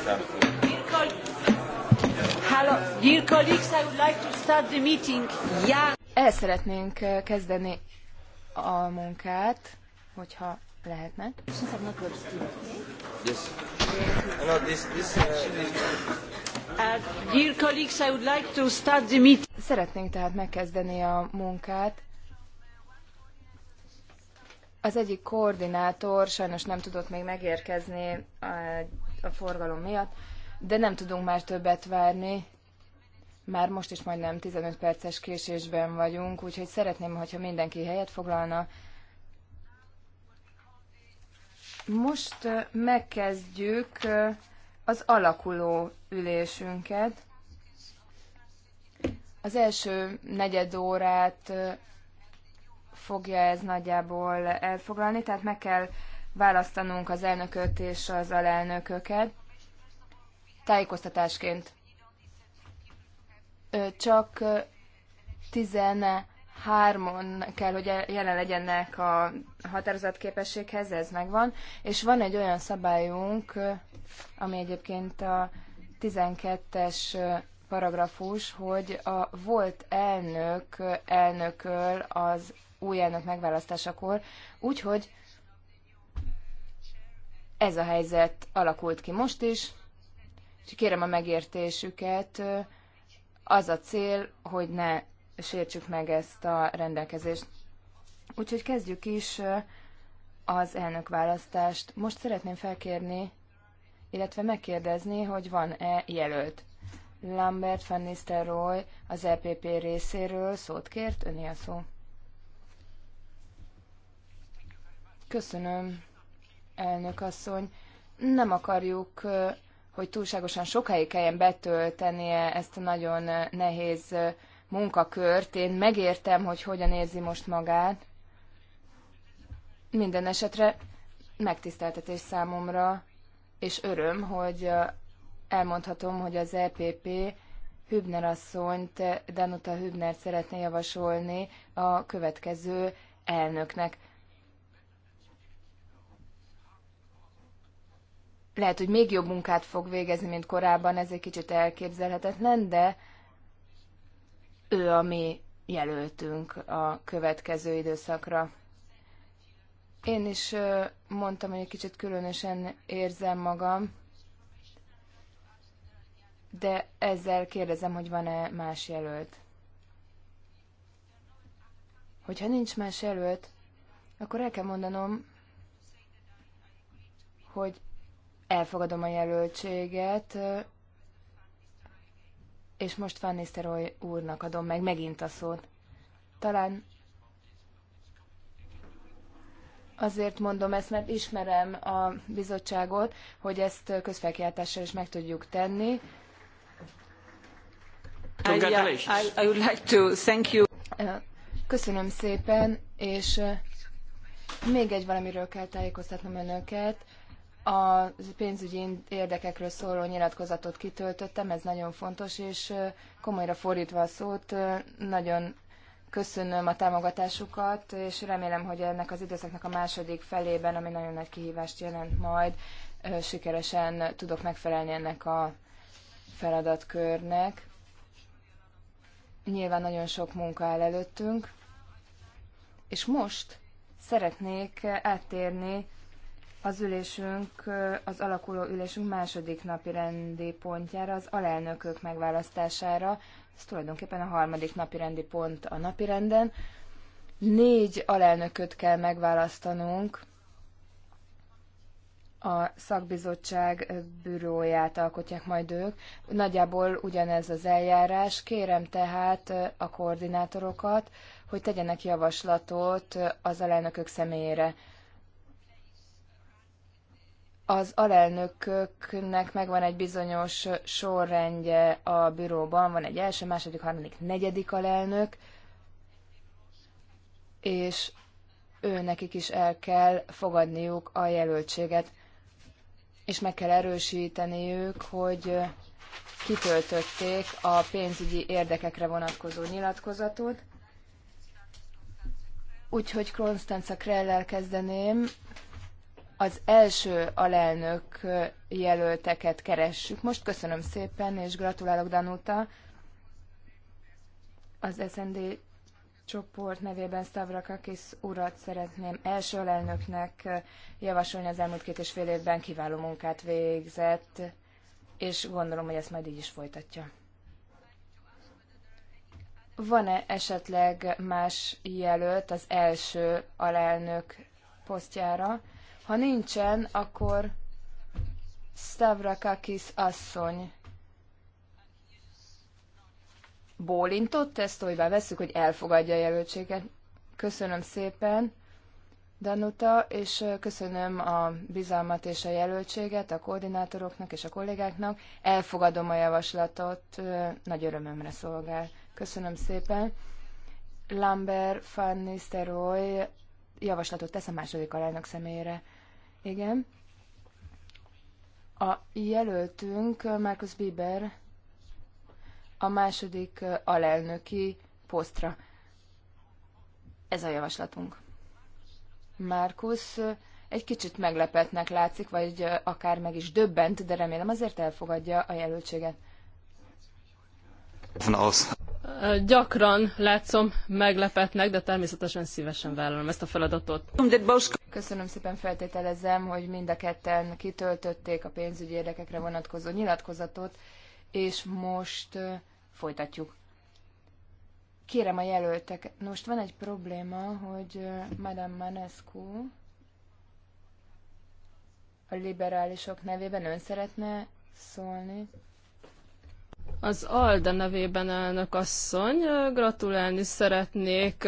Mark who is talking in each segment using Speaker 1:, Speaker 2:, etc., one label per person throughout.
Speaker 1: Dear
Speaker 2: colleagues, I would like to start the meeting.
Speaker 3: El szeretnénk eh, kezdeni a munkát, hogyha lehetne. Yes. this, this, uh, uh, dear colleagues, I would like to start the Szeretnénk tehát megkezdeni a munkát. Az egyik koordinátor sajnos nem tudott még megérkezni eh, a forgalom miatt, de nem tudunk már többet várni. Már most is majdnem 15 perces késésben vagyunk, úgyhogy szeretném, hogyha mindenki helyet foglalna. Most megkezdjük az alakuló ülésünket. Az első negyed órát fogja ez nagyjából elfoglalni, tehát meg kell választanunk az elnököt és az alelnököket. Tájékoztatásként csak 13-on kell, hogy jelen legyenek a határozatképességhez, ez megvan, és van egy olyan szabályunk, ami egyébként a 12-es paragrafus, hogy a volt elnök elnököl az új elnök megválasztásakor, úgyhogy ez a helyzet alakult ki most is, és kérem a megértésüket. Az a cél, hogy ne sértsük meg ezt a rendelkezést. Úgyhogy kezdjük is eh, az elnökválasztást. Most szeretném felkérni, illetve megkérdezni, hogy van-e jelölt. Lambert van Nistelrooy az EPP részéről szót kért, öné a szó. Köszönöm elnök asszony. Nem akarjuk, hogy túlságosan sokáig kelljen betöltenie ezt a nagyon nehéz munkakört. Én megértem, hogy hogyan érzi most magát. Minden esetre megtiszteltetés számomra, és öröm, hogy elmondhatom, hogy az EPP Hübner asszonyt, Danuta Hübnert szeretné javasolni a következő elnöknek. lehet, hogy még jobb munkát fog végezni, mint korábban, ez egy kicsit elképzelhetetlen, de ő a mi jelöltünk a következő időszakra. Én is mondtam, hogy egy kicsit különösen érzem magam, de ezzel kérdezem, hogy van-e más jelölt. Hogyha nincs más jelölt, akkor el kell mondanom, hogy Elfogadom a jelöltséget, és most Van Nisteroy úrnak adom meg megint a szót. Talán azért mondom ezt, mert ismerem a bizottságot, hogy ezt közfelkiáltással is meg tudjuk tenni. Köszönöm szépen, és még egy valamiről kell tájékoztatnom önöket a pénzügyi érdekekről szóló nyilatkozatot kitöltöttem, ez nagyon fontos, és komolyra fordítva a szót, nagyon köszönöm a támogatásukat, és remélem, hogy ennek az időszaknak a második felében, ami nagyon nagy kihívást jelent majd, sikeresen tudok megfelelni ennek a feladatkörnek. Nyilván nagyon sok munka áll előttünk, és most szeretnék áttérni az ülésünk, az alakuló ülésünk második napi rendi pontjára, az alelnökök megválasztására, ez tulajdonképpen a harmadik napi rendi pont a napi renden. Négy alelnököt kell megválasztanunk, a szakbizottság büróját alkotják majd ők. Nagyjából ugyanez az eljárás. Kérem tehát a koordinátorokat, hogy tegyenek javaslatot az alelnökök személyére az alelnököknek megvan egy bizonyos sorrendje a büróban, van egy első, második, harmadik, negyedik alelnök, és ő nekik is el kell fogadniuk a jelöltséget, és meg kell erősíteniük, hogy kitöltötték a pénzügyi érdekekre vonatkozó nyilatkozatot. Úgyhogy Konstanza Krellel kezdeném, az első alelnök jelölteket keressük. Most köszönöm szépen, és gratulálok Danuta. Az SND csoport nevében Stavrakakis urat szeretném első alelnöknek javasolni. Az elmúlt két és fél évben kiváló munkát végzett, és gondolom, hogy ezt majd így is folytatja. Van-e esetleg más jelölt az első alelnök posztjára? Ha nincsen, akkor Stavrakakis asszony bólintott, ezt hogy veszük, hogy elfogadja a jelöltséget. Köszönöm szépen, Danuta, és köszönöm a bizalmat és a jelöltséget a koordinátoroknak és a kollégáknak. Elfogadom a javaslatot, nagy örömömre szolgál. Köszönöm szépen. Lambert van Nistelrooy javaslatot tesz a második alelnök személyére. Igen. A jelöltünk Markus Bieber a második alelnöki posztra. Ez a javaslatunk. Markus egy kicsit meglepetnek látszik, vagy akár meg is döbbent, de remélem azért elfogadja a jelöltséget.
Speaker 2: Van az gyakran látszom meglepetnek, de természetesen szívesen vállalom ezt a feladatot.
Speaker 3: Köszönöm szépen, feltételezem, hogy mind a ketten kitöltötték a pénzügyi érdekekre vonatkozó nyilatkozatot, és most folytatjuk. Kérem a jelöltek, most van egy probléma, hogy Madame Manescu a liberálisok nevében ön szeretne szólni.
Speaker 2: Az ALDE nevében elnök asszony, gratulálni szeretnék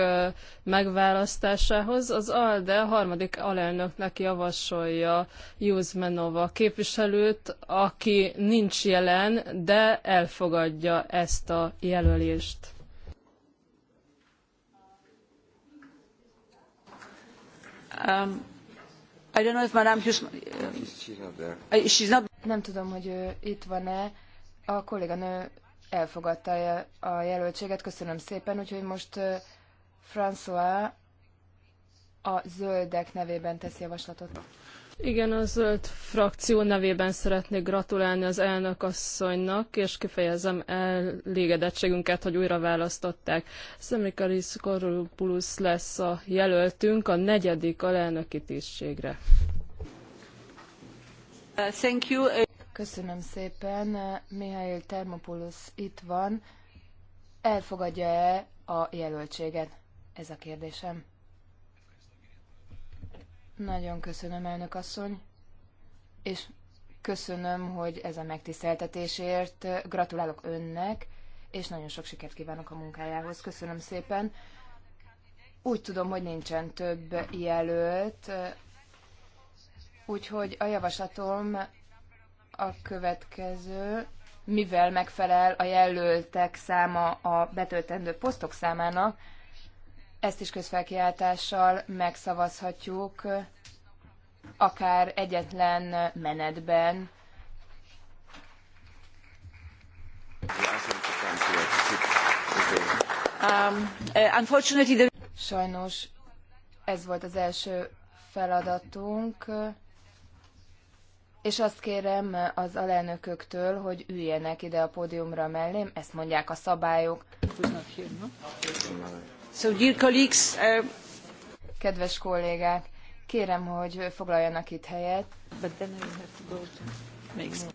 Speaker 2: megválasztásához. Az ALDE harmadik alelnöknek javasolja Juzmenova képviselőt, aki nincs jelen, de elfogadja ezt a jelölést.
Speaker 3: Um, I don't know if Madame Hughes...
Speaker 2: She's not there. Uh,
Speaker 3: she's not... Nem tudom, hogy itt van-e a kolléganő elfogadta a jelöltséget, köszönöm szépen, úgyhogy most François a zöldek nevében tesz javaslatot.
Speaker 2: Igen, a zöld frakció nevében szeretnék gratulálni az elnök asszonynak, és kifejezem elégedettségünket, hogy újra választották. Szemikaris Korupulus lesz a jelöltünk a negyedik alelnöki tisztségre.
Speaker 3: Uh, thank you. Köszönöm szépen. Mihály Termopoulos itt van. Elfogadja-e a jelöltséget? Ez a kérdésem. Nagyon köszönöm, elnök asszony. És köszönöm, hogy ez a megtiszteltetésért. Gratulálok önnek, és nagyon sok sikert kívánok a munkájához. Köszönöm szépen. Úgy tudom, hogy nincsen több jelölt, úgyhogy a javaslatom a következő, mivel megfelel a jelöltek száma a betöltendő posztok számának, ezt is közfelkiáltással megszavazhatjuk, akár egyetlen menetben. Um, uh, Sajnos ez volt az első feladatunk és azt kérem az alelnököktől, hogy üljenek ide a pódiumra mellém, ezt mondják a szabályok. So, dear colleagues, uh, Kedves kollégák, kérem, hogy foglaljanak itt helyet. But then have to go to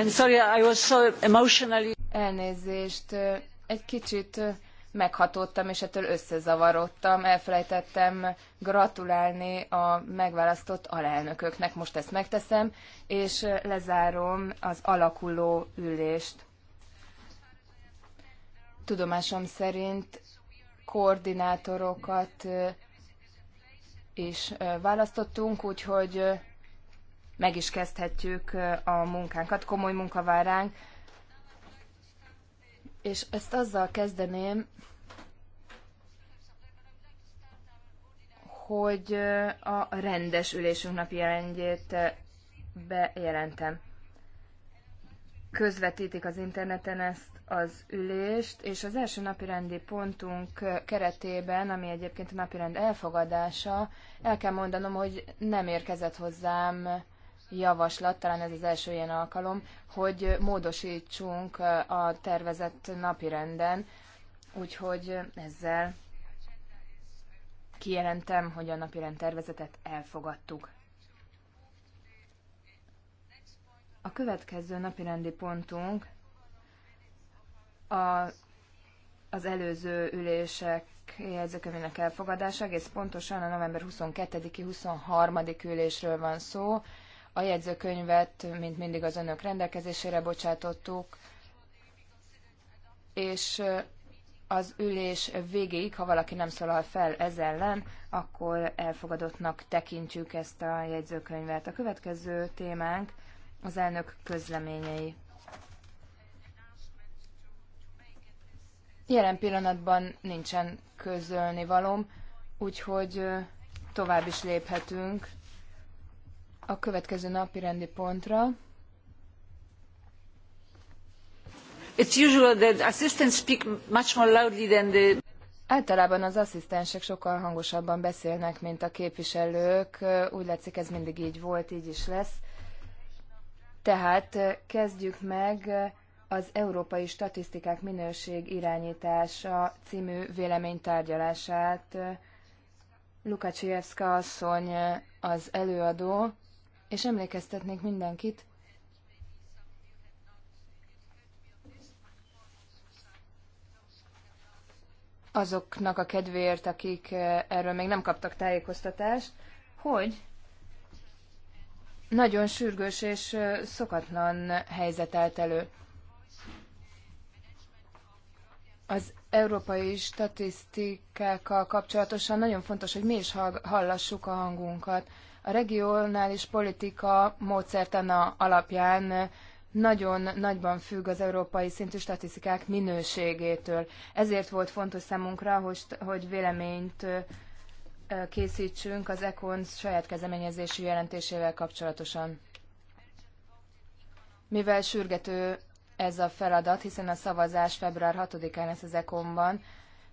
Speaker 3: And sorry, I was so emotionally... Elnézést, egy kicsit meghatódtam, és ettől összezavarodtam. Elfelejtettem gratulálni a megválasztott alelnököknek. Most ezt megteszem, és lezárom az alakuló ülést. Tudomásom szerint koordinátorokat is választottunk, úgyhogy meg is kezdhetjük a munkánkat. Komoly munka vár ránk. És ezt azzal kezdeném, hogy a rendes ülésünk napjelentjét bejelentem. Közvetítik az interneten ezt az ülést, és az első napirendi pontunk keretében, ami egyébként a napirend elfogadása, el kell mondanom, hogy nem érkezett hozzám javaslat, talán ez az első ilyen alkalom, hogy módosítsunk a tervezett napirenden, úgyhogy ezzel kijelentem, hogy a napirend tervezetet elfogadtuk. A következő napirendi pontunk a, az előző ülések jegyzőkönyvének elfogadása, egész pontosan a november 22-i 23. ülésről van szó, a jegyzőkönyvet, mint mindig az önök rendelkezésére bocsátottuk, és az ülés végéig, ha valaki nem szólal fel ez ellen, akkor elfogadottnak tekintjük ezt a jegyzőkönyvet. A következő témánk az elnök közleményei. Jelen pillanatban nincsen közölni valom, úgyhogy tovább is léphetünk a következő napi rendi pontra. It's usual that assistants speak much more loudly than the... Általában az asszisztensek sokkal hangosabban beszélnek, mint a képviselők. Úgy látszik, ez mindig így volt, így is lesz. Tehát eh, kezdjük meg eh, az Európai Statisztikák Minőség Irányítása című véleménytárgyalását. Lukács asszony eh, az előadó és emlékeztetnék mindenkit, azoknak a kedvéért, akik eh, erről még nem kaptak tájékoztatást, hogy nagyon sürgős és eh, szokatlan helyzet állt elő. Az európai statisztikákkal kapcsolatosan nagyon fontos, hogy mi is hallassuk a hangunkat a regionális politika módszertana alapján nagyon nagyban függ az európai szintű statisztikák minőségétől. Ezért volt fontos számunkra, hogy, hogy véleményt készítsünk az ECON saját kezdeményezésű jelentésével kapcsolatosan. Mivel sürgető ez a feladat, hiszen a szavazás február 6-án lesz az ECON-ban,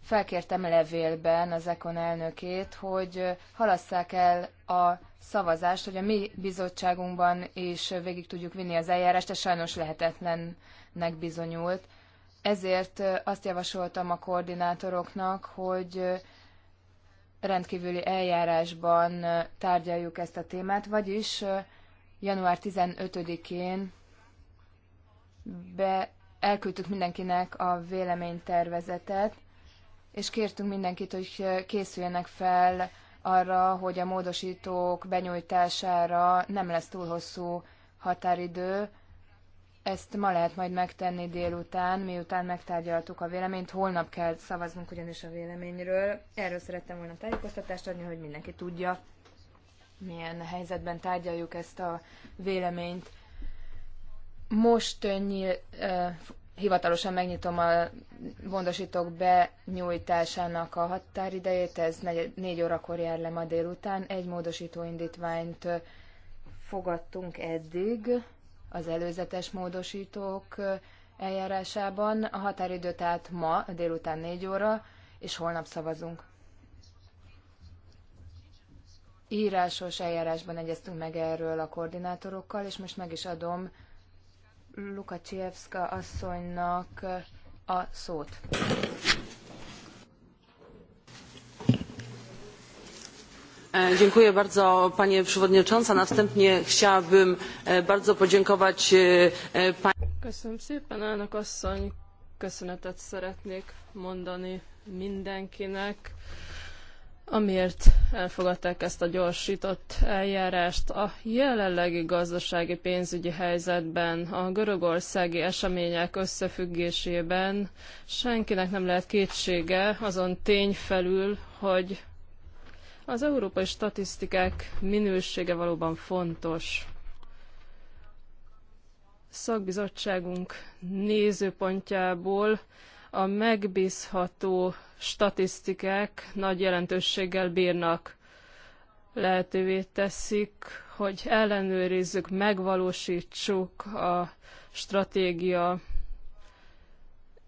Speaker 3: felkértem levélben az Ekon elnökét, hogy halasszák el a szavazást, hogy a mi bizottságunkban is végig tudjuk vinni az eljárást, ez sajnos lehetetlennek bizonyult. Ezért azt javasoltam a koordinátoroknak, hogy rendkívüli eljárásban tárgyaljuk ezt a témát, vagyis január 15-én be elküldtük mindenkinek a véleménytervezetet, és kértünk mindenkit, hogy készüljenek fel arra, hogy a módosítók benyújtására nem lesz túl hosszú határidő. Ezt ma lehet majd megtenni délután, miután megtárgyaltuk a véleményt. Holnap kell szavaznunk ugyanis a véleményről. Erről szerettem volna tájékoztatást adni, hogy mindenki tudja, milyen helyzetben tárgyaljuk ezt a véleményt. Most nyíl, hivatalosan megnyitom a gondosítók benyújtásának a határidejét, ez 4 órakor jár le ma délután. Egy módosító indítványt fogadtunk eddig az előzetes módosítók eljárásában. A határidő tehát ma délután 4 óra, és holnap szavazunk. Írásos eljárásban egyeztünk meg erről a koordinátorokkal, és most meg is adom Lukacsevska asszonynak a szót.
Speaker 2: E, dziękuję bardzo Panie Przewodnicząca. Następnie chciałabym e, bardzo podziękować e, Pani... Köszönöm szépen, elnök asszony. Köszönetet szeretnék mondani mindenkinek amiért elfogadták ezt a gyorsított eljárást. A jelenlegi gazdasági pénzügyi helyzetben, a görögországi események összefüggésében senkinek nem lehet kétsége azon tény felül, hogy az európai statisztikák minősége valóban fontos. Szakbizottságunk nézőpontjából a megbízható statisztikák nagy jelentőséggel bírnak. Lehetővé teszik, hogy ellenőrizzük, megvalósítsuk a stratégia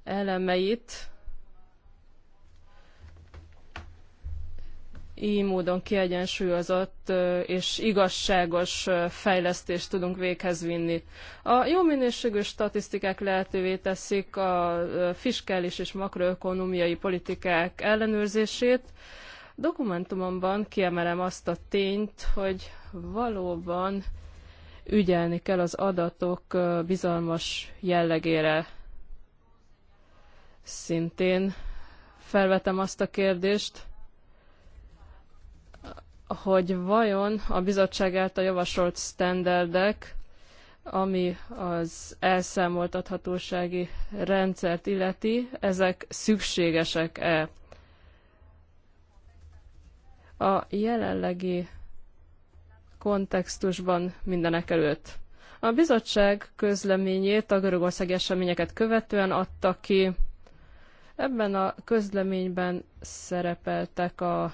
Speaker 2: elemeit, így módon kiegyensúlyozott és igazságos fejlesztést tudunk véghez vinni. A jó minőségű statisztikák lehetővé teszik a fiskális és makroökonomiai politikák ellenőrzését. Dokumentumomban kiemelem azt a tényt, hogy valóban ügyelni kell az adatok bizalmas jellegére. Szintén felvetem azt a kérdést, hogy vajon a bizottság által javasolt standardek, ami az elszámoltathatósági rendszert illeti, ezek szükségesek-e? A jelenlegi kontextusban mindenek előtt. A bizottság közleményét a görögországi eseményeket követően adta ki. Ebben a közleményben szerepeltek a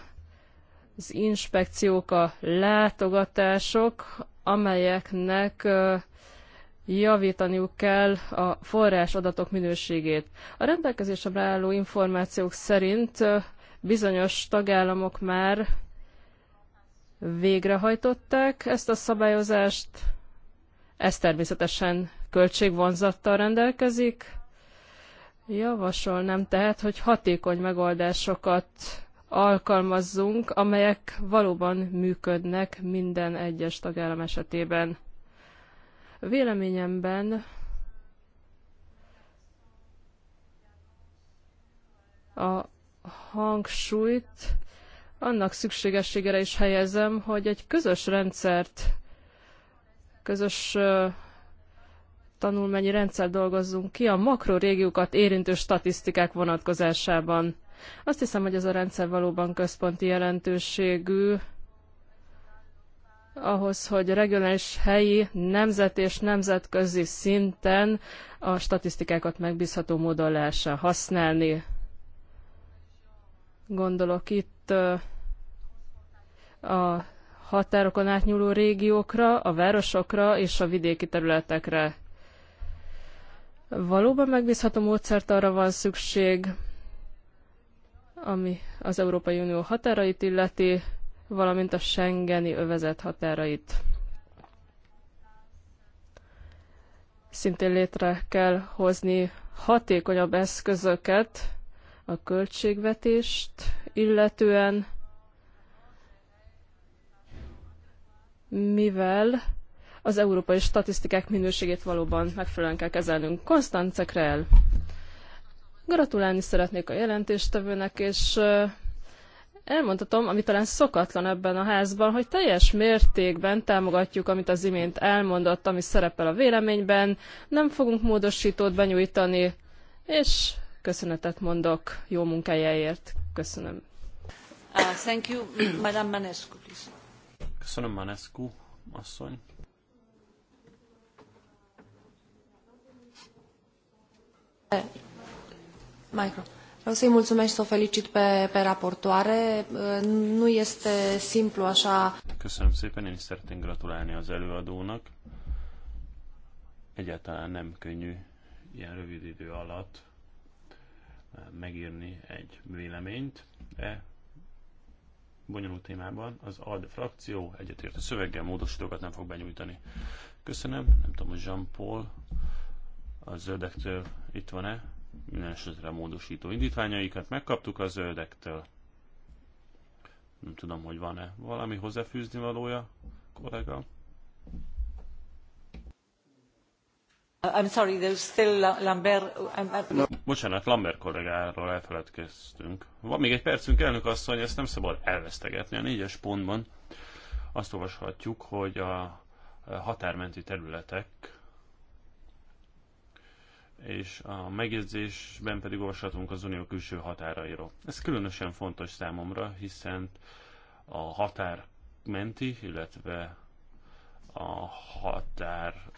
Speaker 2: az inspekciók, a látogatások, amelyeknek javítaniuk kell a forrás adatok minőségét. A rendelkezésre álló információk szerint bizonyos tagállamok már végrehajtották ezt a szabályozást, ez természetesen költségvonzattal rendelkezik. Javasolnám tehát, hogy hatékony megoldásokat alkalmazzunk, amelyek valóban működnek minden egyes tagállam esetében. Véleményemben a hangsúlyt annak szükségességére is helyezem, hogy egy közös rendszert, közös tanulmányi rendszer dolgozzunk ki a makrorégiókat érintő statisztikák vonatkozásában. Azt hiszem, hogy ez a rendszer valóban központi jelentőségű ahhoz, hogy regionális, helyi, nemzet és nemzetközi szinten a statisztikákat megbízható módon lehessen használni. Gondolok itt a határokon átnyúló régiókra, a városokra és a vidéki területekre. Valóban megbízható módszert arra van szükség, ami az Európai Unió határait illeti, valamint a Schengeni övezet határait. Szintén létre kell hozni hatékonyabb eszközöket a költségvetést illetően, mivel az európai statisztikák minőségét valóban megfelelően kell kezelnünk. Konstanz Krell. Gratulálni szeretnék a jelentéstevőnek, és elmondhatom, ami talán szokatlan ebben a házban, hogy teljes mértékben támogatjuk, amit az imént elmondott, ami szerepel a véleményben, nem fogunk módosítót benyújtani, és köszönetet mondok jó munkájáért. Köszönöm. Uh, thank you, Madame Manescu, please.
Speaker 1: Köszönöm, Manescu asszony.
Speaker 3: Uh. Vreau să-i mulțumesc să o felicit pe, pe raportoare. Nu este simplu așa.
Speaker 1: Köszönöm szépen, én is szeretném gratulálni az előadónak. Egyáltalán nem könnyű ilyen rövid idő alatt megírni egy véleményt e bonyolult témában. Az ALDE frakció egyetért a szöveggel módosítókat nem fog benyújtani. Köszönöm, nem tudom, hogy Jean-Paul a zöldektől itt van-e, minden esetre módosító indítványaikat megkaptuk a zöldektől. Nem tudom, hogy van-e valami hozzáfűzni valója, kollega. I'm sorry, there's
Speaker 2: still Lambert.
Speaker 1: I'm... Bocsánat, Lambert kollégáról elfeledkeztünk. Van még egy percünk, elnök asszony, ezt nem szabad elvesztegetni. A négyes pontban azt olvashatjuk, hogy a határmenti területek és a megjegyzésben pedig olvashatunk az unió külső határairól. Ez különösen fontos számomra, hiszen a határ menti, illetve a határ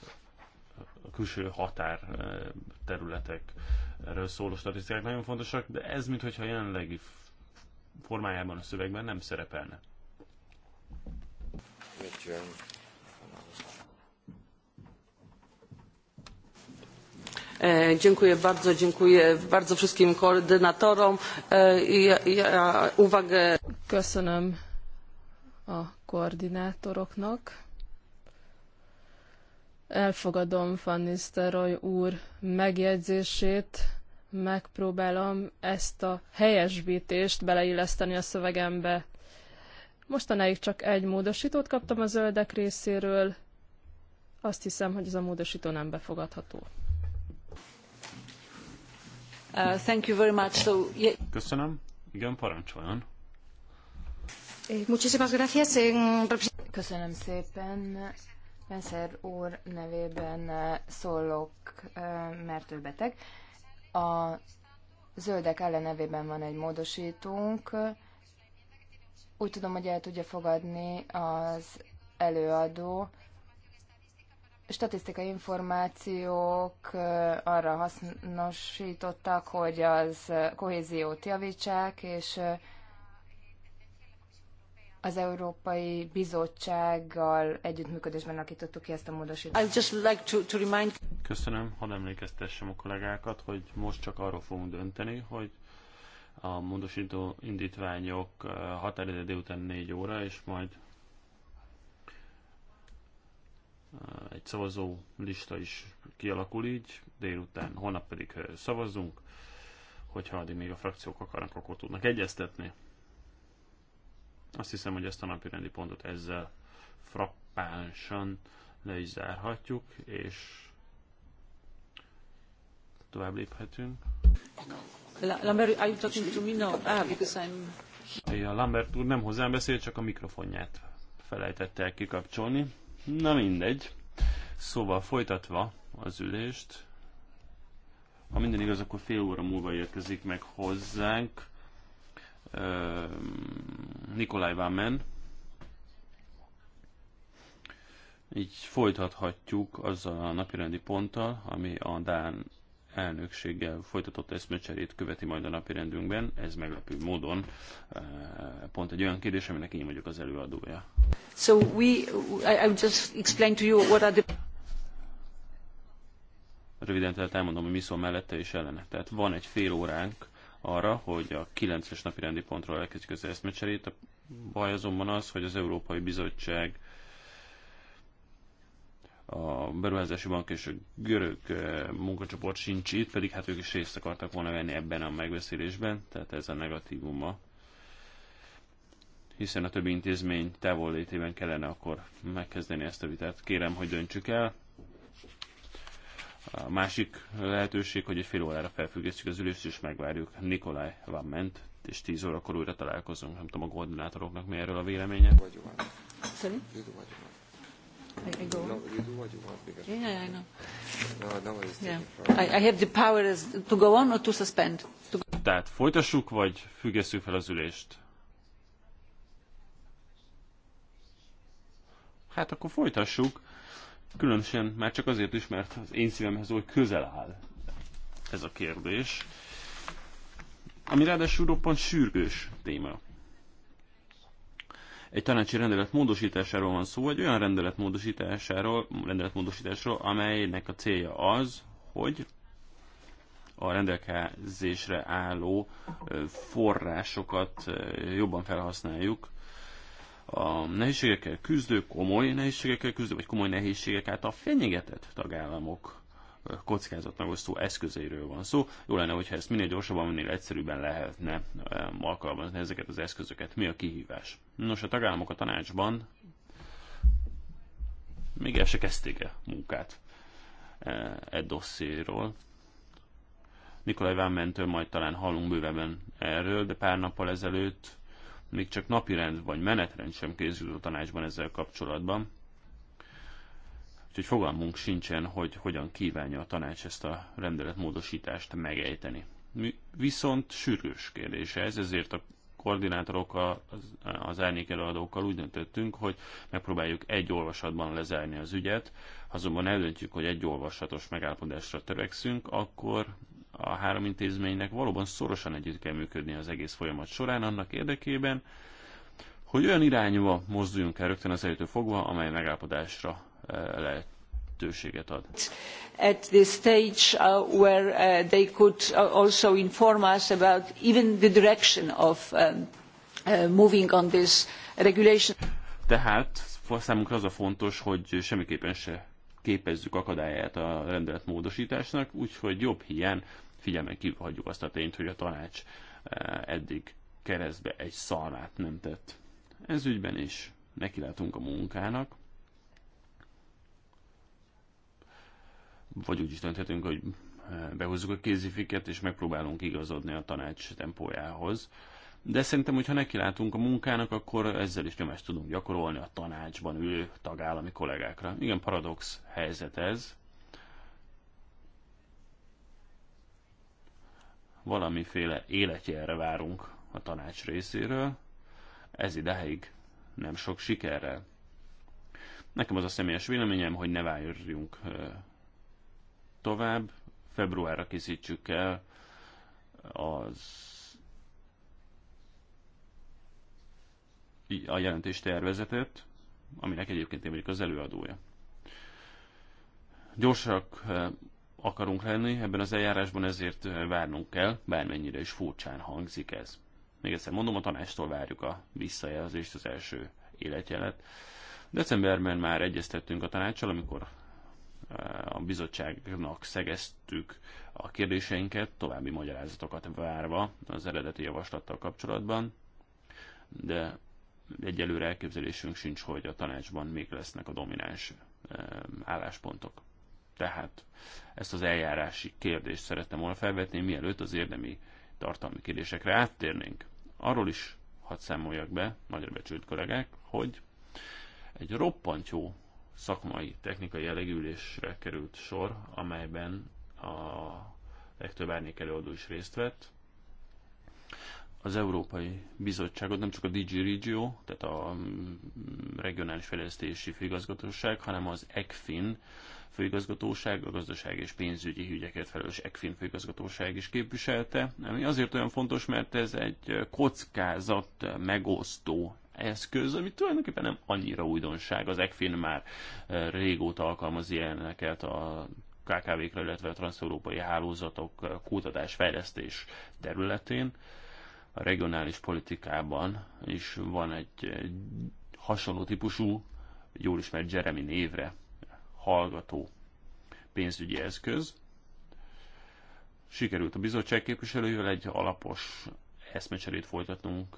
Speaker 1: a külső határ eh, területekről szóló statisztikák nagyon fontosak, de ez mintha a jelenlegi formájában a szövegben nem szerepelne. Mit
Speaker 2: E, dziękuję bardzo, dziękuję bardzo wszystkim koordynatorom. E, ja, ja uwagę... Köszönöm a koordinátoroknak. Elfogadom Van Nistelrooy úr megjegyzését, megpróbálom ezt a helyesbítést beleilleszteni a szövegembe. Mostanáig csak egy módosítót kaptam a zöldek részéről, azt hiszem, hogy ez a módosító nem befogadható.
Speaker 3: Uh,
Speaker 1: Köszönöm. Igen, parancsoljon.
Speaker 3: Eh, muchísimas gracias. Köszönöm szépen. Penszer úr nevében eh, szólok, eh, mert ő beteg. A zöldek ellenevében van egy módosítónk. Úgy tudom, hogy el tudja fogadni az előadó, statisztikai információk arra hasznosítottak, hogy az kohéziót javítsák, és az Európai Bizottsággal együttműködésben alakítottuk ki ezt a módosítást.
Speaker 2: like to, to remind...
Speaker 1: Köszönöm, hadd emlékeztessem a kollégákat, hogy most csak arról fogunk dönteni, hogy a módosító indítványok határidő délután 4 óra, és majd egy szavazó lista is kialakul így, délután, holnap pedig szavazzunk, hogyha addig még a frakciók akarnak, akkor tudnak egyeztetni. Azt hiszem, hogy ezt a napi rendi pontot ezzel frappánsan le is zárhatjuk, és tovább léphetünk.
Speaker 2: Lambert, are you talking to me? No. Ah, because
Speaker 1: I'm... A Lambert úr nem hozzám beszél, csak a mikrofonját felejtette el kikapcsolni. Na mindegy. Szóval folytatva az ülést, ha minden igaz, akkor fél óra múlva érkezik meg hozzánk ehm, Nikolaj Vámen. Így folytathatjuk azzal a napirendi ponttal, ami a Dán elnökséggel folytatott eszmecserét követi majd a napi rendünkben. Ez meglepő módon eh, pont egy olyan kérdés, aminek én vagyok az előadója.
Speaker 2: So we, I, I just explain to you what are the...
Speaker 1: Röviden tehát elmondom, hogy mi szól mellette és ellene. Tehát van egy fél óránk arra, hogy a 9-es napi rendi pontról elkezdjük az eszmecserét. A baj azonban az, hogy az Európai Bizottság a beruházási bank és a görög eh, munkacsoport sincs itt, pedig hát ők is részt akartak volna venni ebben a megbeszélésben, tehát ez a negatívuma. Hiszen a többi intézmény távol létében kellene akkor megkezdeni ezt a vitát. Kérem, hogy döntsük el. A másik lehetőség, hogy egy fél órára felfüggesztjük az ülést, és megvárjuk Nikolaj van ment, és 10 órakor újra találkozunk. Nem tudom, a koordinátoroknak mi erről a véleménye. Vagy Szerint? I, have
Speaker 2: the power to go on or to suspend.
Speaker 1: Tehát folytassuk vagy függesszük fel az ülést? Hát akkor folytassuk. Különösen már csak azért is, mert az én szívemhez oly közel áll ez a kérdés. Ami ráadásul roppant sürgős téma egy tanácsi rendelet módosításáról van szó, egy olyan rendelet módosításáról, rendelet módosításról, amelynek a célja az, hogy a rendelkezésre álló forrásokat jobban felhasználjuk. A nehézségekkel küzdő, komoly nehézségekkel küzdő, vagy komoly nehézségek által fenyegetett tagállamok szó eszközeiről van szó. Jó lenne, hogyha ezt minél gyorsabban, minél egyszerűbben lehetne alkalmazni ezeket az eszközöket. Mi a kihívás? Nos, a tagállamok a tanácsban még el se kezdték -e munkát e dosszéről. Nikolaj Vámentől majd talán hallunk bővebben erről, de pár nappal ezelőtt még csak napirend vagy menetrend sem készült a tanácsban ezzel kapcsolatban Úgyhogy fogalmunk sincsen, hogy hogyan kívánja a tanács ezt a rendeletmódosítást megejteni. Mi viszont sürgős kérdés ez, ezért a koordinátorokkal, az, az árnyék előadókkal úgy döntöttünk, hogy megpróbáljuk egy olvasatban lezárni az ügyet, azonban eldöntjük, hogy egy olvasatos megállapodásra törekszünk, akkor a három intézménynek valóban szorosan együtt kell működni az egész folyamat során annak érdekében, hogy olyan irányba mozduljunk el rögtön az előtől fogva, amely megállapodásra lehetőséget ad.
Speaker 2: At this stage uh, where uh, they could uh, also inform us about even the direction of um, uh, moving on this regulation.
Speaker 1: Tehát számunkra az a fontos, hogy semmiképpen se képezzük akadályát a rendelet módosításnak, úgyhogy jobb hiány figyelmen kívül hagyjuk azt a tényt, hogy a tanács uh, eddig keresztbe egy szalát nem tett. Ez ügyben is nekilátunk a munkának. vagy úgy is dönthetünk, hogy eh, behozzuk a kézifiket, és megpróbálunk igazodni a tanács tempójához. De szerintem, hogyha nekilátunk a munkának, akkor ezzel is nyomást tudunk gyakorolni a tanácsban ülő tagállami kollégákra. Igen, paradox helyzet ez. Valamiféle életjelre várunk a tanács részéről, ez ideig nem sok sikerrel. Nekem az a személyes véleményem, hogy ne várjunk eh, tovább, februárra készítsük el az a jelentés tervezetet, aminek egyébként én vagyok az előadója. Gyorsak eh, akarunk lenni ebben az eljárásban, ezért eh, várnunk kell, bármennyire is furcsán hangzik ez. Még egyszer mondom, a tanástól várjuk a visszajelzést, az első életjelet. Decemberben már egyeztettünk a tanácssal, amikor a bizottságnak szegeztük a kérdéseinket, további magyarázatokat várva az eredeti javaslattal kapcsolatban, de egyelőre elképzelésünk sincs, hogy a tanácsban még lesznek a domináns eh, álláspontok. Tehát ezt az eljárási kérdést szerettem volna felvetni, mielőtt az érdemi tartalmi kérdésekre áttérnénk. Arról is hadd számoljak be, nagyra becsült kollégák, hogy egy roppant jó szakmai, technikai elegülésre került sor, amelyben a legtöbb árnyék előadó is részt vett. Az Európai Bizottságot nem csak a DG Regio, tehát a mm, Regionális Fejlesztési Főigazgatóság, hanem az ECFIN főigazgatóság, a gazdaság és pénzügyi ügyeket felelős ECFIN főigazgatóság is képviselte, ami azért olyan fontos, mert ez egy kockázat megosztó eszköz, ami tulajdonképpen nem annyira újdonság. Az ECFIN már eh, régóta alkalmaz ilyeneket a KKV-kra, illetve a transzeurópai hálózatok eh, kutatás-fejlesztés területén. A regionális politikában is van egy hasonló típusú, jól ismert Jeremy névre hallgató pénzügyi eszköz. Sikerült a bizottság képviselőjével egy alapos eszmecserét folytatnunk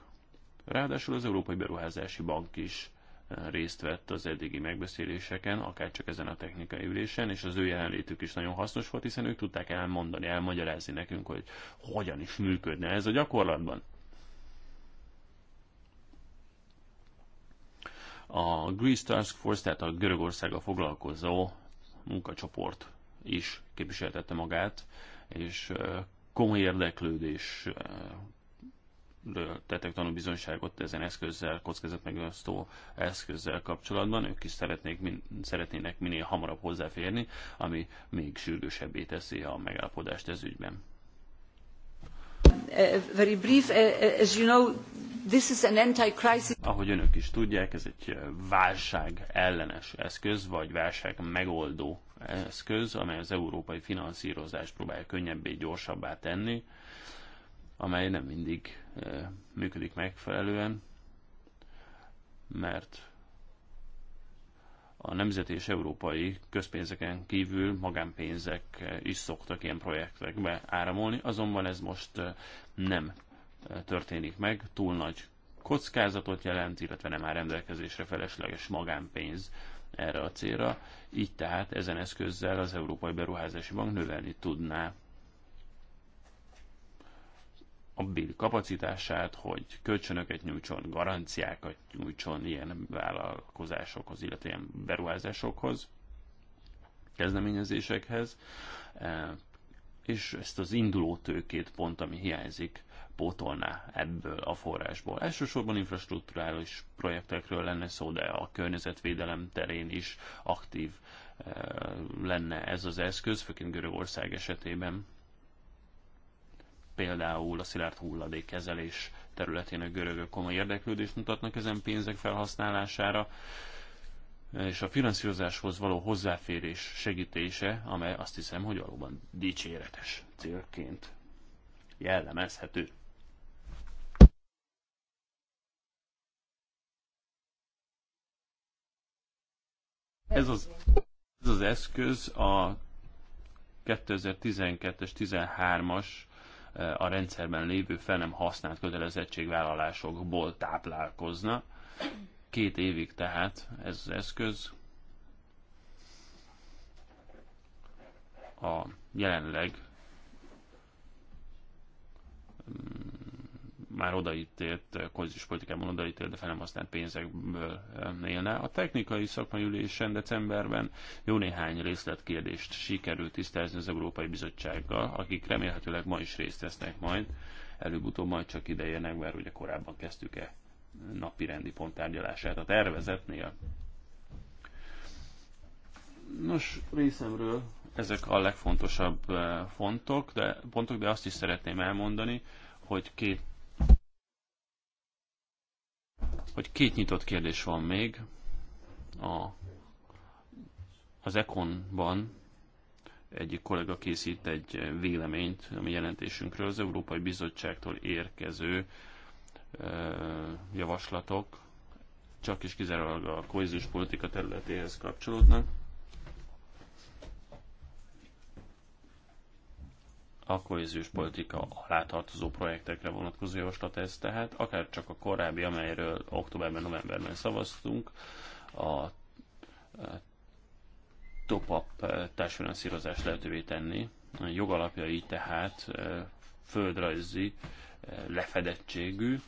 Speaker 1: Ráadásul az Európai Beruházási Bank is eh, részt vett az eddigi megbeszéléseken, akár csak ezen a technikai ülésen, és az ő jelenlétük is nagyon hasznos volt, hiszen ők tudták elmondani, elmagyarázni nekünk, hogy hogyan is működne ez a gyakorlatban. A Greece Task Force, tehát a Görögországgal foglalkozó munkacsoport is képviseltette magát, és eh, komoly érdeklődés eh, tettek tanúbizonyságot ezen eszközzel, kockázatmegosztó eszközzel kapcsolatban. Ők is szeretnék, min, szeretnének minél hamarabb hozzáférni, ami még sürgősebbé teszi a megállapodást ez ügyben.
Speaker 2: Uh, very brief, uh, uh as you know, this is an anti-crisis.
Speaker 1: Ahogy önök is tudják, ez egy uh, válság ellenes eszköz, vagy válság megoldó eszköz, amely az európai finanszírozást próbálja könnyebbé, gyorsabbá tenni, amely nem mindig működik megfelelően, mert a nemzeti és európai közpénzeken kívül magánpénzek is szoktak ilyen projektekbe áramolni, azonban ez most nem történik meg, túl nagy kockázatot jelent, illetve nem áll rendelkezésre felesleges magánpénz erre a célra, így tehát ezen eszközzel az Európai Beruházási Bank növelni tudná a BIL kapacitását, hogy kölcsönöket nyújtson, garanciákat nyújtson ilyen vállalkozásokhoz, illetve ilyen beruházásokhoz, kezdeményezésekhez, e, és ezt az induló tőkét pont, ami hiányzik, pótolná ebből a forrásból. Elsősorban infrastruktúrális projektekről lenne szó, de a környezetvédelem terén is aktív e, lenne ez az eszköz, főként Görögország esetében például a szilárd hulladékkezelés területén a görögök komoly érdeklődést mutatnak ezen pénzek felhasználására, és a finanszírozáshoz való hozzáférés segítése, amely azt hiszem, hogy valóban dicséretes célként jellemezhető. Ez az, ez az eszköz a 2012-es, 13-as a rendszerben lévő fel nem használt kötelezettségvállalásokból táplálkozna. Két évig tehát ez az eszköz a jelenleg mm, már odaítélt, kozis politikában odaítélt, de fel nem használt pénzekből élne. A technikai szakmai ülésen decemberben jó néhány részletkérdést sikerült tisztázni az Európai Bizottsággal, akik remélhetőleg ma is részt vesznek majd, előbb-utóbb majd csak idejenek, mert ugye korábban kezdtük-e napi rendi pont tárgyalását a tervezetnél. Nos, részemről ezek a legfontosabb fontok, eh, de, pontok, de azt is szeretném elmondani, hogy két hogy két nyitott kérdés van még a, az Econ-ban egyik kollega készít egy véleményt a mi jelentésünkről, az Európai Bizottságtól érkező javaslatok csak is kizárólag a kohéziós politika területéhez kapcsolódnak. a kohéziós politika alá tartozó projektekre vonatkozó javaslat ez tehát, akár csak a korábbi, amelyről októberben, novemberben szavaztunk, a top-up e, társfinanszírozást lehetővé tenni. A jogalapjai tehát e, földrajzi e, lefedettségű,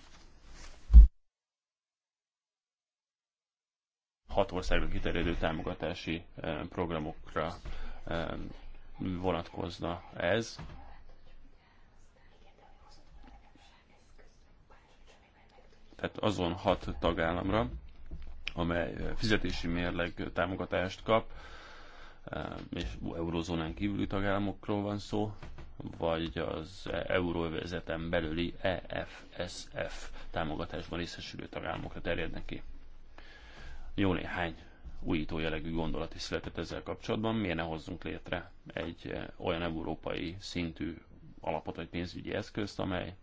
Speaker 1: hat országra kiterjedő támogatási programokra vonatkozna ez. tehát azon hat tagállamra, amely eh, fizetési mérleg támogatást kap, eh, és eurozónán kívüli tagállamokról van szó, vagy az euróvezeten belüli EFSF támogatásban részesülő tagállamokra terjednek ki. Jó néhány újító jellegű gondolat is született ezzel kapcsolatban, miért ne hozzunk létre egy eh, olyan európai szintű alapot vagy pénzügyi eszközt, amely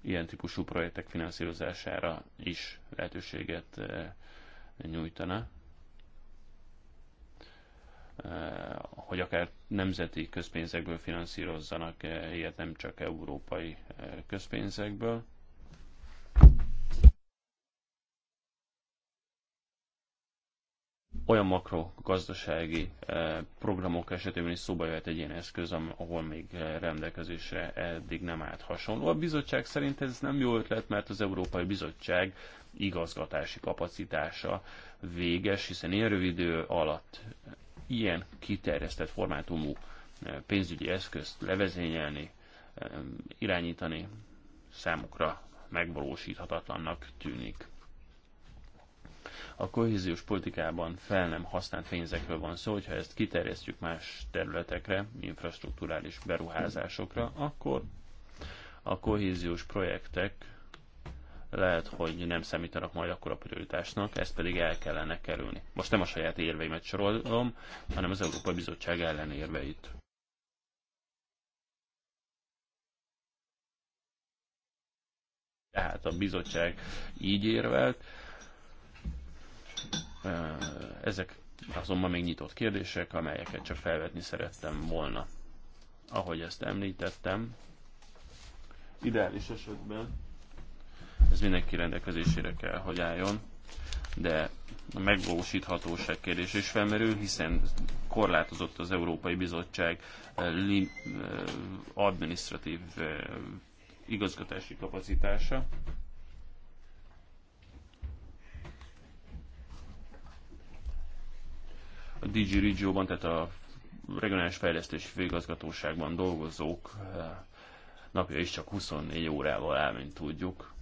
Speaker 1: ilyen típusú projektek finanszírozására is lehetőséget eh, nyújtana, eh, hogy akár nemzeti közpénzekből finanszírozzanak, eh, ilyet nem csak európai közpénzekből. olyan makrogazdasági eh, programok esetében is szóba jöhet egy ilyen eszköz, ahol még eh, rendelkezésre eddig nem állt hasonló. A bizottság szerint ez nem jó ötlet, mert az Európai Bizottság igazgatási kapacitása véges, hiszen ilyen rövid idő alatt ilyen kiterjesztett formátumú eh, pénzügyi eszközt levezényelni, irányítani számukra megvalósíthatatlannak tűnik a kohéziós politikában fel nem használt pénzekről van szó, hogyha ezt kiterjesztjük más területekre, infrastruktúrális beruházásokra, akkor a kohéziós projektek lehet, hogy nem számítanak majd akkor a prioritásnak, ezt pedig el kellene kerülni. Most nem a saját érveimet sorolom, hanem az Európai Bizottság ellen érveit. Tehát a bizottság így érvelt, ezek azonban még nyitott kérdések, amelyeket csak felvetni szerettem volna. Ahogy ezt említettem, ideális esetben ez mindenki rendelkezésére kell, hogy álljon, de a megvalósíthatóság kérdés is felmerül, hiszen korlátozott az Európai Bizottság administratív igazgatási kapacitása. a DG Regióban, tehát a regionális fejlesztési főigazgatóságban dolgozók eh, napja is csak 24 órával áll, mint tudjuk.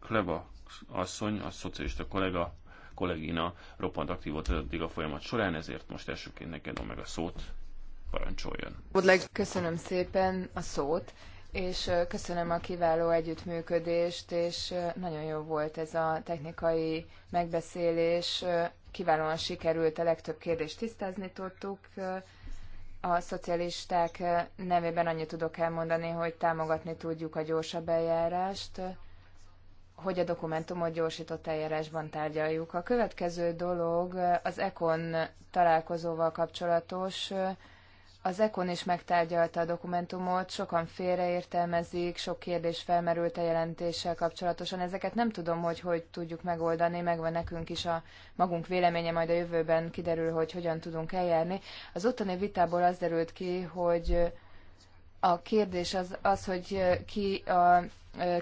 Speaker 1: Kleba asszony, a szocialista kollega, kollégina roppant aktív volt eddig a folyamat során, ezért most elsőként neked adom meg a szót, parancsoljon.
Speaker 3: Köszönöm szépen a szót és köszönöm a kiváló együttműködést, és nagyon jó volt ez a technikai megbeszélés. Kiválóan sikerült, a legtöbb kérdést tisztázni tudtuk. A szocialisták nevében annyit tudok elmondani, hogy támogatni tudjuk a gyorsabb eljárást, hogy a dokumentumot gyorsított eljárásban tárgyaljuk. A következő dolog az ECON találkozóval kapcsolatos, az ECON is megtárgyalta a dokumentumot, sokan félreértelmezik, sok kérdés felmerült a jelentéssel kapcsolatosan. Ezeket nem tudom, hogy hogy tudjuk megoldani, megvan nekünk is a magunk véleménye, majd a jövőben kiderül, hogy hogyan tudunk eljárni. Az ottani vitából az derült ki, hogy a kérdés az, az hogy ki a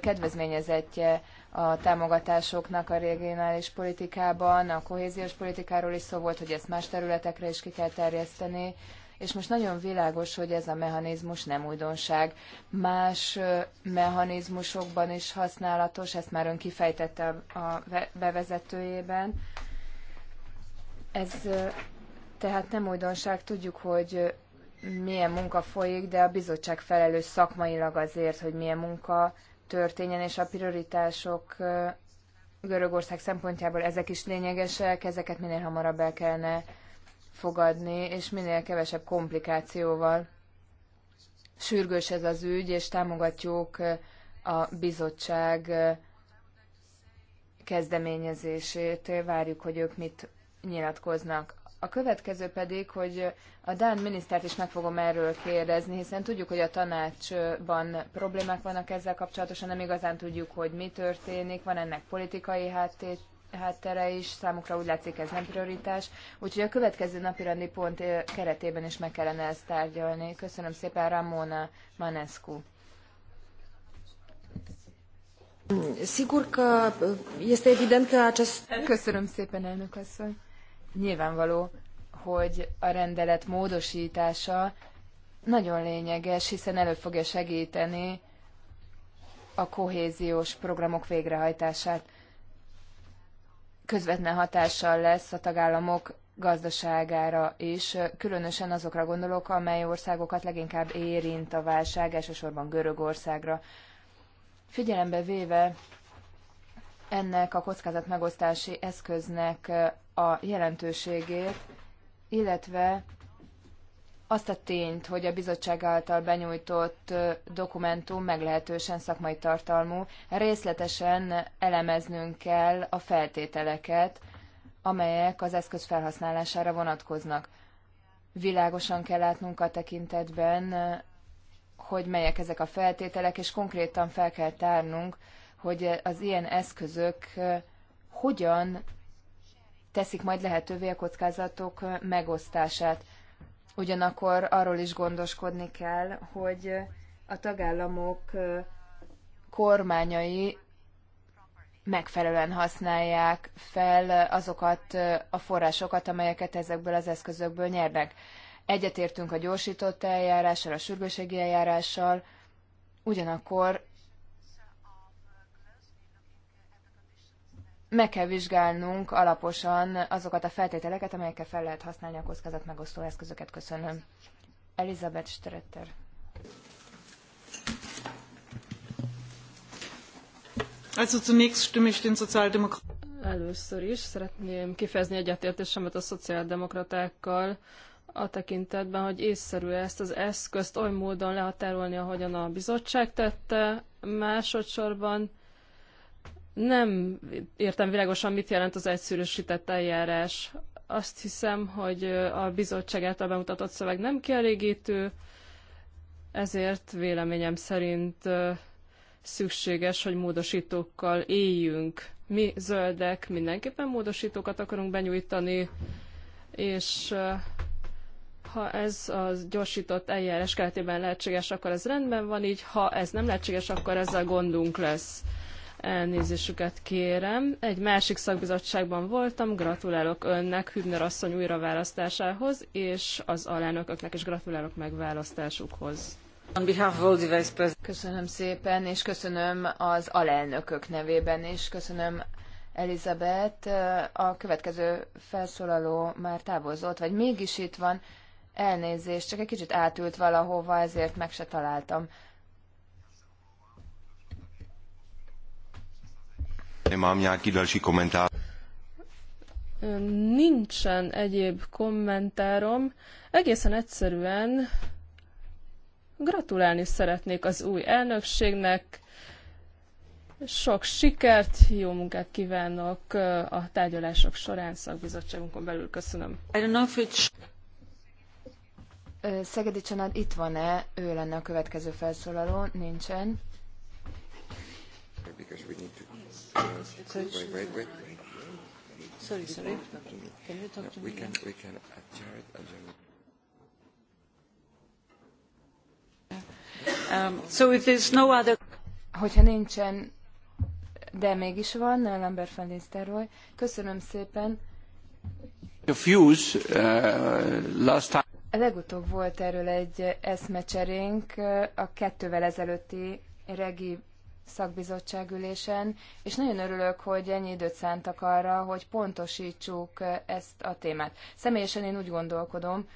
Speaker 3: kedvezményezettje a támogatásoknak a regionális politikában, a kohéziós politikáról is szó volt, hogy ezt más területekre is ki kell terjeszteni és most nagyon világos, hogy ez a mechanizmus nem újdonság. Más mechanizmusokban is használatos, ezt már ön kifejtette a bevezetőjében. Ez tehát nem újdonság, tudjuk, hogy milyen munka folyik, de a bizottság felelős szakmailag azért, hogy milyen munka történjen, és a prioritások Görögország szempontjából ezek is lényegesek, ezeket minél hamarabb el kellene fogadni, és minél kevesebb komplikációval. Sürgős ez az ügy, és támogatjuk eh, a bizottság eh, kezdeményezését, várjuk, hogy ők mit nyilatkoznak. A következő pedig, hogy a Dán minisztert is meg fogom erről kérdezni, hiszen tudjuk, hogy a tanácsban problémák vannak ezzel kapcsolatosan, nem igazán tudjuk, hogy mi történik, van ennek politikai háttér, háttere is, számukra úgy látszik ez nem prioritás, úgyhogy a következő napi rendi pont eh, keretében is meg kellene ezt tárgyalni. Köszönöm szépen Ramona Manescu. Sigur eh, este evident că acest... Köszönöm szépen, elnök asszony. Nyilvánvaló, hogy a rendelet módosítása nagyon lényeges, hiszen elő fogja segíteni a kohéziós programok végrehajtását közvetlen hatással lesz a tagállamok gazdaságára is, különösen azokra gondolok, amely országokat leginkább érint a válság, elsősorban Görögországra. Figyelembe véve ennek a kockázatmegosztási eszköznek a jelentőségét, illetve azt a tényt, hogy a bizottság által benyújtott dokumentum meglehetősen szakmai tartalmú, részletesen elemeznünk kell a feltételeket, amelyek az eszköz felhasználására vonatkoznak. Világosan kell látnunk a tekintetben, hogy melyek ezek a feltételek, és konkrétan fel kell tárnunk, hogy az ilyen eszközök hogyan teszik majd lehetővé a kockázatok megosztását Ugyanakkor arról is gondoskodni kell, hogy a tagállamok kormányai megfelelően használják fel azokat a forrásokat, amelyeket ezekből az eszközökből nyernek. Egyetértünk a gyorsított eljárással, a sürgőségi eljárással, ugyanakkor meg kell vizsgálnunk alaposan azokat a feltételeket, amelyekkel fel lehet használni a kockázat megosztó eszközöket. Köszönöm. Elizabeth Stretter. Először is
Speaker 2: szeretném kifejezni egyetértésemet a szociáldemokratákkal a tekintetben, hogy észszerű ezt az eszközt oly módon lehatárolni, ahogyan a bizottság tette, másodszorban nem értem világosan, mit jelent az egyszerűsített eljárás. Azt hiszem, hogy a bizottság által bemutatott szöveg nem kielégítő, ezért véleményem szerint szükséges, hogy módosítókkal éljünk. Mi zöldek mindenképpen módosítókat akarunk benyújtani, és ha ez a gyorsított eljárás keretében lehetséges, akkor ez rendben van, így ha ez nem lehetséges, akkor ezzel gondunk lesz. Elnézésüket kérem. Egy másik szakbizottságban voltam, gratulálok önnek Hübner asszony újraválasztásához, és az alelnököknek is gratulálok megválasztásukhoz.
Speaker 3: Köszönöm szépen, és köszönöm az alelnökök nevében és Köszönöm Elizabeth. A következő felszólaló már távozott, vagy mégis itt van. Elnézést, csak egy kicsit átült valahova, ezért meg se találtam.
Speaker 1: Nemám nějaký další komentár.
Speaker 2: Nincsen egyéb kommentárom. Egészen egyszerűen gratulálni szeretnék az új elnökségnek. Sok sikert, jó munkát kívánok a tárgyalások
Speaker 3: során szakbizottságunkon belül. Köszönöm. Szegedi Csanád itt van-e? Ő lenne a következő felszólaló. Nincsen.
Speaker 2: Because we need to Wait, wait, wait. Sorry, sorry. Can you talk no, to we me? Can, we can adjourn,
Speaker 3: adjourn. Um, so if there's no other... Hogyha nincsen, de mégis van, Lambert van Nisztelrooy. Köszönöm szépen.
Speaker 1: Confuse, uh, last time.
Speaker 3: Legutóbb volt erről egy eszmecserénk uh, a kettővel ezelőtti regi szakbizottság ülésen, és nagyon örülök, hogy ennyi időt szántak arra, hogy pontosítsuk ezt a témát. Személyesen én úgy gondolkodom,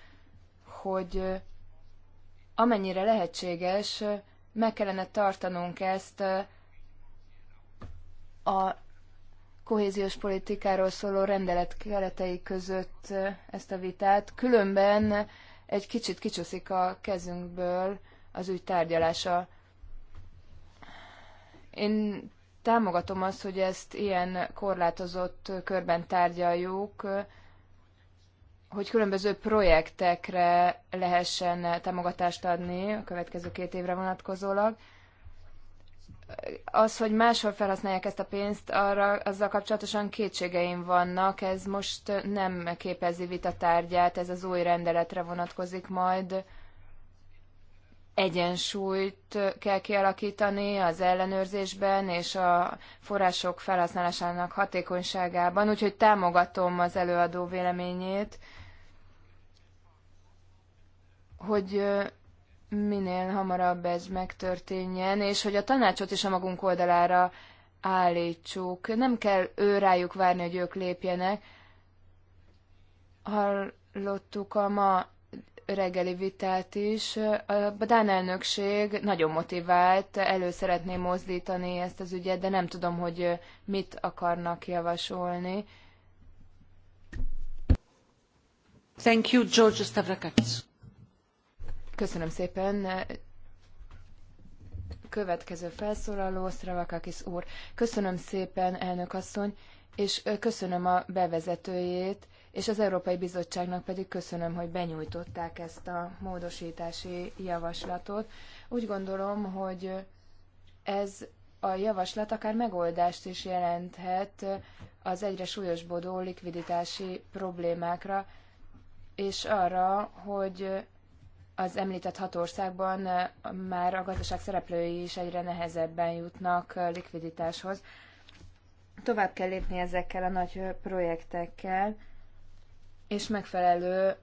Speaker 3: hogy amennyire lehetséges, meg kellene tartanunk ezt a kohéziós politikáról szóló rendelet keretei között ezt a vitát, különben egy kicsit kicsúszik a kezünkből az ügy tárgyalása. Én támogatom azt, hogy ezt ilyen korlátozott körben tárgyaljuk, hogy különböző projektekre lehessen támogatást adni a következő két évre vonatkozólag. Az, hogy máshol felhasználják ezt a pénzt, arra azzal kapcsolatosan kétségeim vannak. Ez most nem képezi vita tárgyát, ez az új rendeletre vonatkozik majd egyensúlyt kell kialakítani az ellenőrzésben és a források felhasználásának hatékonyságában, úgyhogy támogatom az előadó véleményét, hogy minél hamarabb ez megtörténjen, és hogy a tanácsot is a magunk oldalára állítsuk. Nem kell ő rájuk várni, hogy ők lépjenek. Hallottuk a ma reggeli vitát is. A Dán elnökség nagyon motivált, elő szeretné mozdítani ezt az ügyet, de nem tudom, hogy mit akarnak javasolni. Thank you, George Stavrakakis. Köszönöm szépen. Következő felszólaló, Stavrakakis úr. Köszönöm szépen, elnök asszony, és köszönöm a bevezetőjét és az Európai Bizottságnak pedig köszönöm, hogy benyújtották ezt a módosítási javaslatot. Úgy gondolom, hogy ez a javaslat akár megoldást is jelenthet az egyre súlyosbodó likviditási problémákra, és arra, hogy az említett hat országban már a gazdaság szereplői is egyre nehezebben jutnak likviditáshoz. Tovább kell lépni ezekkel a nagy projektekkel, és megfelelő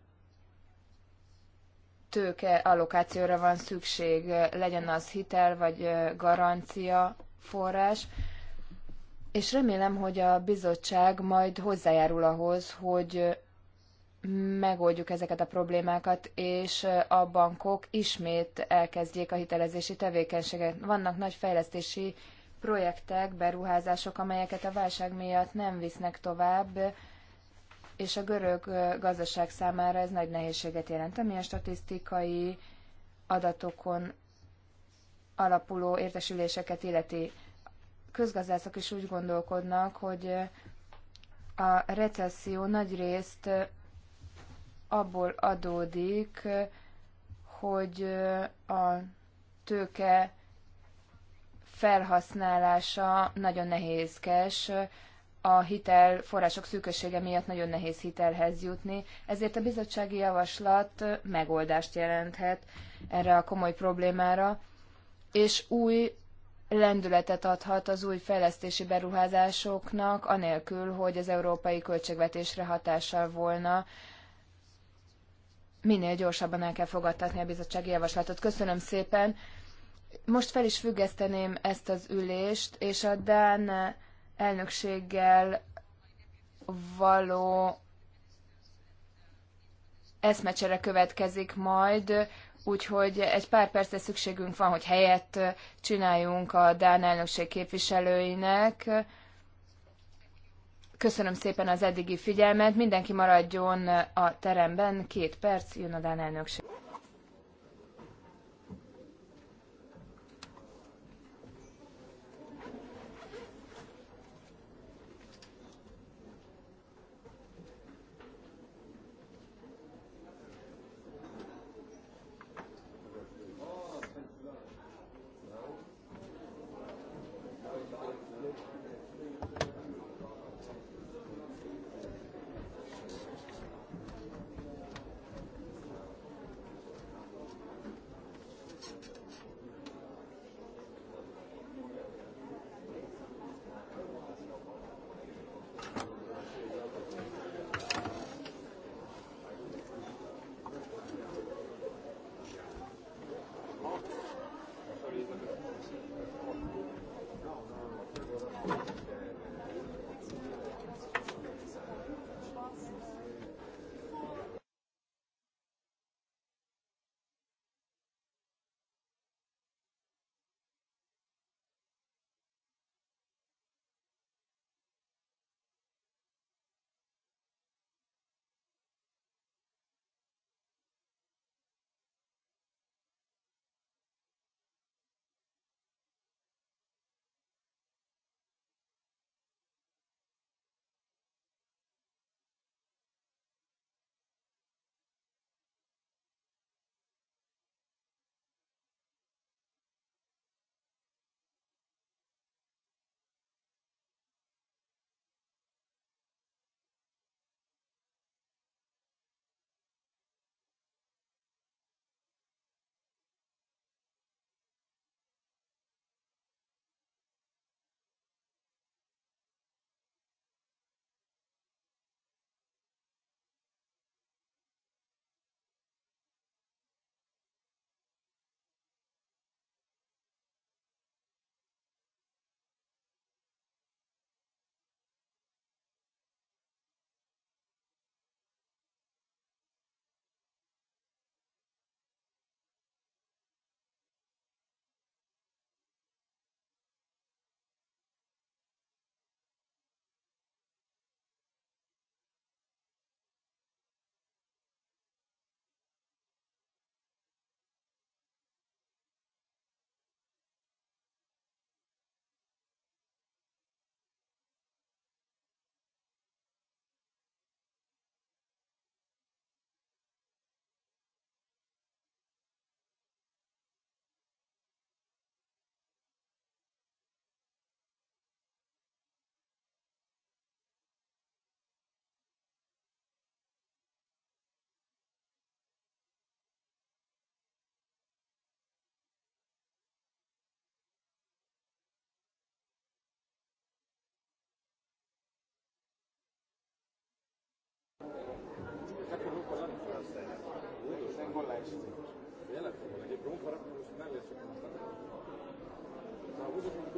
Speaker 3: tőke allokációra van szükség, legyen az hitel vagy garancia forrás, és remélem, hogy a bizottság majd hozzájárul ahhoz, hogy megoldjuk ezeket a problémákat, és a bankok ismét elkezdjék a hitelezési tevékenységet. Vannak nagy fejlesztési projektek, beruházások, amelyeket a válság miatt nem visznek tovább, és a görög gazdaság számára ez nagy nehézséget jelent, ami a statisztikai adatokon alapuló értesüléseket illeti. Közgazdászok is úgy gondolkodnak, hogy a recesszió nagy részt abból adódik, hogy a tőke felhasználása nagyon nehézkes, a hitel források szűkössége miatt nagyon nehéz hitelhez jutni, ezért a bizottsági javaslat megoldást jelenthet erre a komoly problémára, és új lendületet adhat az új fejlesztési beruházásoknak, anélkül, hogy az európai költségvetésre hatással volna. Minél gyorsabban el kell fogadtatni a bizottsági javaslatot. Köszönöm szépen! Most fel is függeszteném ezt az ülést, és a Dán elnökséggel való eszmecsere következik majd, úgyhogy egy pár percre szükségünk van, hogy helyet csináljunk a Dán elnökség képviselőinek. Köszönöm szépen az eddigi figyelmet, mindenki maradjon a teremben, két perc, jön a Dán elnökség.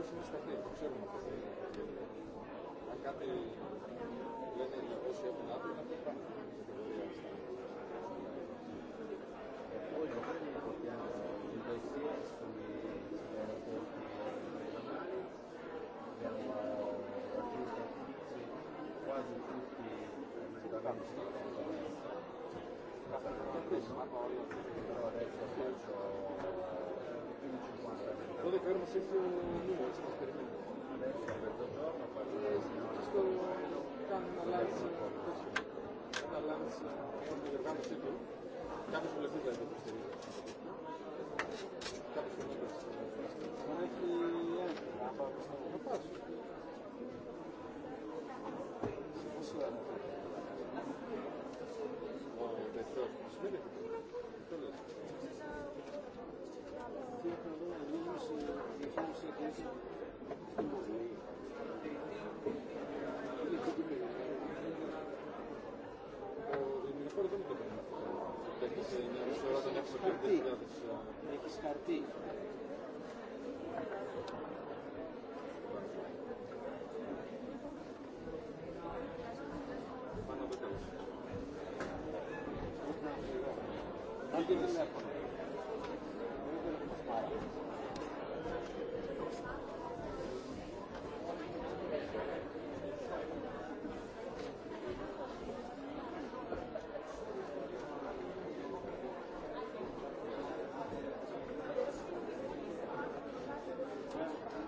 Speaker 2: Ποιος είναι στα κλείνει, το ξέρουμε πώς είναι. Αν κάτι λένε οι δημόσιοι
Speaker 1: έχουν άδεια, να πει πράγματα.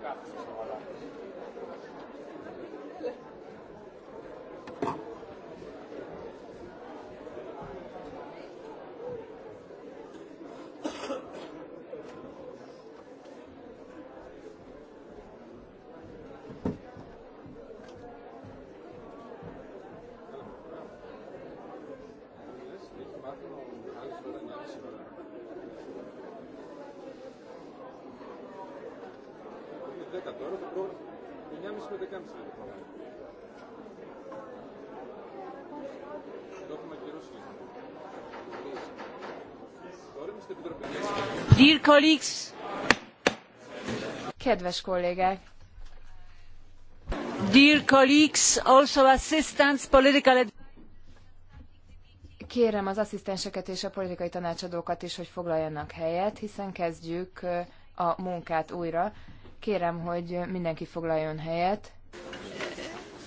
Speaker 1: Köszönöm. 9.30 με 10.30 το πρόγραμμα. Το έχουμε ακυρώσει
Speaker 3: Τώρα Επιτροπή. Dear colleagues. Kedves kollégák! Dear colleagues, also assistants, political Kérem az asszisztenseket és a politikai tanácsadókat is, hogy foglaljanak helyet, hiszen kezdjük a munkát újra. Kérem, hogy mindenki foglaljon helyet.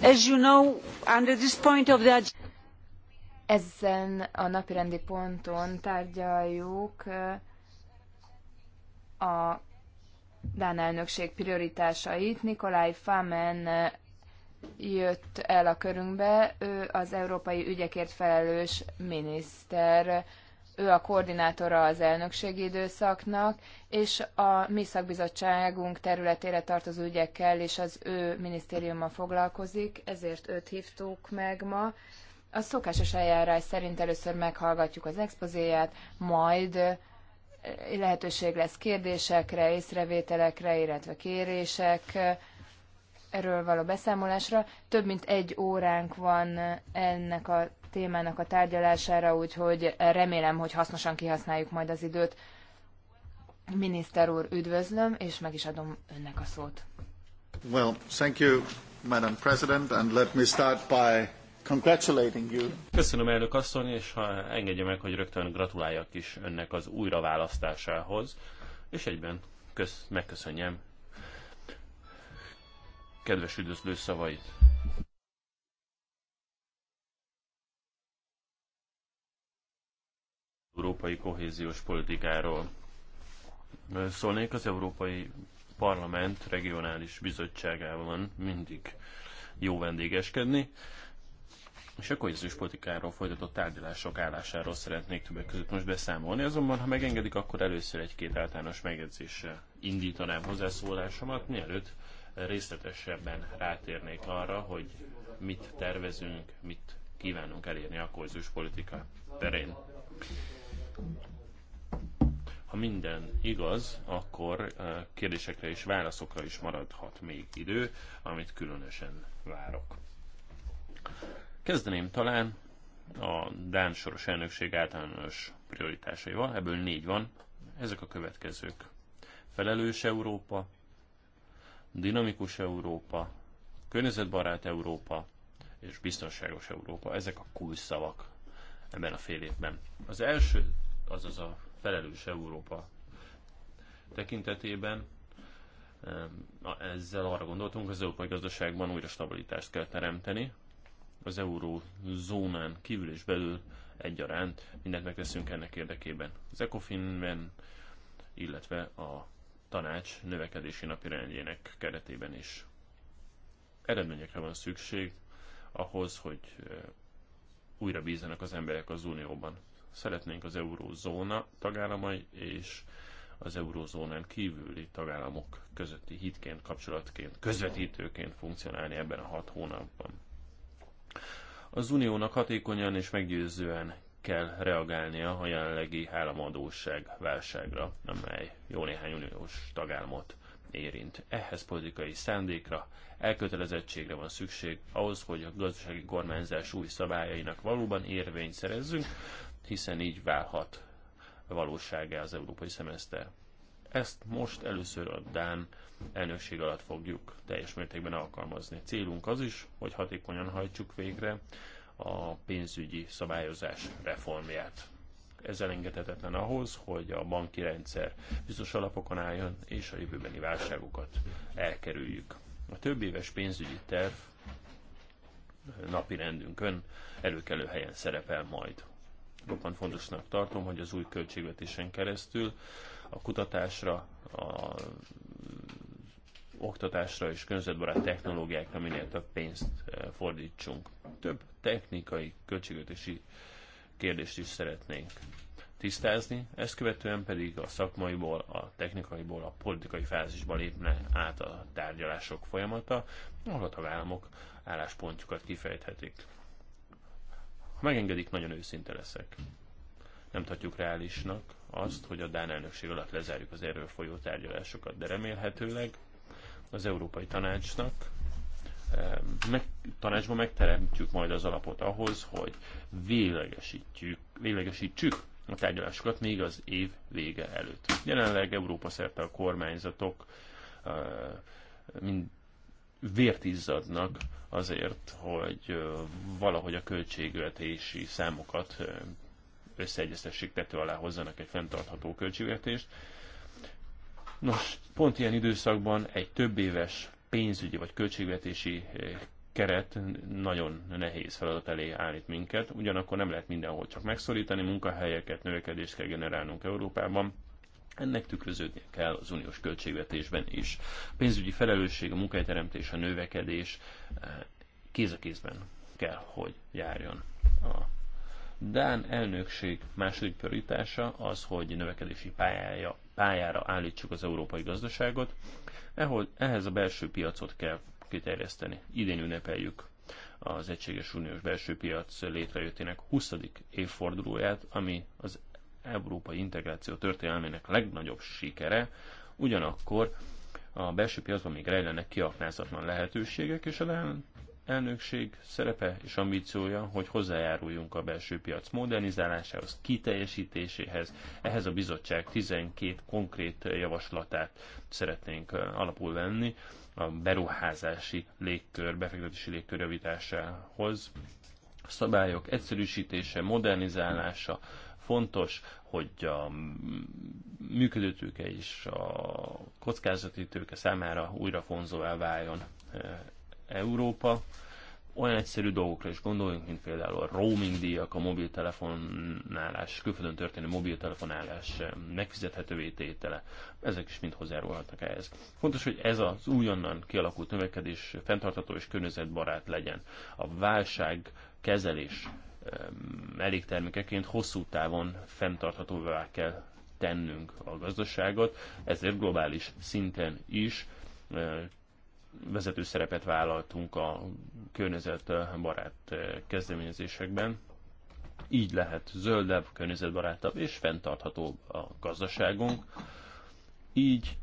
Speaker 3: As you know, under this point of the... Ezen a napirendi ponton tárgyaljuk uh, a Dán elnökség prioritásait. Nikolaj Famen uh, jött el a körünkbe, ő az európai ügyekért felelős miniszter ő a koordinátora az elnökségi időszaknak, és a mi szakbizottságunk területére tartozó ügyekkel és az ő minisztériuma foglalkozik, ezért őt hívtuk meg ma. A szokásos eljárás szerint először meghallgatjuk az expozéját, majd eh, lehetőség lesz kérdésekre, észrevételekre, illetve kérések erről való beszámolásra. Több mint egy óránk van ennek a témának a tárgyalására, úgyhogy remélem, hogy hasznosan kihasználjuk majd az időt. Miniszter úr, üdvözlöm, és meg is adom önnek a szót.
Speaker 1: Well, thank you, Madam President, and let me start by congratulating you. Köszönöm, elnök asszony, és ha engedje meg, hogy rögtön gratuláljak is önnek az újraválasztásához, és egyben kösz, megköszönjem kedves üdvözlő szavait. európai kohéziós politikáról szólnék. Az Európai Parlament regionális bizottságában mindig jó vendégeskedni, és a kohéziós politikáról folytatott tárgyalások állásáról szeretnék többek között most beszámolni. Azonban, ha megengedik, akkor először egy-két általános megjegyzéssel indítanám hozzászólásomat, mielőtt részletesebben rátérnék arra, hogy mit tervezünk, mit kívánunk elérni a kohéziós politika terén. Ha minden igaz, akkor eh, kérdésekre és válaszokra is maradhat még idő, amit különösen várok. Kezdeném talán a Dán soros elnökség általános prioritásaival, ebből négy van, ezek a következők. Felelős Európa, dinamikus Európa, környezetbarát Európa és biztonságos Európa. Ezek a kulcsszavak ebben a fél évben. Az első azaz a felelős Európa tekintetében. Na, ezzel arra gondoltunk, hogy az európai gazdaságban újra stabilitást kell teremteni. Az eurózónán kívül és belül egyaránt mindent megteszünk ennek érdekében. Az ECOFIN-ben, illetve a tanács növekedési napirendjének keretében is. Eredményekre van szükség ahhoz, hogy eh, újra bízzanak az emberek az Unióban. Szeretnénk az eurózóna tagállamai és az eurózónán kívüli tagállamok közötti hitként, kapcsolatként, közvetítőként funkcionálni ebben a hat hónapban. Az uniónak hatékonyan és meggyőzően kell reagálnia a jelenlegi államadóság válságra, amely jó néhány uniós tagállamot érint. Ehhez politikai szándékra, elkötelezettségre van szükség ahhoz, hogy a gazdasági kormányzás új szabályainak valóban érvényt szerezzünk, hiszen így válhat valóságá az európai szemeszter. Ezt most először a Dán elnökség alatt fogjuk teljes mértékben alkalmazni. Célunk az is, hogy hatékonyan hajtsuk végre a pénzügyi szabályozás reformját. Ez elengedhetetlen ahhoz, hogy a banki rendszer biztos alapokon álljon, és a jövőbeni válságokat elkerüljük. A több éves pénzügyi terv napi rendünkön előkelő helyen szerepel majd roppant fontosnak tartom, hogy az új költségvetésen keresztül a kutatásra, a oktatásra és környezetbarát technológiákra minél több pénzt eh, fordítsunk. Több technikai költségvetési kérdést is szeretnénk tisztázni, ezt követően pedig a szakmaiból, a technikaiból, a politikai fázisba lépne át a tárgyalások folyamata, ahol a tagállamok álláspontjukat kifejthetik megengedik, nagyon őszinte leszek. Nem tartjuk reálisnak azt, hogy a Dán elnökség alatt lezárjuk az erről folyó tárgyalásokat, de remélhetőleg az Európai Tanácsnak meg, tanácsban megteremtjük majd az alapot ahhoz, hogy véglegesítjük, véglegesítsük a tárgyalásokat még az év vége előtt. Jelenleg Európa szerte a kormányzatok mind vért izzadnak azért, hogy valahogy a költségvetési számokat összeegyeztessék tető alá hozzanak egy fenntartható költségvetést. Nos, pont ilyen időszakban egy több éves pénzügyi vagy költségvetési keret nagyon nehéz feladat elé állít minket, ugyanakkor nem lehet mindenhol csak megszorítani, munkahelyeket, növekedést kell generálnunk Európában, ennek tükröződnie kell az uniós költségvetésben is. A pénzügyi felelősség, a munkahelyteremtés, a növekedés eh, kéz a kézben kell, hogy járjon. A Dán elnökség második prioritása az, hogy növekedési pályája, pályára állítsuk az európai gazdaságot. Ehhez a belső piacot kell kiterjeszteni. Idén ünnepeljük az Egységes Uniós Belső Piac létrejöttének 20. évfordulóját, ami az európai integráció történelmének legnagyobb sikere, ugyanakkor a belső piacban még rejlenek kiaknázatlan lehetőségek, és a elnökség szerepe és ambíciója, hogy hozzájáruljunk a belső piac modernizálásához, kiteljesítéséhez. Ehhez a bizottság 12 konkrét javaslatát szeretnénk alapul venni a beruházási légkör, befektetési légkör javításához. Szabályok egyszerűsítése, modernizálása, Fontos, hogy a működőtőke és a kockázati tőke számára újra fonzóvá váljon Európa. Olyan egyszerű dolgokra is gondoljunk, mint például a roaming díjak, a mobiltelefonálás, külföldön történő mobiltelefonálás megfizethetővé tétele. Ezek is mind hozzárulhatnak ehhez. Fontos, hogy ez az újonnan kialakult növekedés fenntartható és környezetbarát legyen. A válság kezelés elégtermékeként hosszú távon fenntarthatóvá kell tennünk a gazdaságot, ezért globális szinten is e, vezető szerepet vállaltunk a környezetbarát e, kezdeményezésekben. Így lehet zöldebb, környezetbarátabb és fenntarthatóbb a gazdaságunk. Így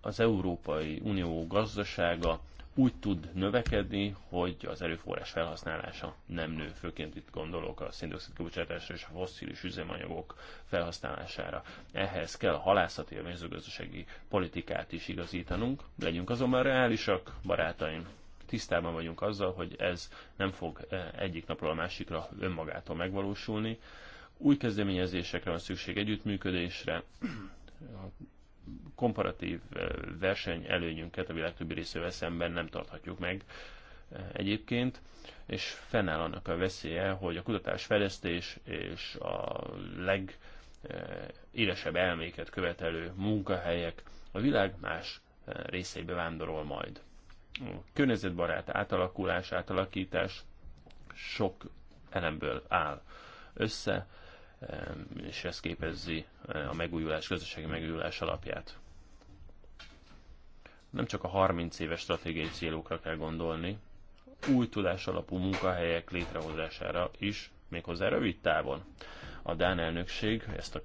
Speaker 1: az Európai Unió gazdasága úgy tud növekedni, hogy az erőforrás felhasználása nem nő. Főként itt gondolok a széndiokszid kibocsátásra és a fosszilis üzemanyagok felhasználására. Ehhez kell a halászati, a mezőgazdasági politikát is igazítanunk. Legyünk azonban reálisak, barátaim. Tisztában vagyunk azzal, hogy ez nem fog eh, egyik napról a másikra önmagától megvalósulni. Új kezdeményezésekre van szükség együttműködésre, komparatív eh, verseny előnyünket a világ többi részével szemben nem tarthatjuk meg eh, egyébként, és fennáll annak a veszélye, hogy a kutatásfejlesztés és a legélesebb eh, elméket követelő munkahelyek a világ más részeibe vándorol majd. A környezetbarát átalakulás, átalakítás sok elemből áll össze, és ez képezzi e, a megújulás, közösségi megújulás alapját. Nem csak a 30 éves stratégiai célokra kell gondolni, új tudás alapú munkahelyek létrehozására is, méghozzá rövid távon. A Dán elnökség ezt a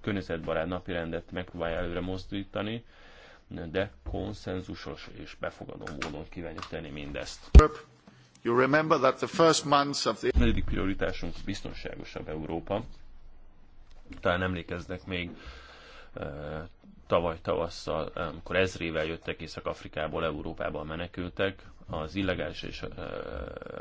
Speaker 1: környezetbarát rendet megpróbálja előre mozdítani, de konszenzusos és befogadó módon kívánjuk tenni mindezt. You remember that the first months of the... negyedik prioritásunk biztonságosabb Európa. Talán emlékeznek még eh, tavaly tavasszal, amikor ezrével jöttek Észak-Afrikából Európába a menekültek, az illegális, és, eh,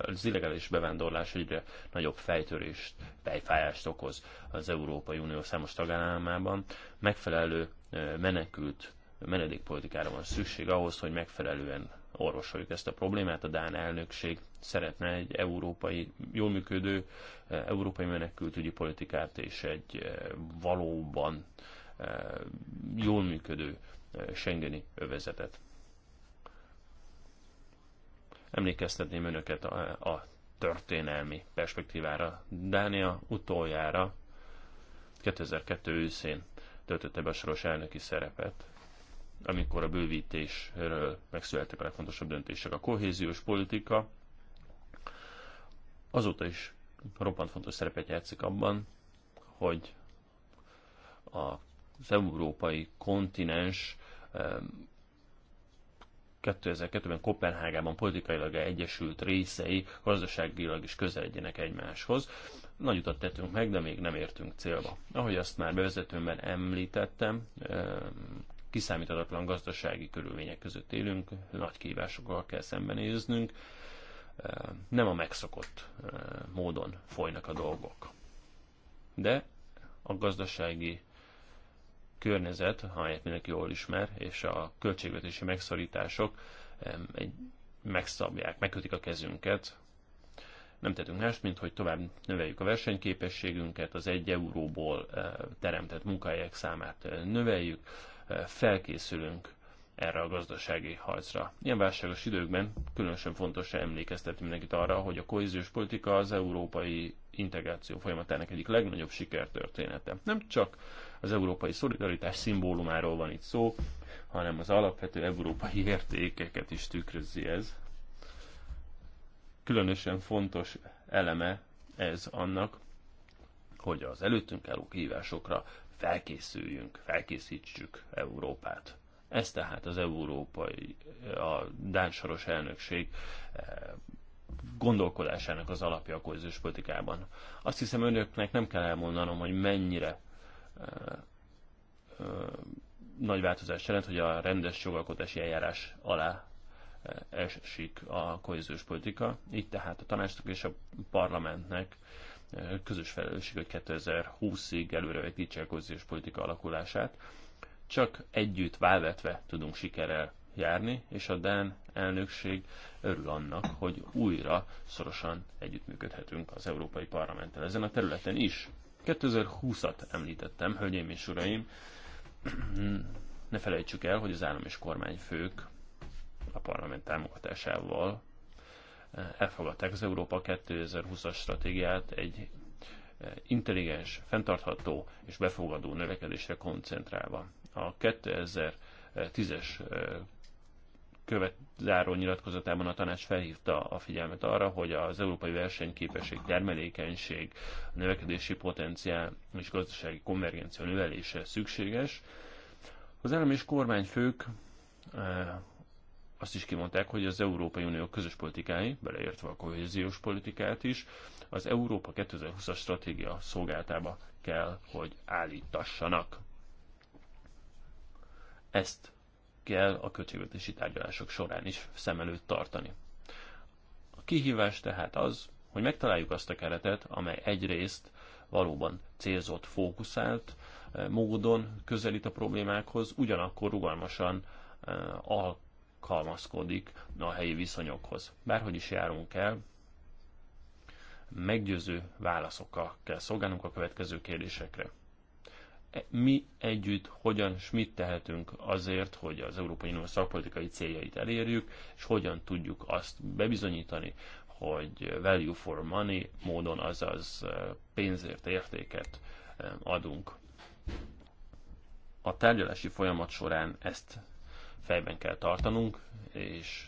Speaker 1: az illegális bevándorlás egyre nagyobb fejtörést, fejfájást okoz az Európai Unió számos tagállamában. Megfelelő eh, menekült menedékpolitikára van szükség ahhoz, hogy megfelelően orvosoljuk ezt a problémát. A Dán elnökség szeretne egy európai, jól működő eh, európai menekültügyi politikát és egy eh, valóban eh, jól működő Schengeni övezetet. Emlékeztetném önöket a, a történelmi perspektívára. Dánia utoljára 2002 őszén töltötte be a soros elnöki szerepet, amikor a bővítésről megszülettek a legfontosabb döntések. A kohéziós politika azóta is roppant fontos szerepet játszik abban, hogy az európai kontinens 2002-ben Kopenhágában politikailag egyesült részei gazdaságilag is közeledjenek egymáshoz. Nagy utat tettünk meg, de még nem értünk célba. Ahogy azt már bevezetőmben említettem, kiszámíthatatlan gazdasági körülmények között élünk, nagy kihívásokkal kell szembenéznünk, nem a megszokott módon folynak a dolgok. De a gazdasági környezet, amelyet mindenki jól ismer, és a költségvetési megszorítások megszabják, megkötik a kezünket. Nem tettünk más, mint hogy tovább növeljük a versenyképességünket, az egy euróból teremtett munkahelyek számát növeljük, felkészülünk erre a gazdasági harcra. Ilyen válságos időkben különösen fontos emlékeztetni mindenkit arra, hogy a kohéziós politika az európai integráció folyamatának egyik legnagyobb sikertörténete. Nem csak az európai szolidaritás szimbólumáról van itt szó, hanem az alapvető európai értékeket is tükrözi ez. Különösen fontos eleme ez annak, hogy az előttünk álló kihívásokra felkészüljünk, felkészítsük Európát. Ez tehát az európai, a Dán elnökség eh, gondolkodásának az alapja a kohéziós politikában. Azt hiszem önöknek nem kell elmondanom, hogy mennyire eh, eh, nagy változás, jelent, hogy a rendes jogalkotási eljárás alá esik a kohéziós politika. Így tehát a tanácsnak és a parlamentnek közös felelősség, hogy 2020-ig előrevetítse a közös politika alakulását. Csak együtt válvetve tudunk sikerrel járni, és a Dán elnökség örül annak, hogy újra szorosan együttműködhetünk az Európai Parlamenttel ezen a területen is. 2020-at említettem, hölgyeim és uraim, ne felejtsük el, hogy az állam és kormányfők a parlament támogatásával elfogadták az Európa 2020-as stratégiát egy eh, intelligens, fenntartható és befogadó növekedésre koncentrálva. A 2010-es eh, követ záró nyilatkozatában a tanács felhívta a figyelmet arra, hogy az európai versenyképesség, termelékenység, növekedési potenciál és gazdasági konvergencia növelése szükséges. Az állam és kormányfők eh, azt is kimondták, hogy az Európai Unió közös politikái, beleértve a kohéziós politikát is, az Európa 2020-as stratégia szolgáltába kell, hogy állítassanak. Ezt kell a költségvetési tárgyalások során is szem előtt tartani. A kihívás tehát az, hogy megtaláljuk azt a keretet, amely egyrészt valóban célzott, fókuszált eh, módon közelít a problémákhoz, ugyanakkor rugalmasan eh, alkalmazkodik alkalmazkodik a helyi viszonyokhoz. Bárhogy is járunk el, meggyőző válaszokkal kell szolgálnunk a következő kérdésekre. E, mi együtt hogyan és mit tehetünk azért, hogy az Európai Unió szakpolitikai céljait elérjük, és hogyan tudjuk azt bebizonyítani, hogy value for money módon, azaz e, pénzért értéket e, adunk. A tárgyalási folyamat során ezt fejben kell tartanunk, és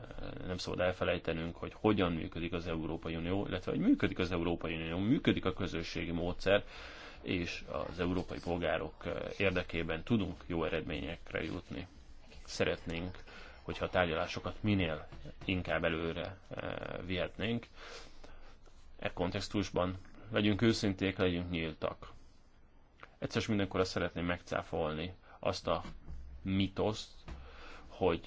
Speaker 1: eh, nem szabad elfelejtenünk, hogy hogyan működik az Európai Unió, illetve hogy működik az Európai Unió, működik a közösségi módszer, és az európai polgárok eh, érdekében tudunk jó eredményekre jutni. Szeretnénk, hogyha a tárgyalásokat minél inkább előre eh, vihetnénk. E kontextusban legyünk őszinték, legyünk nyíltak. Egyszerűen mindenkor azt szeretném megcáfolni azt a mitoszt, hogy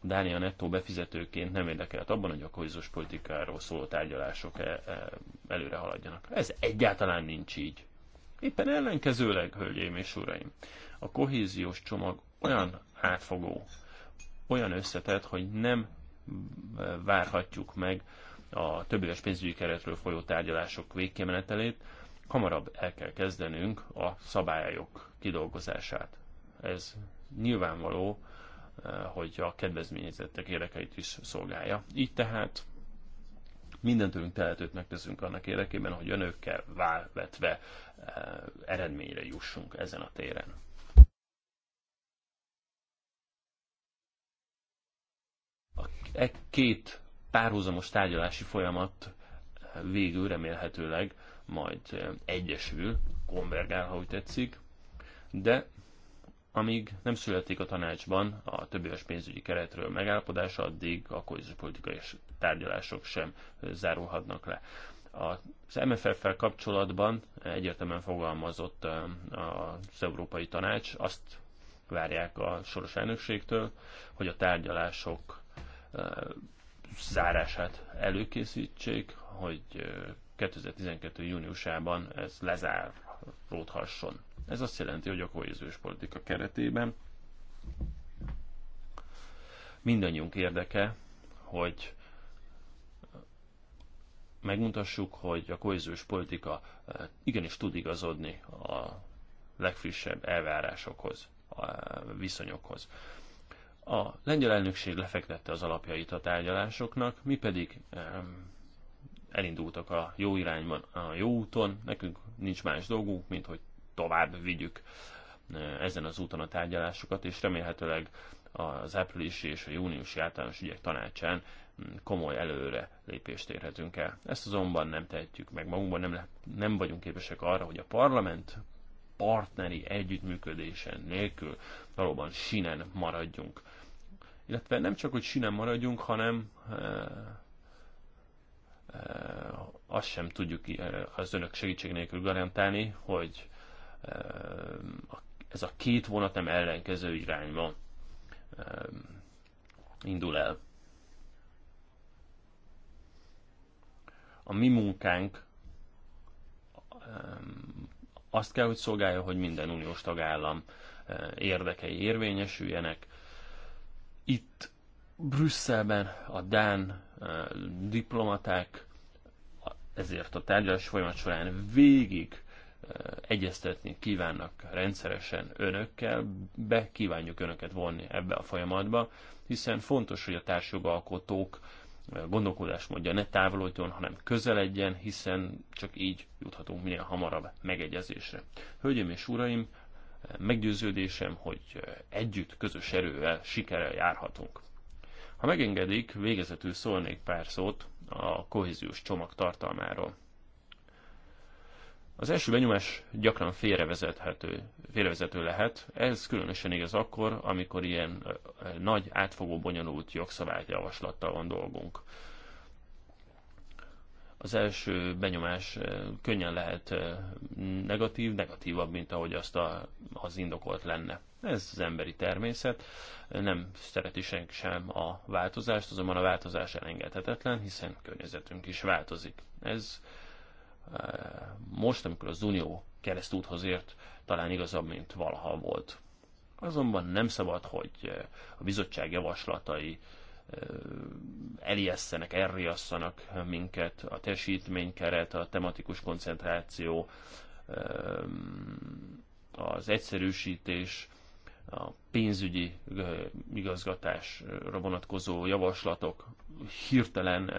Speaker 1: Dánia nettó befizetőként nem érdekelt abban, hogy a kohéziós politikáról szóló tárgyalások e, e, előre haladjanak. Ez egyáltalán nincs így. Éppen ellenkezőleg, hölgyeim és uraim, a kohéziós csomag olyan átfogó, olyan összetett, hogy nem várhatjuk meg a többéves pénzügyi keretről folyó tárgyalások végkimenetelét, hamarabb el kell kezdenünk a szabályok kidolgozását. Ez nyilvánvaló, eh, hogy a kedvezményezettek érdekeit is szolgálja. Így tehát mindentőlünk tehetőt megteszünk annak érdekében, hogy önökkel válvetve eh, eredményre jussunk ezen a téren. E két párhuzamos tárgyalási folyamat eh, végül remélhetőleg majd egyesül, konvergál, ha úgy tetszik, de amíg nem születik a tanácsban a többéves pénzügyi keretről megállapodás, addig a kohéziós politikai tárgyalások sem zárulhatnak le. Az MFF-fel kapcsolatban egyértelműen fogalmazott az Európai Tanács, azt várják a soros elnökségtől, hogy a tárgyalások zárását előkészítsék, hogy 2012. júniusában ez lezáródhasson. Ez azt jelenti, hogy a kohéziós politika keretében mindannyiunk érdeke, hogy megmutassuk, hogy a kohéziós politika eh, igenis tud igazodni a legfrissebb elvárásokhoz, a viszonyokhoz. A lengyel elnökség lefektette az alapjait a tárgyalásoknak, mi pedig elindultak a jó irányban, a jó úton, nekünk nincs más dolgunk, mint hogy tovább vigyük ezen az úton a tárgyalásokat, és remélhetőleg az áprilisi és a júniusi általános ügyek tanácsán mm, komoly előre lépést érhetünk el. Ezt azonban nem tehetjük meg magunkban, nem, nem vagyunk képesek arra, hogy a parlament partneri együttműködésen nélkül valóban sinen maradjunk. Illetve nem csak, hogy sinen maradjunk, hanem e, e, azt sem tudjuk e, az önök segítség nélkül garantálni, hogy ez a két vonat nem ellenkező irányba indul el. A mi munkánk azt kell, hogy szolgálja, hogy minden uniós tagállam érdekei érvényesüljenek. Itt Brüsszelben a Dán diplomaták ezért a tárgyalás folyamat során végig egyeztetni kívánnak rendszeresen önökkel, be kívánjuk önöket vonni ebbe a folyamatba, hiszen fontos, hogy a társjogalkotók eh, gondolkodásmódja ne távolodjon, hanem közeledjen, hiszen csak így juthatunk minél hamarabb megegyezésre. Hölgyeim és uraim, eh, meggyőződésem, hogy eh, együtt, közös erővel, sikerrel járhatunk. Ha megengedik, végezetül szólnék pár szót a kohéziós csomag tartalmáról. Az első benyomás gyakran félrevezethető, félrevezető lehet. Ez különösen igaz akkor, amikor ilyen nagy, átfogó, bonyolult jogszabályjavaslattal van dolgunk. Az első benyomás könnyen lehet negatív, negatívabb, mint ahogy azt a, az indokolt lenne. Ez az emberi természet. Nem szereti senki sem a változást, azonban a változás elengedhetetlen, hiszen a környezetünk is változik. Ez most, amikor az Unió keresztúthoz ért, talán igazabb, mint valaha volt. Azonban nem szabad, hogy eh, a bizottság javaslatai eh, elijesszenek, elriasszanak minket, a teljesítménykeret, a tematikus koncentráció, ehm, az egyszerűsítés, a pénzügyi igazgatásra vonatkozó javaslatok hirtelen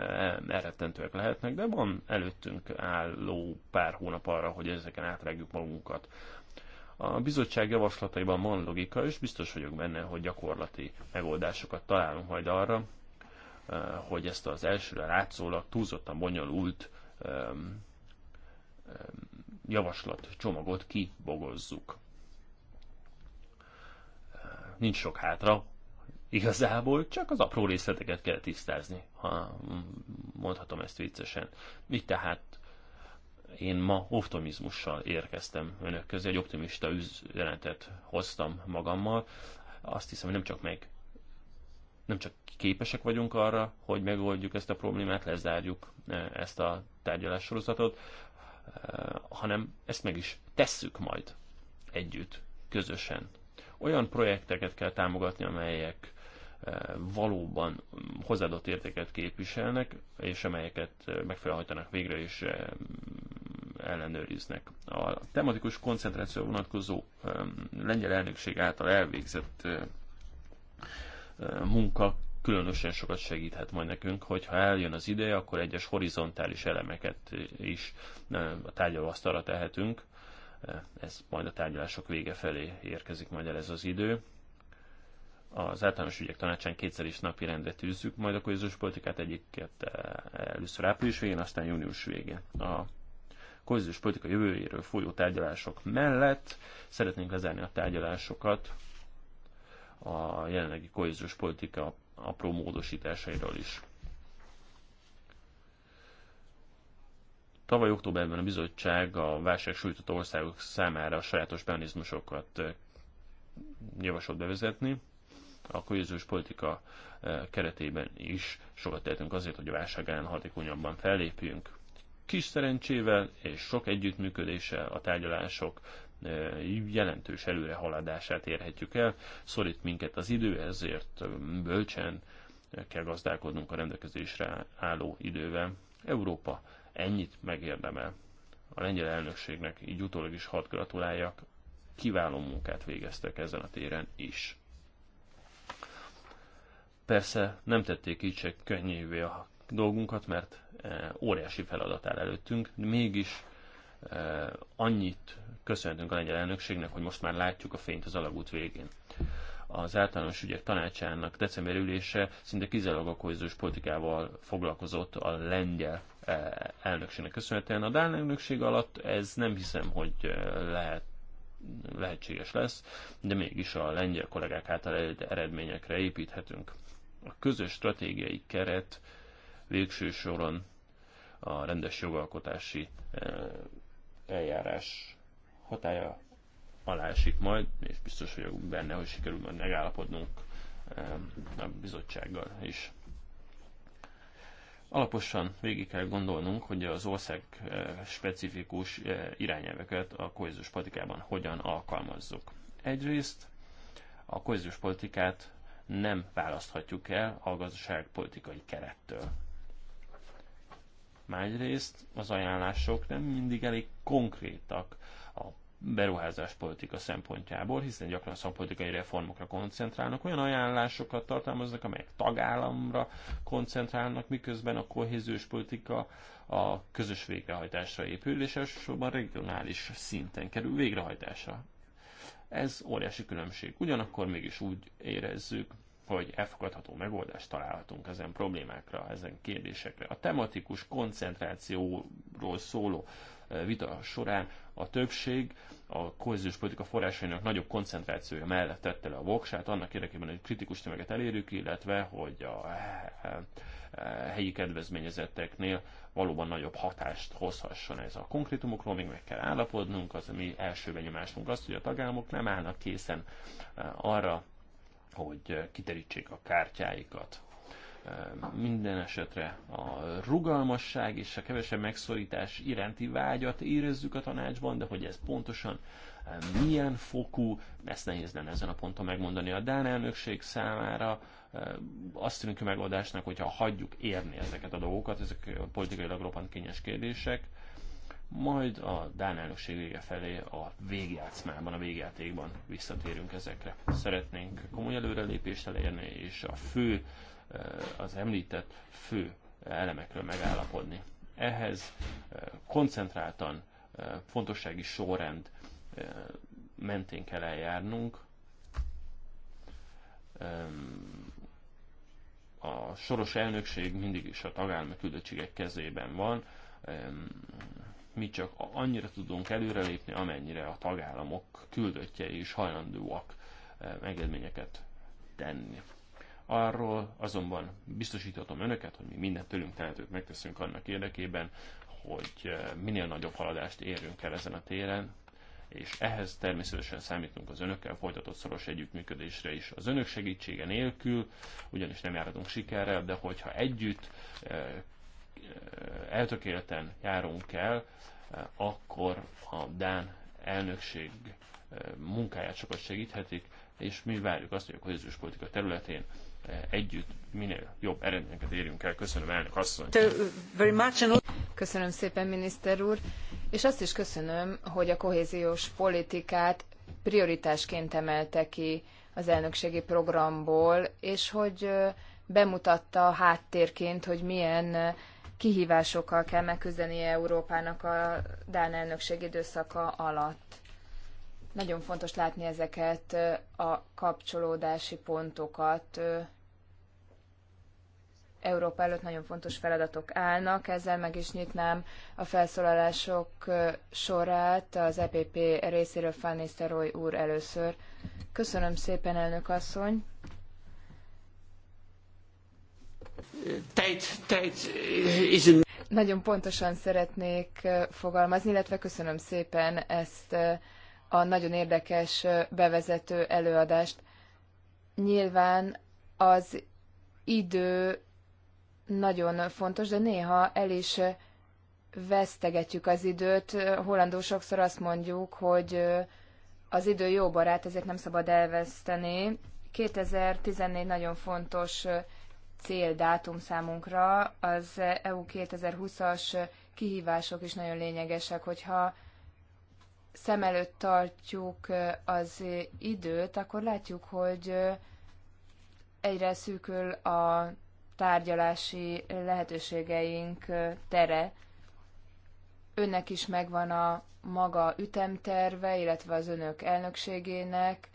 Speaker 1: elrettentőek lehetnek, de van előttünk álló pár hónap arra, hogy ezeken átrágjuk magunkat. A bizottság javaslataiban van logika, és biztos vagyok benne, hogy gyakorlati megoldásokat találunk majd arra, hogy ezt az elsőre látszólag túlzottan bonyolult javaslat csomagot kibogozzuk nincs sok hátra, igazából csak az apró részleteket kell tisztázni, ha mondhatom ezt viccesen. Így tehát én ma optimizmussal érkeztem önök közé, egy optimista üzenetet hoztam magammal. Azt hiszem, hogy nem csak meg nem csak képesek vagyunk arra, hogy megoldjuk ezt a problémát, lezárjuk e, ezt a tárgyalás sorozatot, e, hanem ezt meg is tesszük majd együtt, közösen, olyan projekteket kell támogatni, amelyek eh, valóban hozzáadott értéket képviselnek, és amelyeket eh, megfelelhajtanak végre és eh, ellenőriznek. A tematikus koncentráció vonatkozó lengyel elnökség által elvégzett munka különösen sokat segíthet majd nekünk, hogyha eljön az ideje, akkor egyes horizontális elemeket is a tárgyalóasztalra tehetünk, ez majd a tárgyalások vége felé érkezik majd el ez az idő. Az általános ügyek tanácsán kétszer is napi rendre tűzzük, majd a kohéziós politikát egyiket eh, először április végén, aztán június végén. A kohéziós politika jövőjéről folyó tárgyalások mellett szeretnénk lezárni a tárgyalásokat a jelenlegi kohéziós politika apró módosításairól is. Tavaly októberben a bizottság a válság sújtott országok számára sajátos mechanizmusokat javasolt bevezetni. A kohéziós politika keretében is sokat tehetünk azért, hogy a válság ellen hatékonyabban fellépjünk. Kis szerencsével és sok együttműködéssel a tárgyalások jelentős előrehaladását érhetjük el. Szorít minket az idő, ezért bölcsen kell gazdálkodnunk a rendelkezésre álló idővel. Európa ennyit megérdemel. A lengyel elnökségnek így utólag is hat gratuláljak, kiváló munkát végeztek ezen a téren is. Persze nem tették így se könnyűvé a dolgunkat, mert e, óriási feladat áll előttünk, de mégis e, annyit köszöntünk a lengyel elnökségnek, hogy most már látjuk a fényt az alagút végén. Az általános ügyek tanácsának december ülése szinte kizárólag a politikával foglalkozott a lengyel Eh, elnökségnek köszönhetően. A Dán elnökség alatt ez nem hiszem, hogy eh, lehet lehetséges lesz, de mégis a lengyel kollégák által eredményekre építhetünk. A közös stratégiai keret végső soron a rendes jogalkotási eh, eljárás hatája alá esik majd, és biztos vagyok benne, hogy sikerül majd megállapodnunk a bizottsággal is. Alaposan végig kell gondolnunk, hogy az ország eh, specifikus eh, irányelveket a kohéziós politikában hogyan alkalmazzuk. Egyrészt a kohéziós politikát nem választhatjuk el a gazdaságpolitikai kerettől. Másrészt az ajánlások nem mindig elég konkrétak beruházáspolitika szempontjából, hiszen gyakran szakpolitikai reformokra koncentrálnak, olyan ajánlásokat tartalmaznak, amelyek tagállamra koncentrálnak, miközben a kohéziós politika a közös végrehajtásra épül, és elsősorban regionális szinten kerül végrehajtásra. Ez óriási különbség. Ugyanakkor mégis úgy érezzük, hogy elfogadható megoldást találhatunk ezen problémákra, ezen kérdésekre. A tematikus koncentrációról szóló vita során a többség a kohéziós politika forrásainak nagyobb koncentrációja mellett tette le a voksát, annak érdekében, hogy kritikus tömeget elérjük, illetve hogy a eh, eh, helyi kedvezményezetteknél valóban nagyobb hatást hozhasson ez a konkrétumokról, még meg kell állapodnunk, az a mi első benyomásunk az, hogy a tagállamok nem állnak készen eh, arra, hogy kiterítsék a kártyáikat minden esetre a rugalmasság és a kevesebb megszorítás iránti vágyat érezzük a tanácsban, de hogy ez pontosan eh, milyen fokú, ezt nehéz lenne ezen a ponton megmondani a Dán elnökség számára. Eh, azt tűnik a megoldásnak, hogyha hagyjuk érni ezeket a dolgokat, ezek politikailag roppant kényes kérdések, majd a Dán elnökség vége felé a végjátszmában, a végjátékban visszatérünk ezekre. Szeretnénk komoly előrelépést elérni, és a fő az említett fő elemekről megállapodni. Ehhez koncentráltan fontossági sorrend mentén kell eljárnunk. A soros elnökség mindig is a tagállami küldöttségek kezében van. Mi csak annyira tudunk előrelépni, amennyire a tagállamok küldöttjei is hajlandóak engedményeket tenni. Arról azonban biztosíthatom önöket, hogy mi mindent tőlünk tehetőt megteszünk annak érdekében, hogy eh, minél nagyobb haladást érjünk el ezen a téren, és ehhez természetesen számítunk az önökkel folytatott szoros együttműködésre is. Az önök segítsége nélkül ugyanis nem járhatunk sikerrel, de hogyha együtt eh, eh, eltökéleten járunk el, akkor a Dán elnökség munkáját sokat segíthetik, és mi várjuk azt, hogy a kohéziós politika területén együtt minél jobb eredményeket érjünk el. Köszönöm, elnök asszony!
Speaker 3: Köszönöm szépen, miniszter úr! És azt is köszönöm, hogy a kohéziós politikát prioritásként emelte ki az elnökségi programból, és hogy bemutatta háttérként, hogy milyen kihívásokkal kell megküzdenie Európának a Dán elnökség időszaka alatt. Nagyon fontos látni ezeket a kapcsolódási pontokat. Európa előtt nagyon fontos feladatok állnak, ezzel meg is nyitnám a felszólalások sorát az EPP részéről Fanny úr először. Köszönöm szépen, elnök asszony!
Speaker 1: Tejt, tejt,
Speaker 3: Nagyon pontosan szeretnék fogalmazni, illetve köszönöm szépen ezt a nagyon érdekes bevezető előadást. Nyilván az idő nagyon fontos, de néha el is vesztegetjük az időt. Hollandó sokszor azt mondjuk, hogy az idő jó barát, ezért nem szabad elveszteni. 2014 nagyon fontos céldátum számunkra, az EU 2020-as kihívások is nagyon lényegesek, hogyha szem előtt tartjuk az időt, akkor látjuk, hogy egyre szűkül a tárgyalási lehetőségeink tere. Önnek is megvan a maga ütemterve, illetve az önök elnökségének.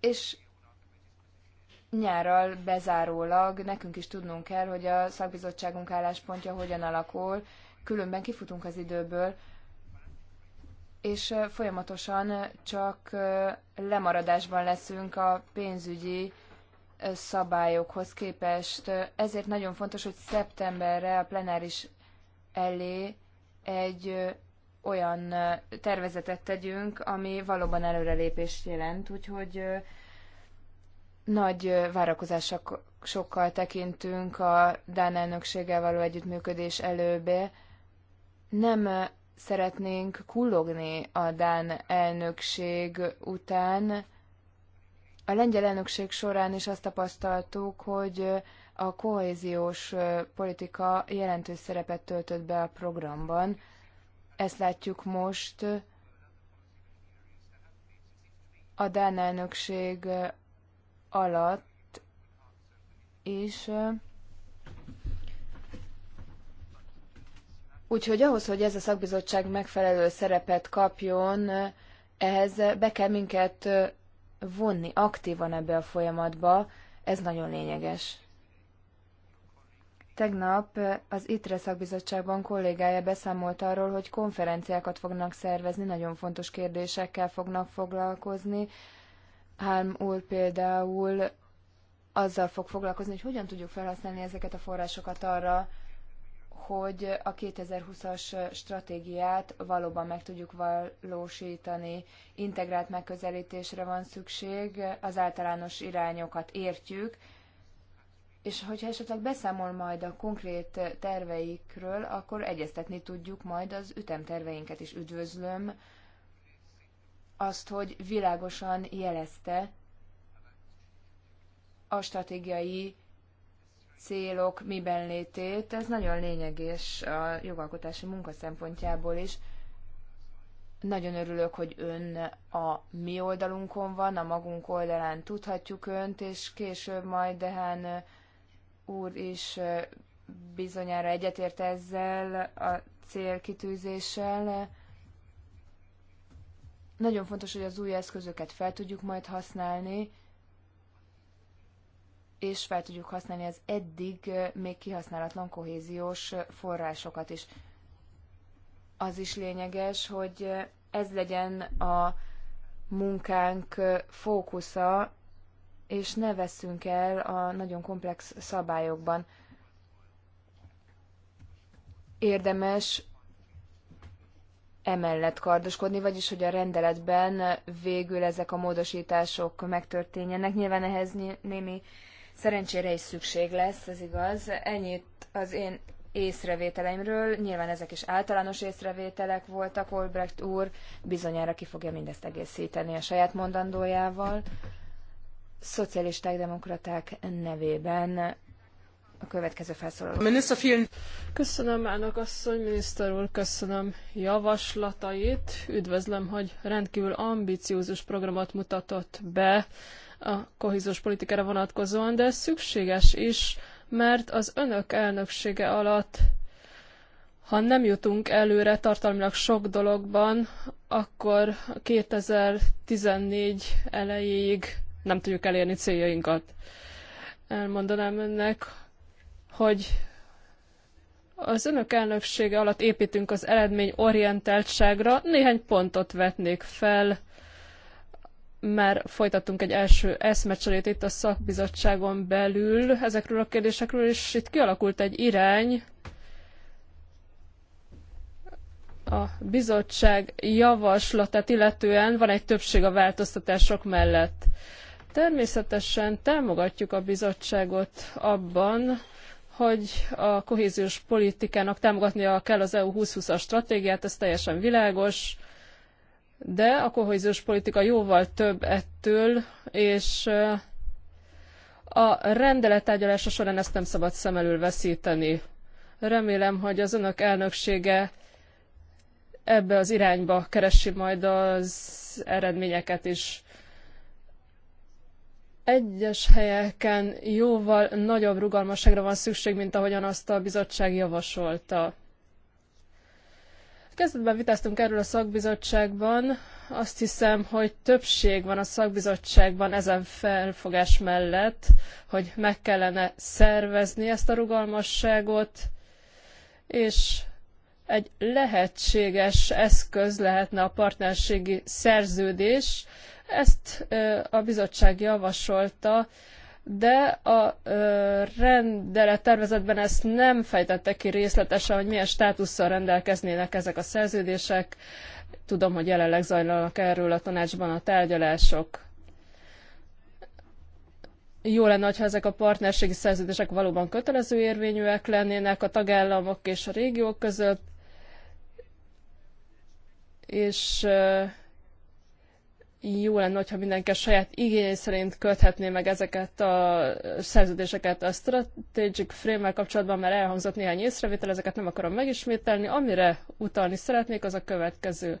Speaker 3: És nyárral bezárólag nekünk is tudnunk kell, hogy a szakbizottságunk álláspontja hogyan alakul, különben kifutunk az időből, és folyamatosan csak lemaradásban leszünk a pénzügyi szabályokhoz képest. Ezért nagyon fontos, hogy szeptemberre a plenáris elé egy olyan tervezetet tegyünk, ami valóban előrelépést jelent, úgyhogy nagy várakozásokkal tekintünk a Dán elnökséggel való együttműködés előbe, nem szeretnénk kullogni a Dán elnökség után. A lengyel elnökség során is azt tapasztaltuk, hogy a kohéziós politika jelentős szerepet töltött be a programban. Ezt látjuk most a Dán elnökség alatt is. Úgyhogy ahhoz, hogy ez a szakbizottság megfelelő szerepet kapjon, ehhez be kell minket vonni aktívan ebbe a folyamatba, ez nagyon lényeges. Tegnap az ITRE szakbizottságban kollégája beszámolt arról, hogy konferenciákat fognak szervezni, nagyon fontos kérdésekkel fognak foglalkozni. Hálm úr például azzal fog foglalkozni, hogy hogyan tudjuk felhasználni ezeket a forrásokat arra, hogy a 2020-as stratégiát valóban meg tudjuk valósítani. Integrált megközelítésre van szükség, az általános irányokat értjük, és hogyha esetleg beszámol majd a konkrét terveikről, akkor egyeztetni tudjuk majd az ütemterveinket is. Üdvözlöm azt, hogy világosan jelezte a stratégiai célok miben létét, ez nagyon lényeges a jogalkotási munka szempontjából is. Nagyon örülök, hogy ön a mi oldalunkon van, a magunk oldalán tudhatjuk önt, és később majd Dehán úr is bizonyára egyetért ezzel a célkitűzéssel. Nagyon fontos, hogy az új eszközöket fel tudjuk majd használni, és fel tudjuk használni az eddig még kihasználatlan kohéziós forrásokat is. Az is lényeges, hogy ez legyen a munkánk fókusza, és ne veszünk el a nagyon komplex szabályokban. Érdemes emellett kardoskodni, vagyis hogy a rendeletben végül ezek a módosítások megtörténjenek. Nyilván ehhez némi Szerencsére is szükség lesz, ez igaz. Ennyit az én észrevételeimről. Nyilván ezek is általános észrevételek voltak. Olbrecht úr bizonyára ki fogja mindezt egészíteni a saját mondandójával. Szocialisták, demokraták nevében a következő felszólaló.
Speaker 2: Köszönöm, Ának asszony, miniszter úr, köszönöm javaslatait. Üdvözlöm, hogy rendkívül ambiciózus programot mutatott be a kohéziós politikára vonatkozóan, de ez szükséges is, mert az önök elnöksége alatt, ha nem jutunk előre tartalmilag sok dologban, akkor 2014 elejéig nem tudjuk elérni céljainkat. Elmondanám önnek, hogy az önök elnöksége alatt építünk az eredményorientáltságra, néhány pontot vetnék fel, már folytattunk egy első eszmecserét itt a szakbizottságon belül ezekről a kérdésekről, és itt kialakult egy irány, a bizottság javaslatát illetően van egy többség a változtatások mellett. Természetesen támogatjuk a bizottságot abban, hogy a kohéziós politikának támogatnia kell az EU 2020-as stratégiát, ez teljesen világos, de a kohéziós politika jóval több ettől, és a rendelet tárgyalása során ezt nem szabad szem elől veszíteni. Remélem, hogy az önök elnöksége ebbe az irányba keresi majd az eredményeket is. Egyes helyeken jóval nagyobb rugalmasságra van szükség, mint ahogyan azt a bizottság javasolta. Kezdetben vitáztunk erről a szakbizottságban, azt hiszem, hogy többség van a szakbizottságban ezen felfogás mellett, hogy meg kellene szervezni ezt a rugalmasságot, és egy lehetséges eszköz lehetne a partnerségi szerződés. Ezt a bizottság javasolta, de a ö, rendelet tervezetben ezt nem fejtette ki részletesen, hogy milyen státusszal rendelkeznének ezek a szerződések. Tudom, hogy jelenleg zajlanak erről a tanácsban a tárgyalások. Jó lenne, ha ezek a partnerségi szerződések valóban kötelező érvényűek lennének a tagállamok és a régiók között, és ö, jó lenne, hogyha mindenki a saját igény szerint köthetné meg ezeket a szerződéseket. A Strategic frame kapcsolatban mert elhangzott néhány észrevétel, ezeket nem akarom megismételni. Amire utalni szeretnék, az a következő.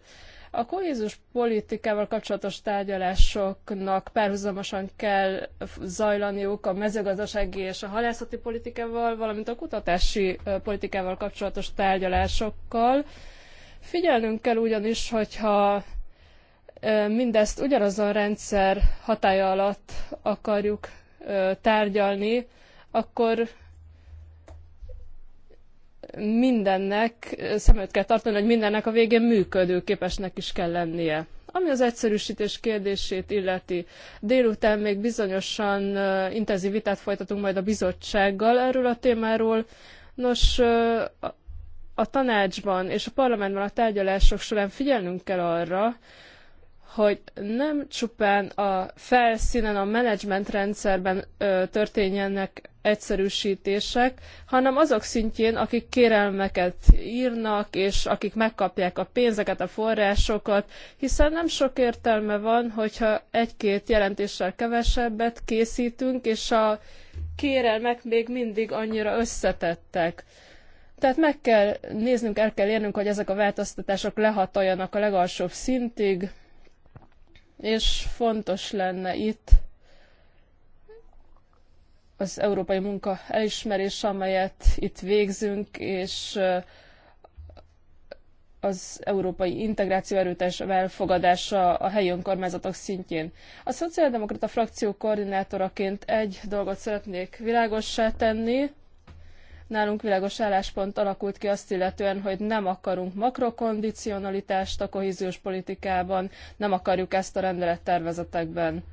Speaker 2: A kohézus politikával kapcsolatos tárgyalásoknak párhuzamosan kell zajlaniuk a mezőgazdasági és a halászati politikával, valamint a kutatási politikával kapcsolatos tárgyalásokkal. Figyelnünk kell ugyanis, hogyha mindezt ugyanazon rendszer hatája alatt akarjuk tárgyalni, akkor mindennek szem előtt kell tartani, hogy mindennek a végén működőképesnek is kell lennie. Ami az egyszerűsítés kérdését illeti, délután még bizonyosan intenzív vitát folytatunk majd a bizottsággal erről a témáról. Nos, a tanácsban és a parlamentben a tárgyalások során figyelnünk kell arra, hogy nem csupán a felszínen, a menedzsment rendszerben ö, történjenek egyszerűsítések, hanem azok szintjén, akik kérelmeket írnak, és akik megkapják a pénzeket, a forrásokat, hiszen nem sok értelme van, hogyha egy-két jelentéssel kevesebbet készítünk, és a kérelmek még mindig annyira összetettek. Tehát meg kell néznünk, el kell érnünk, hogy ezek a változtatások lehatoljanak a legalsóbb szintig, és fontos lenne itt az európai munka elismerése, amelyet itt végzünk, és az európai integráció erőteljes elfogadása a helyi önkormányzatok szintjén. A szociáldemokrata frakció koordinátoraként egy dolgot szeretnék világossá tenni, Nálunk világos álláspont alakult ki azt illetően, hogy nem akarunk makrokondicionalitást a kohéziós politikában, nem akarjuk ezt a rendelettervezetekben.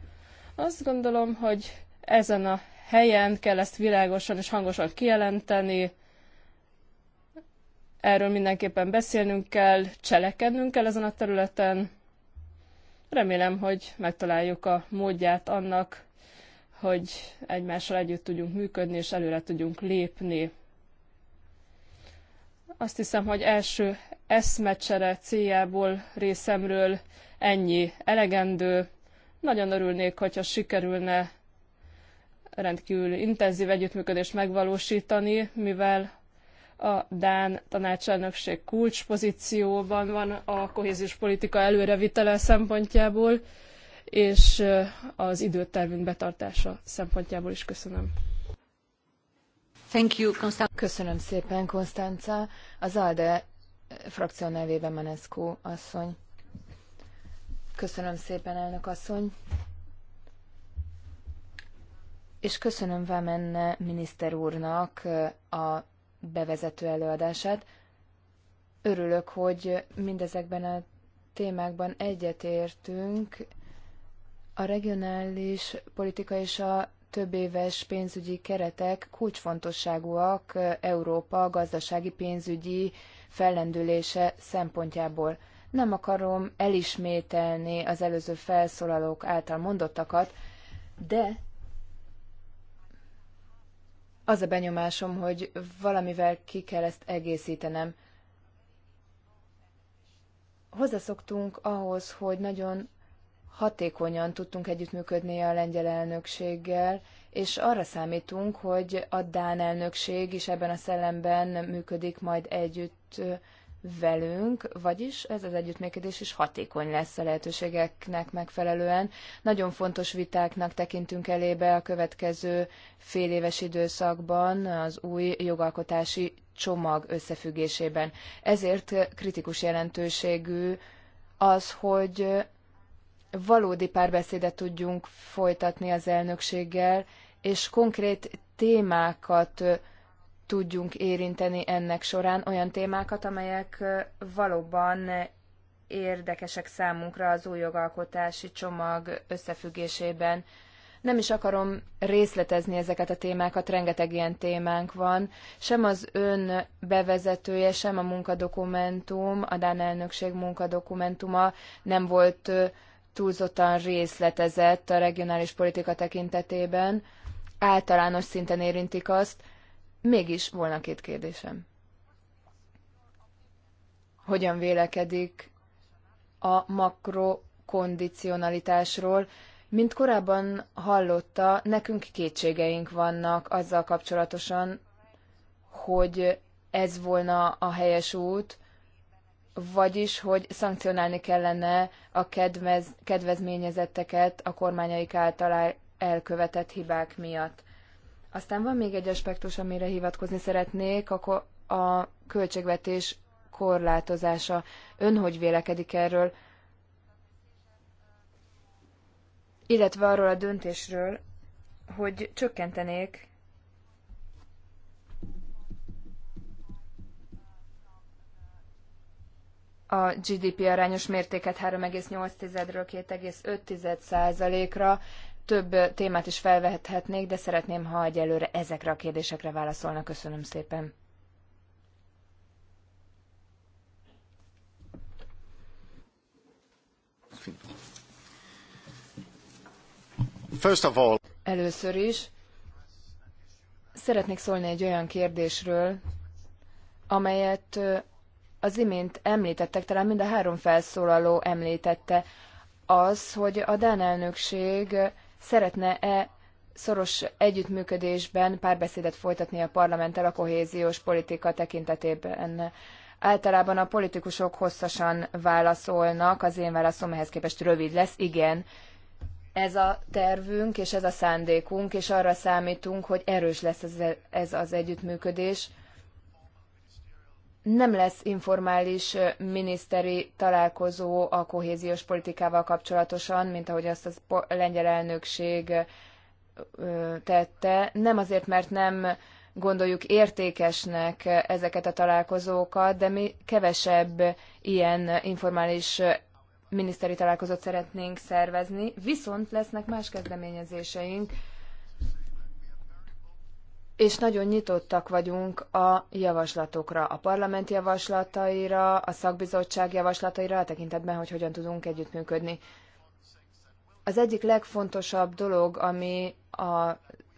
Speaker 2: Azt gondolom, hogy ezen a helyen kell ezt világosan és hangosan kijelenteni, erről mindenképpen beszélnünk kell, cselekednünk kell ezen a területen. Remélem, hogy megtaláljuk a módját annak, hogy egymással együtt tudjunk működni és előre tudjunk lépni. Azt hiszem, hogy első eszmecsere céljából részemről ennyi elegendő. Nagyon örülnék, hogyha sikerülne rendkívül intenzív együttműködést megvalósítani, mivel a Dán tanácselnökség kulcspozícióban van a kohéziós politika előrevitele szempontjából, és az időtervünk betartása szempontjából is köszönöm.
Speaker 3: Köszönöm szépen, Konstanca. Az ALDE eh, frakció nevében Manescu asszony. Köszönöm szépen, elnök asszony. És köszönöm Vámen miniszter úrnak eh, a bevezető előadását. Örülök, hogy mindezekben a témákban egyetértünk. A regionális politika és a több éves pénzügyi keretek kulcsfontosságúak Európa gazdasági pénzügyi fellendülése szempontjából. Nem akarom elismételni az előző felszólalók által mondottakat, de az a benyomásom, hogy valamivel ki kell ezt egészítenem. Hozzászoktunk ahhoz, hogy nagyon hatékonyan tudtunk együttműködni a lengyel elnökséggel, és arra számítunk, hogy a Dán elnökség is ebben a szellemben működik majd együtt velünk, vagyis ez az együttműködés is hatékony lesz a lehetőségeknek megfelelően. Nagyon fontos vitáknak tekintünk elébe a következő fél éves időszakban az új jogalkotási csomag összefüggésében. Ezért kritikus jelentőségű az, hogy valódi párbeszédet tudjunk folytatni az elnökséggel, és konkrét témákat tudjunk érinteni ennek során, olyan témákat, amelyek valóban érdekesek számunkra az új jogalkotási csomag összefüggésében. Nem is akarom részletezni ezeket a témákat, rengeteg ilyen témánk van. Sem az ön bevezetője, sem a munkadokumentum, a Dán elnökség munkadokumentuma nem volt túlzottan részletezett a regionális politika tekintetében, általános szinten érintik azt, mégis volna két kérdésem. Hogyan vélekedik a makrokondicionalitásról? Mint korábban hallotta, nekünk kétségeink vannak azzal kapcsolatosan, hogy ez volna a helyes út, vagyis, hogy szankcionálni kellene a kedvez, kedvezményezetteket a kormányaik által elkövetett hibák miatt. Aztán van még egy aspektus, amire hivatkozni szeretnék, a, a költségvetés korlátozása. Ön hogy vélekedik erről? Illetve arról a döntésről, hogy csökkentenék a GDP arányos mértéket 3,8-ről 2,5%-ra. Több témát is felvehethetnék, de szeretném, ha egyelőre ezekre a kérdésekre válaszolnak. Köszönöm szépen. First of all, Először is szeretnék szólni egy olyan kérdésről, amelyet az imént említettek, talán mind a három felszólaló említette, az, hogy a Dán elnökség szeretne-e szoros együttműködésben párbeszédet folytatni a parlamenttel a kohéziós politika tekintetében. Általában a politikusok hosszasan válaszolnak, az én válaszom ehhez képest rövid lesz, igen. Ez a tervünk és ez a szándékunk, és arra számítunk, hogy erős lesz ez, ez az együttműködés nem lesz informális miniszteri találkozó a kohéziós politikával kapcsolatosan, mint ahogy azt a lengyel elnökség tette. Nem azért, mert nem gondoljuk értékesnek ezeket a találkozókat, de mi kevesebb ilyen informális miniszteri találkozót szeretnénk szervezni, viszont lesznek más kezdeményezéseink, és nagyon nyitottak vagyunk a javaslatokra, a parlament javaslataira, a szakbizottság javaslataira, a tekintetben, hogy hogyan tudunk együttműködni. Az egyik legfontosabb dolog, ami a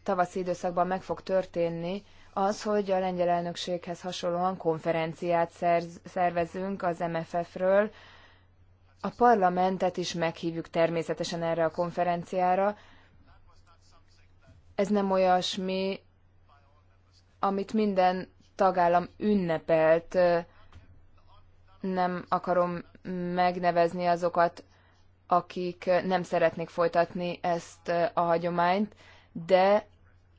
Speaker 3: tavaszi időszakban meg fog történni, az, hogy a lengyel elnökséghez hasonlóan konferenciát szerz, szervezünk az MFF-ről. A parlamentet is meghívjuk természetesen erre a konferenciára. Ez nem olyasmi, amit minden tagállam ünnepelt. Nem akarom megnevezni azokat, akik nem szeretnék folytatni ezt a hagyományt, de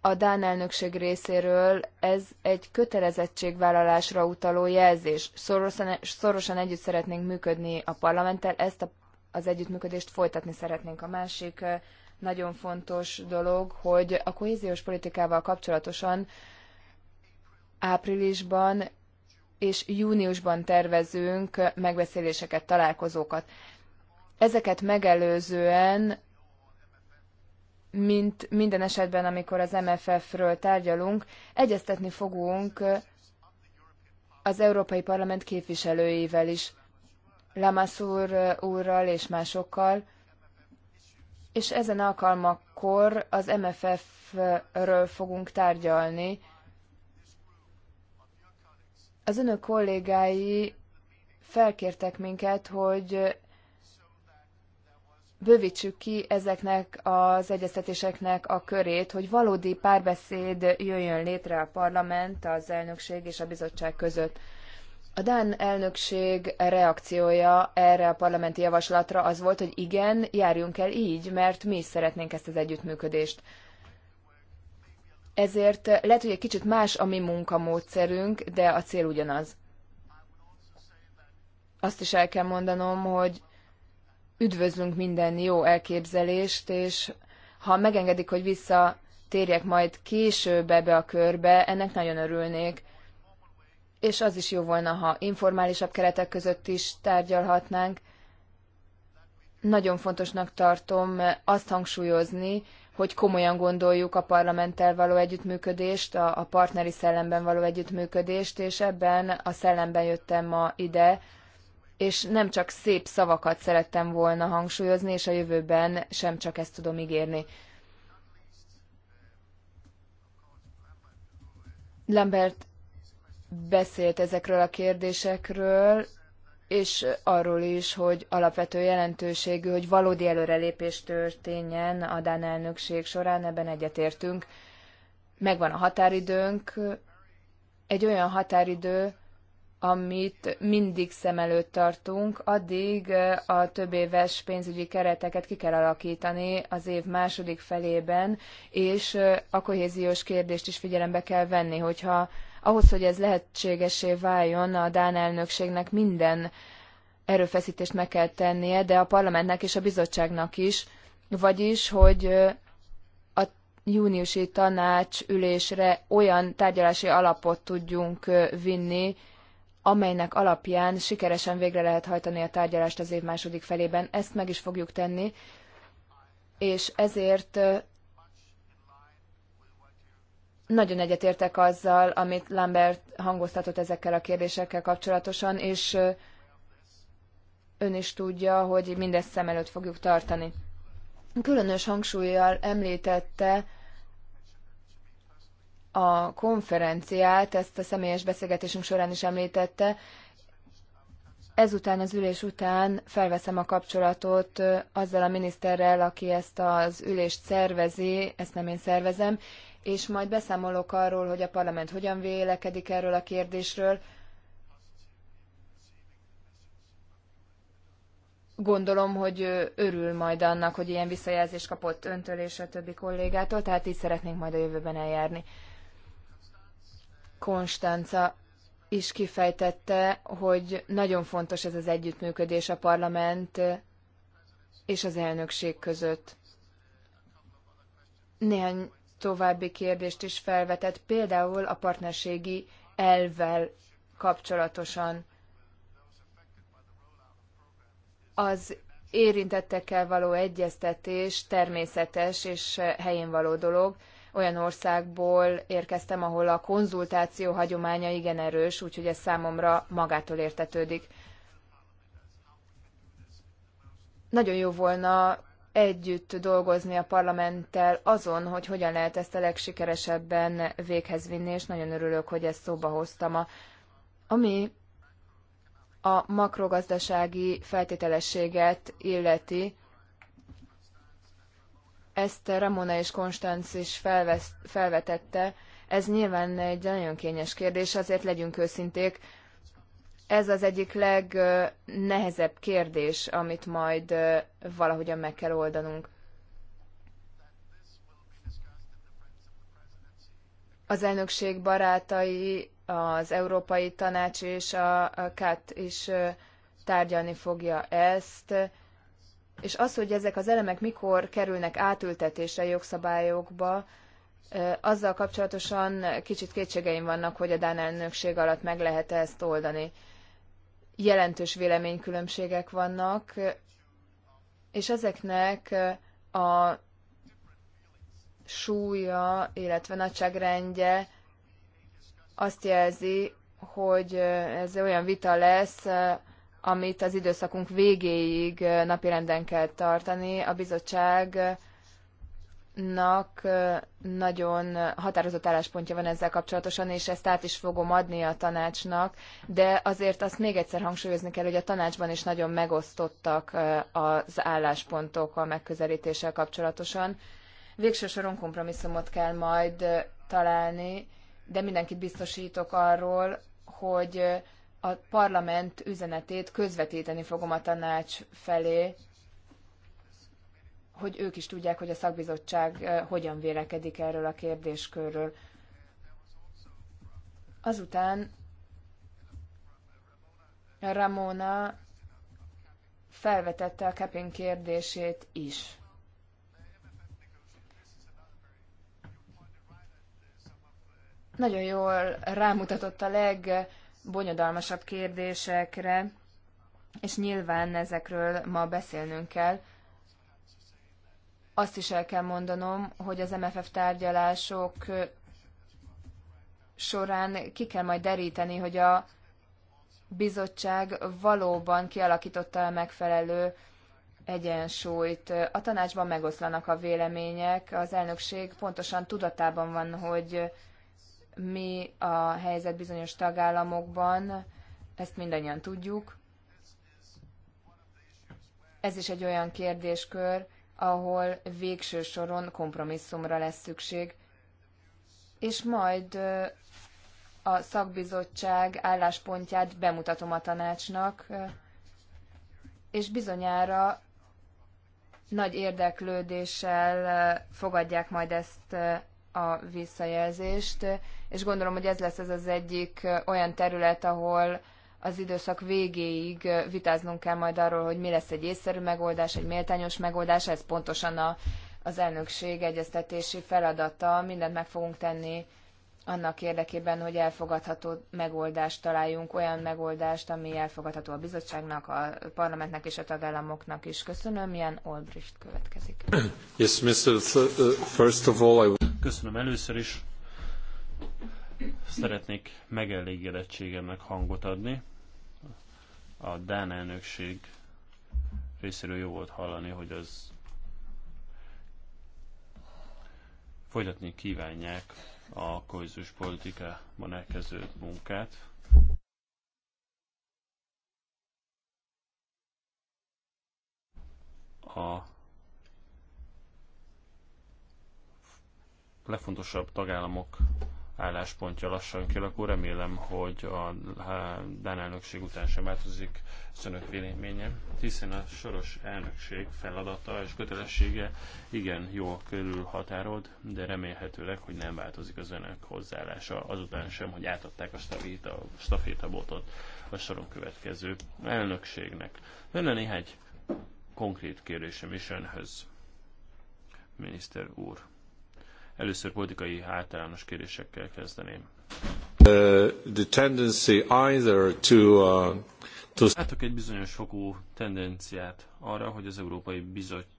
Speaker 3: a Dán elnökség részéről ez egy kötelezettségvállalásra utaló jelzés. Szorosan, szorosan együtt szeretnénk működni a parlamenttel, ezt a, az együttműködést folytatni szeretnénk. A másik nagyon fontos dolog, hogy a kohéziós politikával kapcsolatosan áprilisban és júniusban tervezünk megbeszéléseket, találkozókat. Ezeket megelőzően, mint minden esetben, amikor az MFF-ről tárgyalunk, egyeztetni fogunk az Európai Parlament képviselőivel is, Lamassur úrral és másokkal, és ezen alkalmakkor az MFF-ről fogunk tárgyalni, az önök kollégái felkértek minket, hogy bővítsük ki ezeknek az egyeztetéseknek a körét, hogy valódi párbeszéd jöjjön létre a parlament, az elnökség és a bizottság között. A Dán elnökség reakciója erre a parlamenti javaslatra az volt, hogy igen, járjunk el így, mert mi is szeretnénk ezt az együttműködést ezért lehet, hogy egy kicsit más a mi munkamódszerünk, de a cél ugyanaz. Azt is el kell mondanom, hogy üdvözlünk minden jó elképzelést, és ha megengedik, hogy vissza térjek majd később ebbe a körbe, ennek nagyon örülnék. És az is jó volna, ha informálisabb keretek között is tárgyalhatnánk. Nagyon fontosnak tartom azt hangsúlyozni, hogy komolyan gondoljuk a parlamenttel való együttműködést, a, a partneri szellemben való együttműködést, és ebben a szellemben jöttem ma ide, és nem csak szép szavakat szerettem volna hangsúlyozni, és a jövőben sem csak ezt tudom ígérni. Lambert beszélt ezekről a kérdésekről, és arról is, hogy alapvető jelentőségű, hogy valódi előrelépés történjen a Dán elnökség során, ebben egyetértünk. Megvan a határidőnk, egy olyan határidő, amit mindig szem előtt tartunk, addig a több éves pénzügyi kereteket ki kell alakítani az év második felében, és a kohéziós kérdést is figyelembe kell venni, hogyha ahhoz, hogy ez lehetségesé váljon, a Dán elnökségnek minden erőfeszítést meg kell tennie, de a parlamentnek és a bizottságnak is, vagyis, hogy a júniusi tanács ülésre olyan tárgyalási alapot tudjunk vinni, amelynek alapján sikeresen végre lehet hajtani a tárgyalást az év második felében. Ezt meg is fogjuk tenni, és ezért nagyon egyetértek azzal, amit Lambert hangoztatott ezekkel a kérdésekkel kapcsolatosan, és ön is tudja, hogy mindezt szem előtt fogjuk tartani. Különös hangsúlyjal említette a konferenciát, ezt a személyes beszélgetésünk során is említette. Ezután, az ülés után felveszem a kapcsolatot azzal a miniszterrel, aki ezt az ülést szervezi, ezt nem én szervezem, és majd beszámolok arról, hogy a parlament hogyan vélekedik erről a kérdésről. Gondolom, hogy örül majd annak, hogy ilyen visszajelzést kapott öntől és a többi kollégától, tehát így szeretnénk majd a jövőben eljárni. Konstanca is kifejtette, hogy nagyon fontos ez az együttműködés a parlament és az elnökség között. Néhány további kérdést is felvetett, például a partnerségi elvvel kapcsolatosan. Az érintettekkel való egyeztetés természetes és helyén való dolog. Olyan országból érkeztem, ahol a konzultáció hagyománya igen erős, úgyhogy ez számomra magától értetődik. Nagyon jó volna együtt dolgozni a parlamenttel azon, hogy hogyan lehet ezt a legsikeresebben véghez vinni, és nagyon örülök, hogy ezt szóba hoztam. A, ami a makrogazdasági feltételességet illeti, ezt Ramona és Konstanz is felvesz, felvetette, ez nyilván egy nagyon kényes kérdés, azért legyünk őszinték, ez az egyik legnehezebb kérdés, amit majd valahogyan meg kell oldanunk. Az elnökség barátai, az Európai Tanács és a KAT is tárgyalni fogja ezt, és az, hogy ezek az elemek mikor kerülnek átültetésre jogszabályokba, azzal kapcsolatosan kicsit kétségeim vannak, hogy a Dán elnökség alatt meg lehet -e ezt oldani jelentős véleménykülönbségek vannak, és ezeknek a súlya, illetve nagyságrendje azt jelzi, hogy ez olyan vita lesz, amit az időszakunk végéig napirenden kell tartani. A bizottság nak nagyon határozott álláspontja van ezzel kapcsolatosan, és ezt át is fogom adni a tanácsnak, de azért azt még egyszer hangsúlyozni kell, hogy a tanácsban is nagyon megosztottak az álláspontok a megközelítéssel kapcsolatosan. Végső soron kompromisszumot kell majd találni, de mindenkit biztosítok arról, hogy a parlament üzenetét közvetíteni fogom a tanács felé, hogy ők is tudják, hogy a szakbizottság hogyan vélekedik erről a kérdéskörről. Azután Ramona felvetette a Kepin kérdését is. Nagyon jól rámutatott a legbonyodalmasabb kérdésekre, és nyilván ezekről ma beszélnünk kell. Azt is el kell mondanom, hogy az MFF tárgyalások során ki kell majd deríteni, hogy a bizottság valóban kialakította a megfelelő egyensúlyt. A tanácsban megoszlanak a vélemények, az elnökség pontosan tudatában van, hogy mi a helyzet bizonyos tagállamokban, ezt mindannyian tudjuk. Ez is egy olyan kérdéskör, ahol végső soron kompromisszumra lesz szükség, és majd a szakbizottság álláspontját bemutatom a tanácsnak, és bizonyára nagy érdeklődéssel fogadják majd ezt a visszajelzést, és gondolom, hogy ez lesz ez az egyik olyan terület, ahol az időszak végéig vitáznunk kell majd arról, hogy mi lesz egy észszerű megoldás, egy méltányos megoldás, ez pontosan a, az elnökség egyeztetési feladata. Mindent meg fogunk tenni annak érdekében, hogy elfogadható megoldást találjunk, olyan megoldást, ami elfogadható a bizottságnak, a parlamentnek és a tagállamoknak is. Köszönöm, Jan Olbricht következik.
Speaker 1: Yes, Mr. Uh, first of all, I... Köszönöm először is Szeretnék megelégedettségemnek hangot adni. A Dán elnökség részéről jó volt hallani, hogy az folytatni kívánják a kohézus politikában elkezdődött munkát. A legfontosabb tagállamok álláspontja lassan kialakul. Remélem, hogy a Dán elnökség után sem változik az önök véleménye, hiszen a soros elnökség feladata és kötelessége igen jó körülhatárolt, de remélhetőleg, hogy nem változik az önök hozzáállása azután sem, hogy átadták a stafétabotot a soron következő elnökségnek. Önne néhány konkrét kérdésem is önhöz, miniszter úr. Először politikai általános kérdésekkel kezdeném. Uh, the tendency either to, uh, to... Látok egy bizonyos fokú tendenciát arra, hogy az Európai Bizottság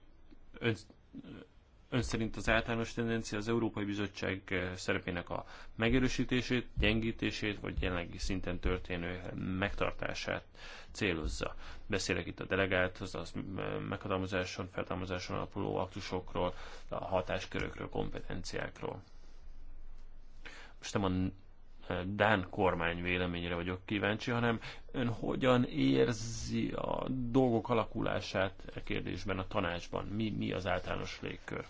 Speaker 1: Ön szerint az általános tendencia az Európai Bizottság eh, szerepének a megerősítését, gyengítését, vagy jelenlegi szinten történő megtartását célozza. Beszélek itt a delegált, az az eh, meghatalmazáson, feltalmazáson alapuló aktusokról, a hatáskörökről, kompetenciákról. Most nem a eh, Dán kormány véleményre vagyok kíváncsi, hanem ön hogyan érzi a dolgok alakulását e kérdésben, a tanácsban? Mi, mi az általános légkör?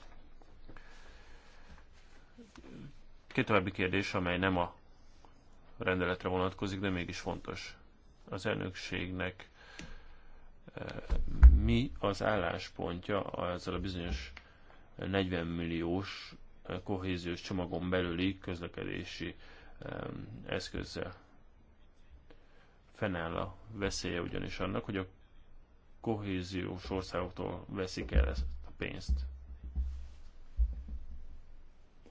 Speaker 1: Két további kérdés, amely nem a rendeletre vonatkozik, de mégis fontos. Az elnökségnek eh, mi az álláspontja ezzel a bizonyos 40 milliós eh, kohéziós csomagon belüli közlekedési eh, eszközzel. Fennáll a veszélye ugyanis annak, hogy a kohéziós országoktól veszik el ezt a pénzt.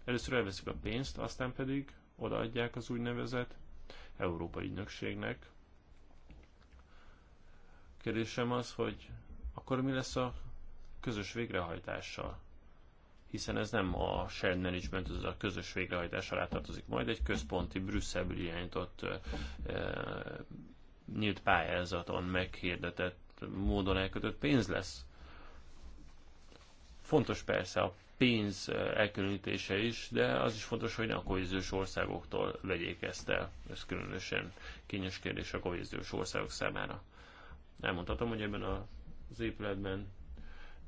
Speaker 1: Először elveszik a pénzt, aztán pedig odaadják az úgynevezett Európai Ügynökségnek. Kérdésem az, hogy akkor mi lesz a közös végrehajtással? Hiszen ez nem a shared management, ez a közös végrehajtás alá tartozik. Majd egy központi Brüsszelből irányított e, nyílt pályázaton meghirdetett módon elkötött pénz lesz. Fontos persze a pénz elkülönítése is, de az is fontos, hogy ne a kohéziós országoktól vegyék ezt el. Ez különösen kényes kérdés a kohéziós országok számára. Elmondhatom, hogy ebben az épületben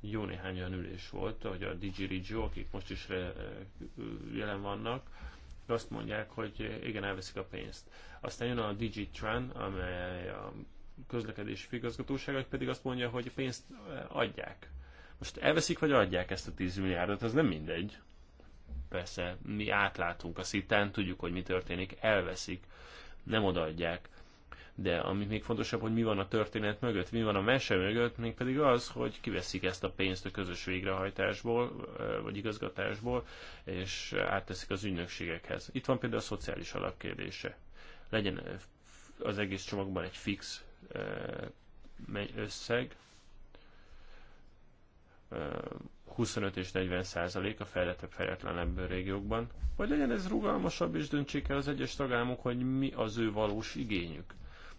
Speaker 1: jó néhány olyan ülés volt, hogy a DG akik most is jelen vannak, azt mondják, hogy igen, elveszik a pénzt. Aztán jön a DigiTran, amely a közlekedési igazgatóság, pedig azt mondja, hogy pénzt adják most elveszik, vagy adják ezt a 10 milliárdot, az nem mindegy. Persze, mi átlátunk a szitán, tudjuk, hogy mi történik, elveszik, nem odaadják. De ami még fontosabb, hogy mi van a történet mögött, mi van a mese mögött, még pedig az, hogy kiveszik ezt a pénzt a közös végrehajtásból, vagy igazgatásból, és átteszik az ügynökségekhez. Itt van például a szociális alapkérdése. Legyen az egész csomagban egy fix összeg, 25 és 40 százalék a fejlettebb, fejletlenebb régiókban, vagy legyen ez rugalmasabb, és döntsék el az egyes tagállamok, hogy mi az ő valós igényük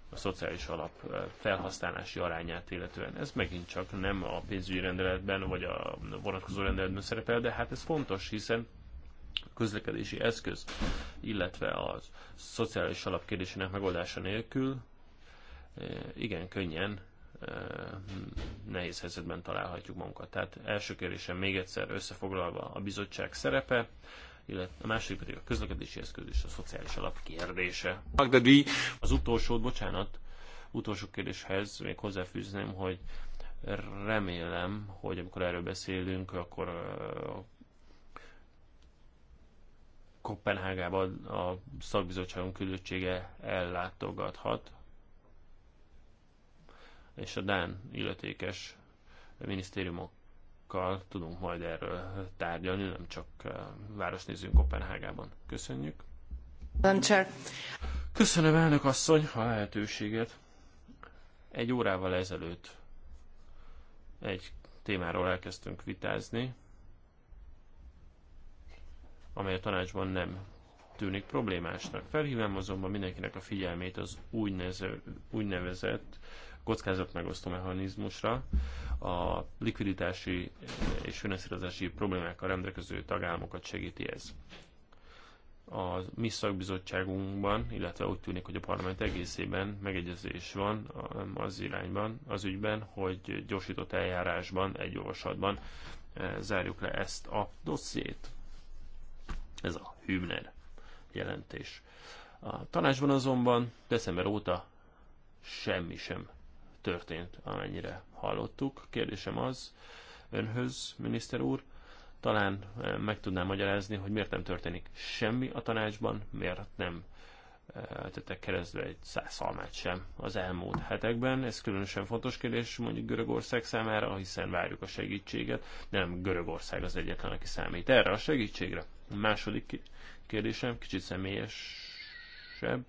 Speaker 1: a szociális alap eh, felhasználási arányát illetően. Ez megint csak nem a pénzügyi rendeletben, vagy a vonatkozó rendeletben szerepel, de hát ez fontos, hiszen közlekedési eszköz, illetve a szociális alap kérdésének megoldása nélkül eh, igen könnyen nehéz helyzetben találhatjuk magunkat. Tehát első kérdésem még egyszer összefoglalva a bizottság szerepe, illetve a második pedig a közlekedési eszköz és a szociális alap kérdése. Az utolsó, bocsánat, utolsó kérdéshez még hozzáfűzném, hogy remélem, hogy amikor erről beszélünk, akkor Kopenhágában a szakbizottságunk küldöttsége ellátogathat, és a Dán illetékes minisztériumokkal tudunk majd erről tárgyalni, nem csak eh, városnézünk Kopenhágában. Köszönjük! Köszönöm elnök asszony a lehetőséget. Egy órával ezelőtt egy témáról elkezdtünk vitázni, amely a tanácsban nem tűnik problémásnak. Felhívám azonban mindenkinek a figyelmét az úgynevezett, úgynevezett kockázatmegosztó mechanizmusra, a likviditási és finanszírozási problémákkal rendelkező tagállamokat segíti ez. A mi szakbizottságunkban, illetve úgy tűnik, hogy a parlament egészében megegyezés van az irányban, az ügyben, hogy gyorsított eljárásban, egy olvasatban e, zárjuk le ezt a dossziét. Ez a Hübner jelentés. A tanácsban azonban december óta semmi sem történt, amennyire hallottuk. Kérdésem az önhöz, miniszter úr, talán eh, meg tudnám magyarázni, hogy miért nem történik semmi a tanácsban, miért nem eh, tettek keresztül egy száz szalmát sem az elmúlt hetekben. Ez különösen fontos kérdés mondjuk Görögország számára, hiszen várjuk a segítséget, nem Görögország az egyetlen, aki számít erre a segítségre. A második kérdésem kicsit személyesebb.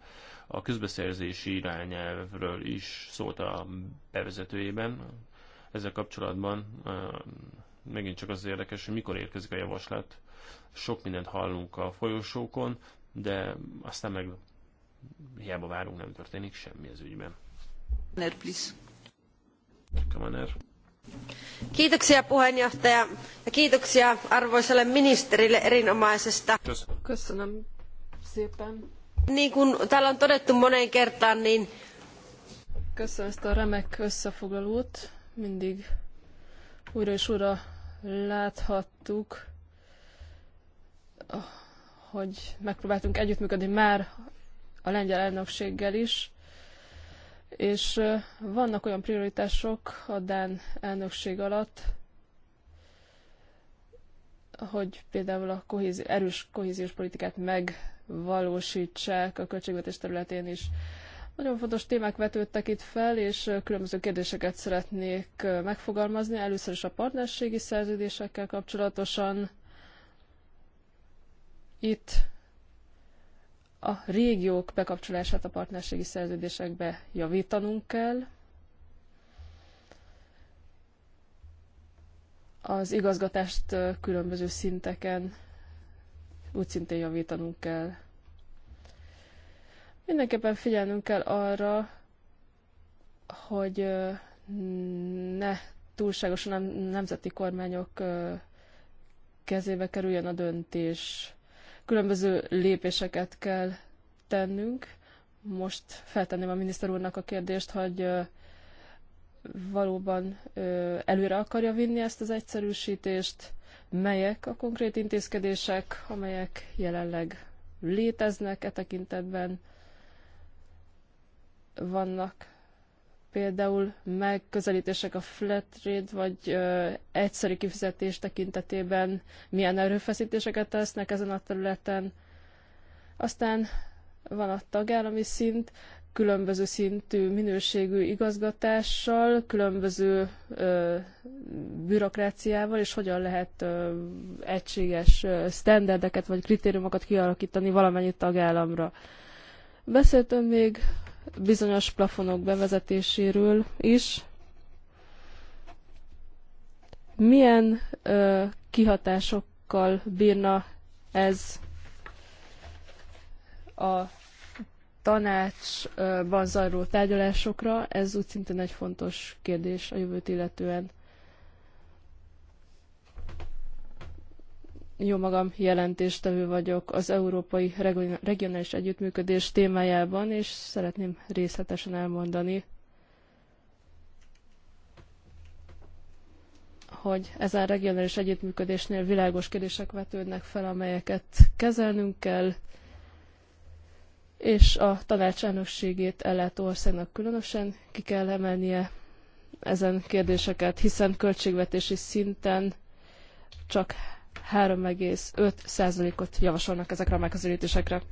Speaker 1: A közbeszerzési irányelvről is szólt a bevezetőjében. Ezzel kapcsolatban megint csak az érdekes, hogy mikor érkezik a javaslat. Sok mindent hallunk a folyosókon, de aztán meg hiába várunk, nem történik semmi az ügyben. Kamaner, please. Kiitoksia puheenjohtaja ja kiitoksia arvoisalle ministerille erinomaisesta. Köszönöm
Speaker 2: szépen. Niin kuin täällä on todettu moneen kertaan, niin... Köszönöm ezt a remek összefoglalót. Mindig újra és újra láthattuk, hogy megpróbáltunk együttműködni már a lengyel elnökséggel is, és vannak olyan prioritások a Dán elnökség alatt, hogy például a kohézi, erős kohéziós politikát meg valósítsák a költségvetés területén is. Nagyon fontos témák vetődtek itt fel, és különböző kérdéseket szeretnék megfogalmazni. Először is a partnerségi szerződésekkel kapcsolatosan. Itt a régiók bekapcsolását a partnerségi szerződésekbe javítanunk kell. Az igazgatást különböző szinteken úgy szintén javítanunk kell. Mindenképpen figyelnünk kell arra, hogy ne túlságosan a nemzeti kormányok kezébe kerüljön a döntés. Különböző lépéseket kell tennünk. Most feltenném a miniszter úrnak a kérdést, hogy valóban előre akarja vinni ezt az egyszerűsítést, melyek a konkrét intézkedések, amelyek jelenleg léteznek e tekintetben. Vannak például megközelítések a flat rate, vagy ö, egyszerű kifizetés tekintetében milyen erőfeszítéseket tesznek ezen a területen. Aztán van a tagállami szint, különböző szintű minőségű igazgatással, különböző ö, bürokráciával, és hogyan lehet ö, egységes ö, standardeket vagy kritériumokat kialakítani valamennyi tagállamra. Beszéltem még bizonyos plafonok bevezetéséről is. Milyen ö, kihatásokkal bírna ez a tanácsban zajló tárgyalásokra. Ez úgy szintén egy fontos kérdés a jövőt illetően. Jó magam jelentéstevő vagyok az európai regionális együttműködés témájában, és szeretném részletesen elmondani, hogy ezen regionális együttműködésnél világos kérdések vetődnek fel, amelyeket kezelnünk kell, és a tanács elnökségét ellátó országnak különösen ki kell emelnie ezen kérdéseket, hiszen költségvetési szinten csak 3,5%-ot javasolnak ezekre a megközelítésekre.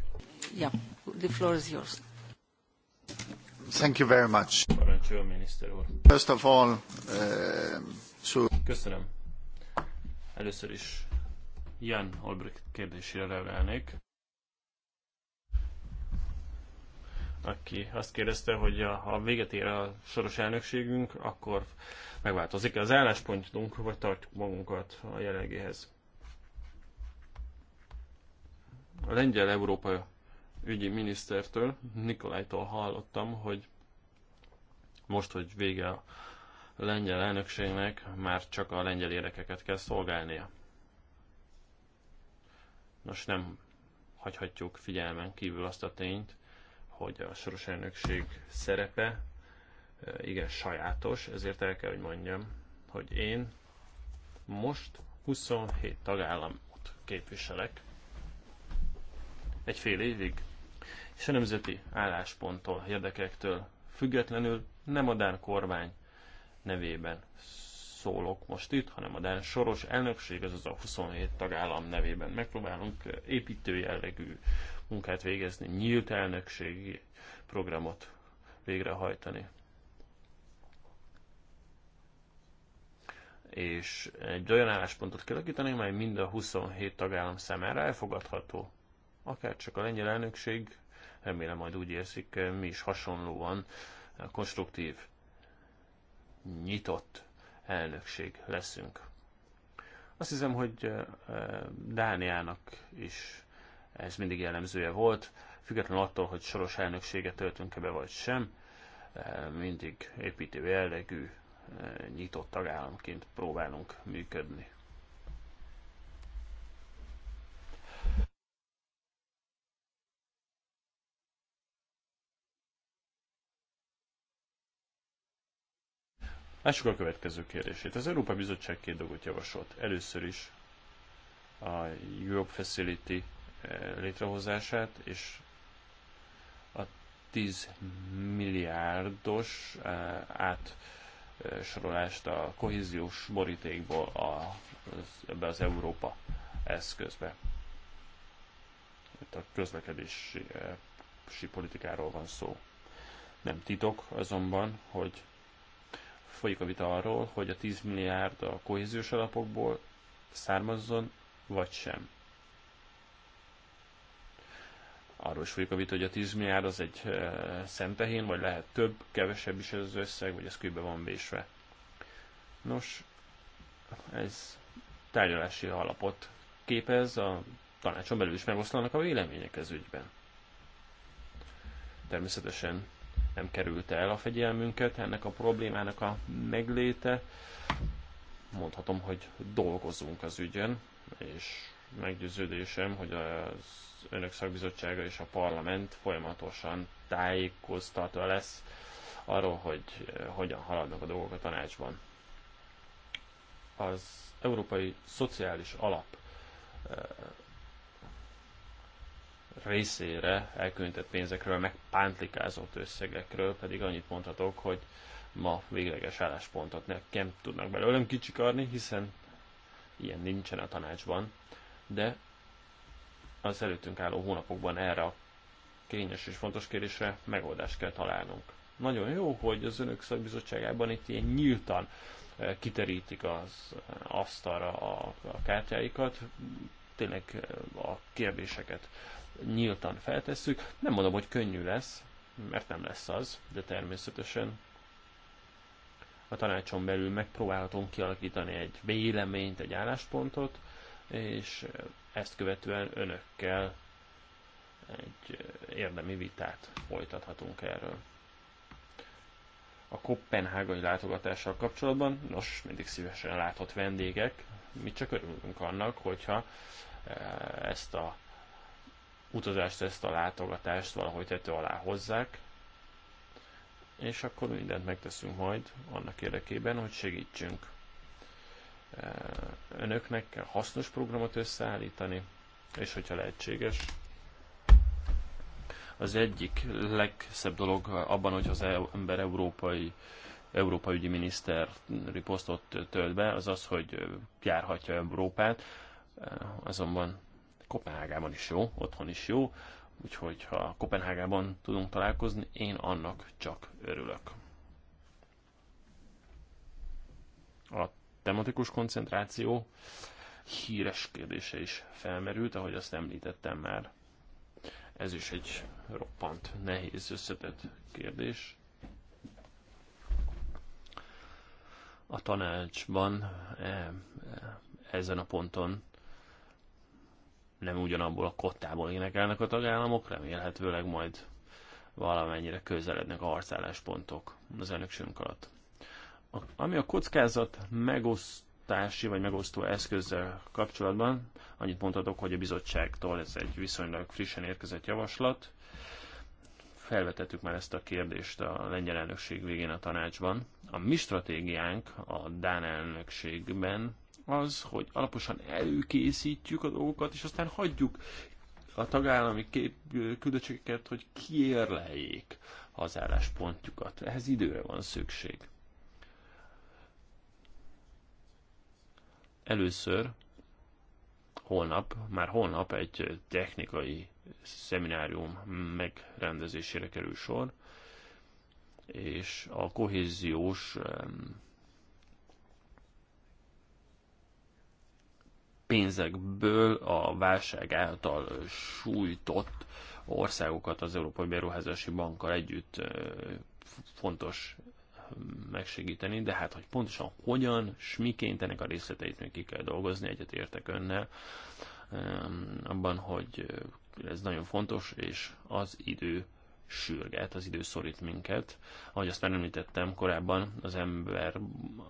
Speaker 1: Yeah, the floor is yours. Thank you very much. First of all, uh, so... Köszönöm. Először is Jan Olbrich kérdésére reagálnék. aki azt kérdezte, hogy a, ha véget ér a soros elnökségünk, akkor megváltozik-e az álláspontunk, vagy tartjuk magunkat a jelenlegéhez. A lengyel Európa ügyi minisztertől, Nikolajtól hallottam, hogy most, hogy vége a lengyel elnökségnek, már csak a lengyel érdekeket kell szolgálnia. Nos, nem hagyhatjuk figyelmen kívül azt a tényt, hogy a soros elnökség szerepe e, igen sajátos, ezért el kell, hogy mondjam, hogy én most 27 tagállamot képviselek egy fél évig, és a nemzeti állásponttól, érdekektől függetlenül nem a Dán kormány nevében szólok most itt, hanem a Dán soros elnökség, az a 27 tagállam nevében megpróbálunk eh, építő jellegű munkát végezni, nyílt elnökségi programot végrehajtani. És egy olyan álláspontot kialakítani, mely mind a 27 tagállam számára elfogadható. Akár csak a lengyel elnökség, remélem majd úgy érzik, eh, mi is hasonlóan eh, konstruktív, nyitott elnökség leszünk. Azt hiszem, hogy Dániának is ez mindig jellemzője volt, függetlenül attól, hogy soros elnökséget töltünk-e be vagy sem, mindig építő jellegű, nyitott tagállamként próbálunk működni. Lássuk a következő kérdését. Az Európa Bizottság két dolgot javasolt. Először is a Europe Facility eh, létrehozását, és a 10 milliárdos eh, átsorolást a kohéziós borítékból a, ebbe az Európa eszközbe. Itt a közlekedési eh, politikáról van szó. Nem titok azonban, hogy folyik a vita arról, hogy a 10 milliárd a kohéziós alapokból származzon, vagy sem. Arról is folyik a vita, hogy a 10 milliárd az egy e, szentehén, vagy lehet több, kevesebb is ez az összeg, vagy ez kőbe van vésve. Nos, ez tárgyalási alapot képez, a tanácson belül is megoszlanak a vélemények ez ügyben. Természetesen nem került el a fegyelmünket, ennek a problémának a megléte. Mondhatom, hogy dolgozunk az ügyen, és meggyőződésem, hogy az önök szakbizottsága és a parlament folyamatosan tájékoztatva lesz arról, hogy eh, hogyan haladnak a dolgok a tanácsban. Az Európai Szociális Alap eh, részére elkülönített pénzekről, meg pántlikázott összegekről pedig annyit mondhatok, hogy ma végleges álláspontot nekem tudnak belőlem kicsikarni, hiszen ilyen nincsen a tanácsban, de az előttünk álló hónapokban erre a kényes és fontos kérdésre megoldást kell találnunk. Nagyon jó, hogy az önök szakbizottságában itt ilyen nyíltan eh, kiterítik az eh, asztalra a, a kártyáikat, tényleg eh, a kérdéseket nyíltan feltesszük. Nem mondom, hogy könnyű lesz, mert nem lesz az, de természetesen a tanácson belül megpróbálhatunk kialakítani egy véleményt, egy álláspontot, és ezt követően önökkel egy érdemi vitát folytathatunk erről. A Kopenhágai látogatással kapcsolatban, nos, mindig szívesen látott vendégek, mi csak örülünk annak, hogyha eh, ezt a utazást, ezt a látogatást valahogy tető alá hozzák, és akkor mindent megteszünk majd annak érdekében, hogy segítsünk eh, önöknek kell hasznos programot összeállítani, és hogyha lehetséges, az egyik legszebb dolog abban, hogy az e ember európai európai ügyi miniszter posztot tölt be, az az, hogy járhatja Európát, eh, azonban Kopenhágában is jó, otthon is jó, úgyhogy ha Kopenhágában tudunk találkozni, én annak csak örülök. A tematikus koncentráció híres kérdése is felmerült, ahogy azt említettem már. Ez is egy roppant nehéz összetett kérdés. A tanácsban e, e, ezen a ponton nem ugyanabból a kottából énekelnek a tagállamok, remélhetőleg majd valamennyire közelednek a harcálláspontok az elnökségünk alatt. A, ami a kockázat megosztási vagy megosztó eszközzel kapcsolatban, annyit mondhatok, hogy a bizottságtól ez egy viszonylag frissen érkezett javaslat. Felvetettük már ezt a kérdést a lengyel elnökség végén a tanácsban. A mi stratégiánk a Dán elnökségben az, hogy alaposan előkészítjük a dolgokat, és aztán hagyjuk a tagállami kép, küldöttségeket, hogy kiérleljék az álláspontjukat. Ehhez időre van szükség. Először holnap, már holnap egy technikai szeminárium megrendezésére kerül sor, és a kohéziós pénzekből a válság által sújtott országokat az Európai Beruházási Bankkal együtt fontos megsegíteni, de hát, hogy pontosan hogyan, s miként ennek a részleteit még ki kell dolgozni, egyet értek önnel abban, hogy ez nagyon fontos, és az idő sürget, az idő szorít minket. Ahogy azt már említettem korábban, az ember,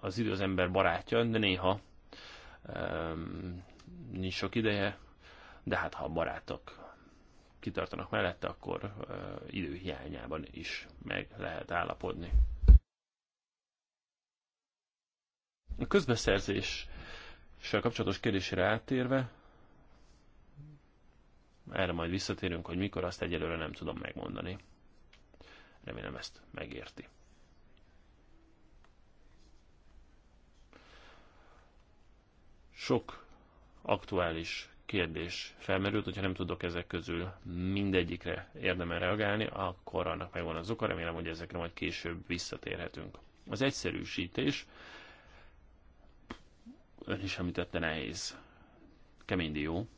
Speaker 1: az idő az ember barátja, de néha nincs sok ideje, de hát ha a barátok kitartanak mellette, akkor időhiányában is meg lehet állapodni. A közbeszerzéssel kapcsolatos kérdésére áttérve, erre majd visszatérünk, hogy mikor, azt egyelőre nem tudom megmondani. Remélem ezt megérti. Sok aktuális kérdés felmerült, hogyha nem tudok ezek közül mindegyikre érdemel reagálni, akkor annak megvan az oka, remélem, hogy ezekre majd később visszatérhetünk. Az egyszerűsítés, ön is említette nehéz, kemény dió.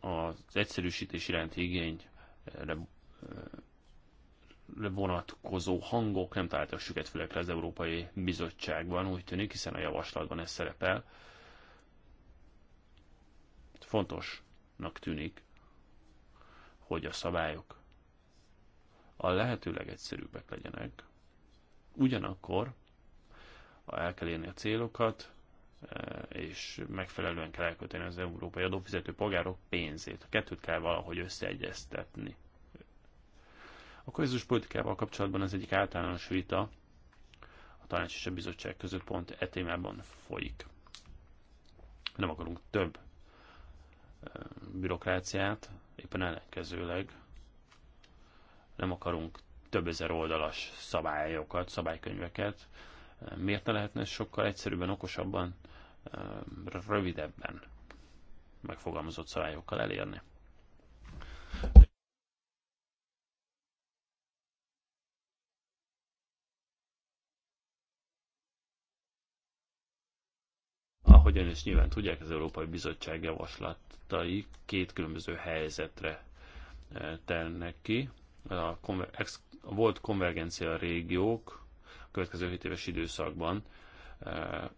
Speaker 1: Az egyszerűsítés iránti igényre vonatkozó hangok nem találtak süket fülekre az Európai Bizottságban, úgy tűnik, hiszen a javaslatban ez szerepel. Fontosnak tűnik, hogy a szabályok a lehető legegyszerűbbek legyenek. Ugyanakkor el kell érni a célokat, e, és megfelelően kell elkölteni az európai adófizető polgárok pénzét. A kettőt kell valahogy összeegyeztetni. A közös politikával kapcsolatban az egyik általános vita a tanács és a bizottság között pont e témában folyik. Nem akarunk több bürokráciát, éppen ellenkezőleg nem akarunk több ezer oldalas szabályokat, szabálykönyveket. Miért ne lehetne sokkal egyszerűbben, okosabban, rövidebben megfogalmazott szabályokkal elérni? Ahogyan is nyilván tudják, az Európai Bizottság javaslatai két különböző helyzetre eh, telnek ki. A, konver- ex- a volt konvergencia régiók a következő 7 éves időszakban eh,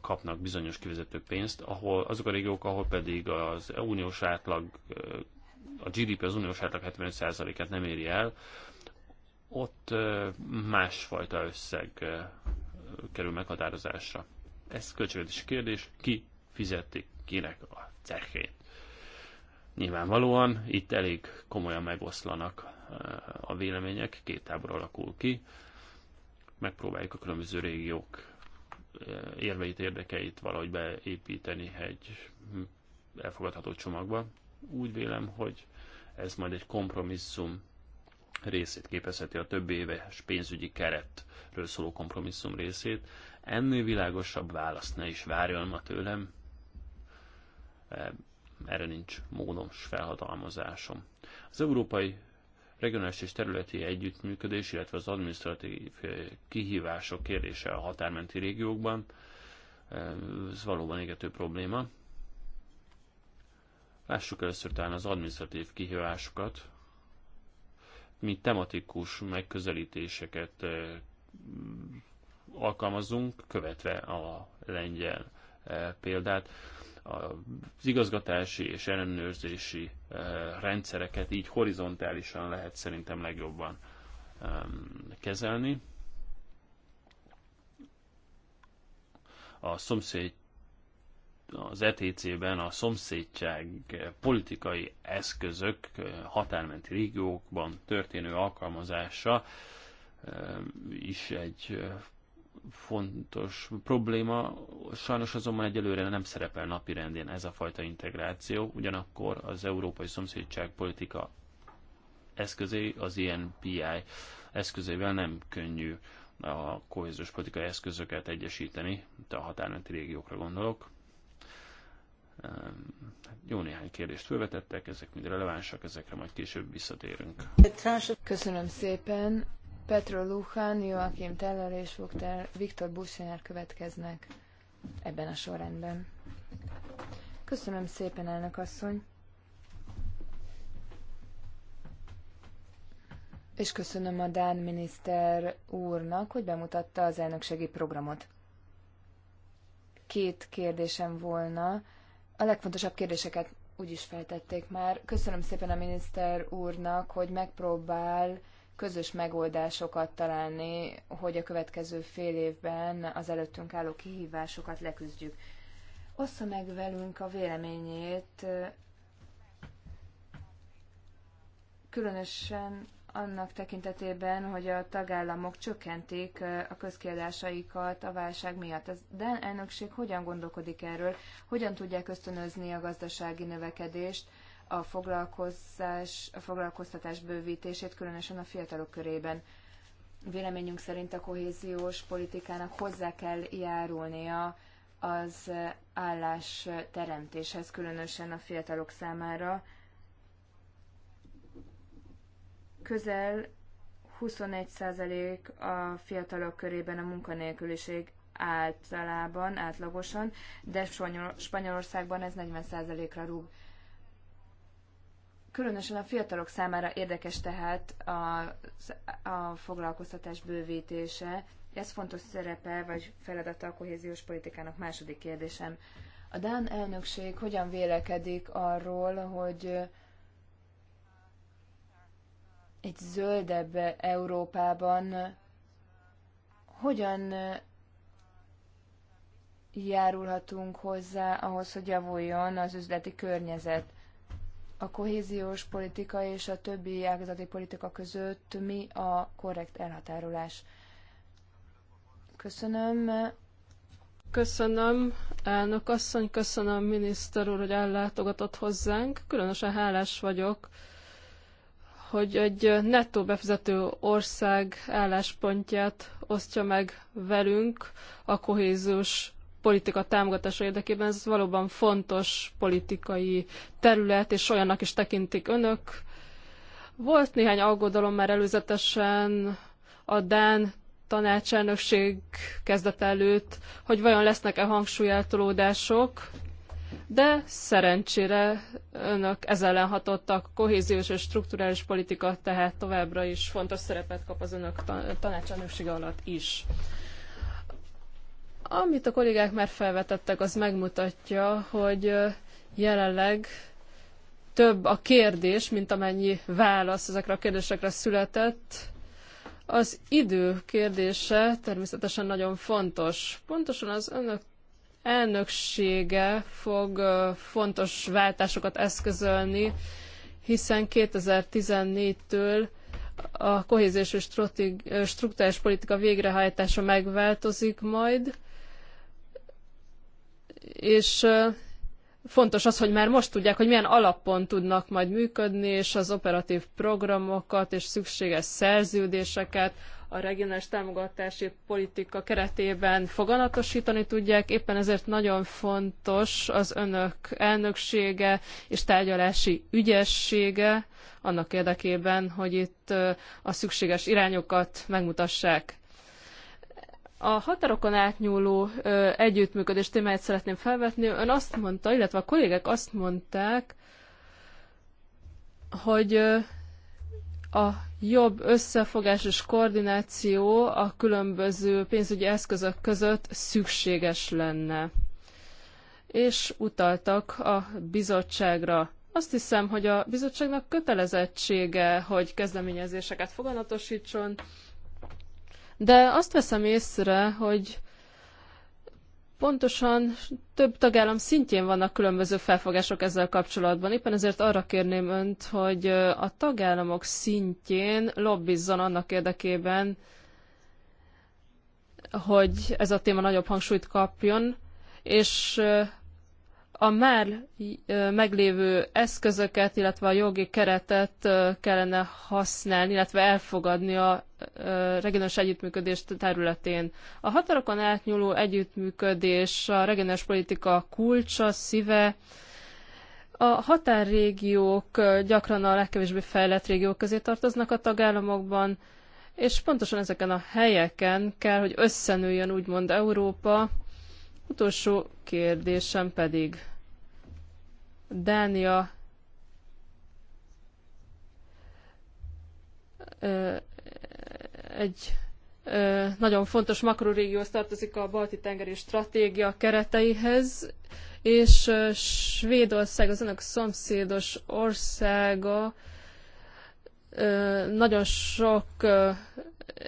Speaker 1: kapnak bizonyos kivezető pénzt, ahol azok a régiók, ahol pedig az uniós átlag, eh, a GDP az uniós átlag 75%-át nem éri el, ott másfajta összeg kerül meghatározásra. Ez költségvetési kérdés, ki fizeti kinek a cechét. Nyilvánvalóan itt elég komolyan megoszlanak eh, a vélemények, két tábor alakul ki. Megpróbáljuk a különböző régiók eh, érveit, érdekeit valahogy beépíteni egy elfogadható csomagba. Úgy vélem, hogy ez majd egy kompromisszum részét képezheti a több éves pénzügyi keretről szóló kompromisszum részét. Ennél világosabb választ ne is várjon ma tőlem. E, erre nincs módom s felhatalmazásom. Az Európai Regionális és Területi Együttműködés, illetve az adminisztratív e, kihívások kérdése a határmenti régiókban, e, ez valóban égető probléma. Lássuk először talán az adminisztratív kihívásokat, mi tematikus megközelítéseket eh, alkalmazunk, követve a lengyel eh, példát. Az igazgatási és ellenőrzési eh, rendszereket így horizontálisan lehet szerintem legjobban kezelni. A szomszéd az ETC-ben a szomszédság politikai eszközök eh, határmenti régiókban történő alkalmazása eh, is egy eh, fontos probléma. Sajnos azonban egyelőre nem szerepel napi rendén ez a fajta integráció, ugyanakkor az európai szomszédság politika eszközé, az ilyen PI eszközével nem könnyű a kohéziós politikai eszközöket egyesíteni, de a határmenti régiókra gondolok. Hát jó néhány kérdést felvetettek, ezek mind relevánsak, ezekre majd később visszatérünk.
Speaker 3: Köszönöm szépen. Petro Luhán, Joachim Teller és Viktor Businer következnek ebben a sorrendben. Köszönöm szépen, elnök asszony. És köszönöm a Dán miniszter úrnak, hogy bemutatta az elnökségi programot. Két kérdésem volna. A legfontosabb kérdéseket is feltették már. Köszönöm szépen a miniszter úrnak, hogy megpróbál közös megoldásokat találni, hogy a következő fél évben az előttünk álló kihívásokat leküzdjük. Ossza meg velünk a véleményét, különösen annak tekintetében, hogy a tagállamok csökkentik a közkiadásaikat a válság miatt. Az Dán elnökség hogyan gondolkodik erről? Hogyan tudják ösztönözni a gazdasági növekedést, a, foglalkozás, a foglalkoztatás bővítését, különösen a fiatalok körében? Véleményünk szerint a kohéziós politikának hozzá kell járulnia az állás teremtéshez, különösen a fiatalok számára Közel 21% a fiatalok körében a munkanélküliség általában, átlagosan, de Spanyolországban ez 40%-ra rúg. Különösen a fiatalok számára érdekes tehát a, a foglalkoztatás bővítése. Ez fontos szerepe vagy feladata a kohéziós politikának. Második kérdésem. A Dán elnökség hogyan vélekedik arról, hogy egy zöldebb Európában hogyan járulhatunk hozzá ahhoz, hogy javuljon az üzleti környezet. A kohéziós politika és a többi ágazati politika között mi a korrekt elhatárolás?
Speaker 2: Köszönöm. Köszönöm, elnök asszony, köszönöm miniszter úr, hogy ellátogatott hozzánk. Különösen hálás vagyok, hogy egy nettó befizető ország álláspontját osztja meg velünk a kohéziós politika támogatása érdekében. Ez valóban fontos politikai terület, és olyannak is tekintik önök. Volt néhány aggodalom már előzetesen a Dán tanácselnökség kezdet előtt, hogy vajon lesznek-e hangsúlyeltolódások de szerencsére önök ezzel ellen hatottak, kohéziós és strukturális politika tehát továbbra is fontos szerepet kap az önök tanácselnöksége alatt is. Amit a kollégák már felvetettek, az megmutatja, hogy jelenleg több a kérdés, mint amennyi válasz ezekre a kérdésekre született. Az idő kérdése természetesen nagyon fontos. Pontosan az önök elnöksége fog fontos váltásokat eszközölni, hiszen 2014-től a kohéziós és struktúrás politika végrehajtása megváltozik majd, és fontos az, hogy már most tudják, hogy milyen alapon tudnak majd működni, és az operatív programokat és szükséges szerződéseket a regionális támogatási politika keretében foganatosítani tudják. Éppen ezért nagyon fontos az önök elnöksége és tárgyalási ügyessége annak érdekében, hogy itt a szükséges irányokat megmutassák. A határokon átnyúló ö, együttműködés témáját szeretném felvetni. Ön azt mondta, illetve a kollégek azt mondták, hogy a jobb összefogás és koordináció a különböző pénzügyi eszközök között szükséges lenne. És utaltak a bizottságra. Azt hiszem, hogy a bizottságnak kötelezettsége, hogy kezdeményezéseket foganatosítson, de azt veszem észre, hogy Pontosan több tagállam szintjén vannak különböző felfogások ezzel kapcsolatban. Éppen ezért arra kérném önt, hogy a tagállamok szintjén lobbizzon annak érdekében, hogy ez a téma nagyobb hangsúlyt kapjon, és a már meglévő eszközöket, illetve a jogi keretet kellene használni, illetve elfogadni a regionális együttműködés területén. A határokon átnyúló együttműködés a regionális politika kulcsa, szíve, a határrégiók gyakran a legkevésbé fejlett régiók közé tartoznak a tagállamokban, és pontosan ezeken a helyeken kell, hogy összenőjön úgymond Európa, utolsó kérdésem pedig Dánia egy nagyon fontos makrorégióhoz tartozik a balti tengeri stratégia kereteihez, és Svédország az önök szomszédos országa nagyon sok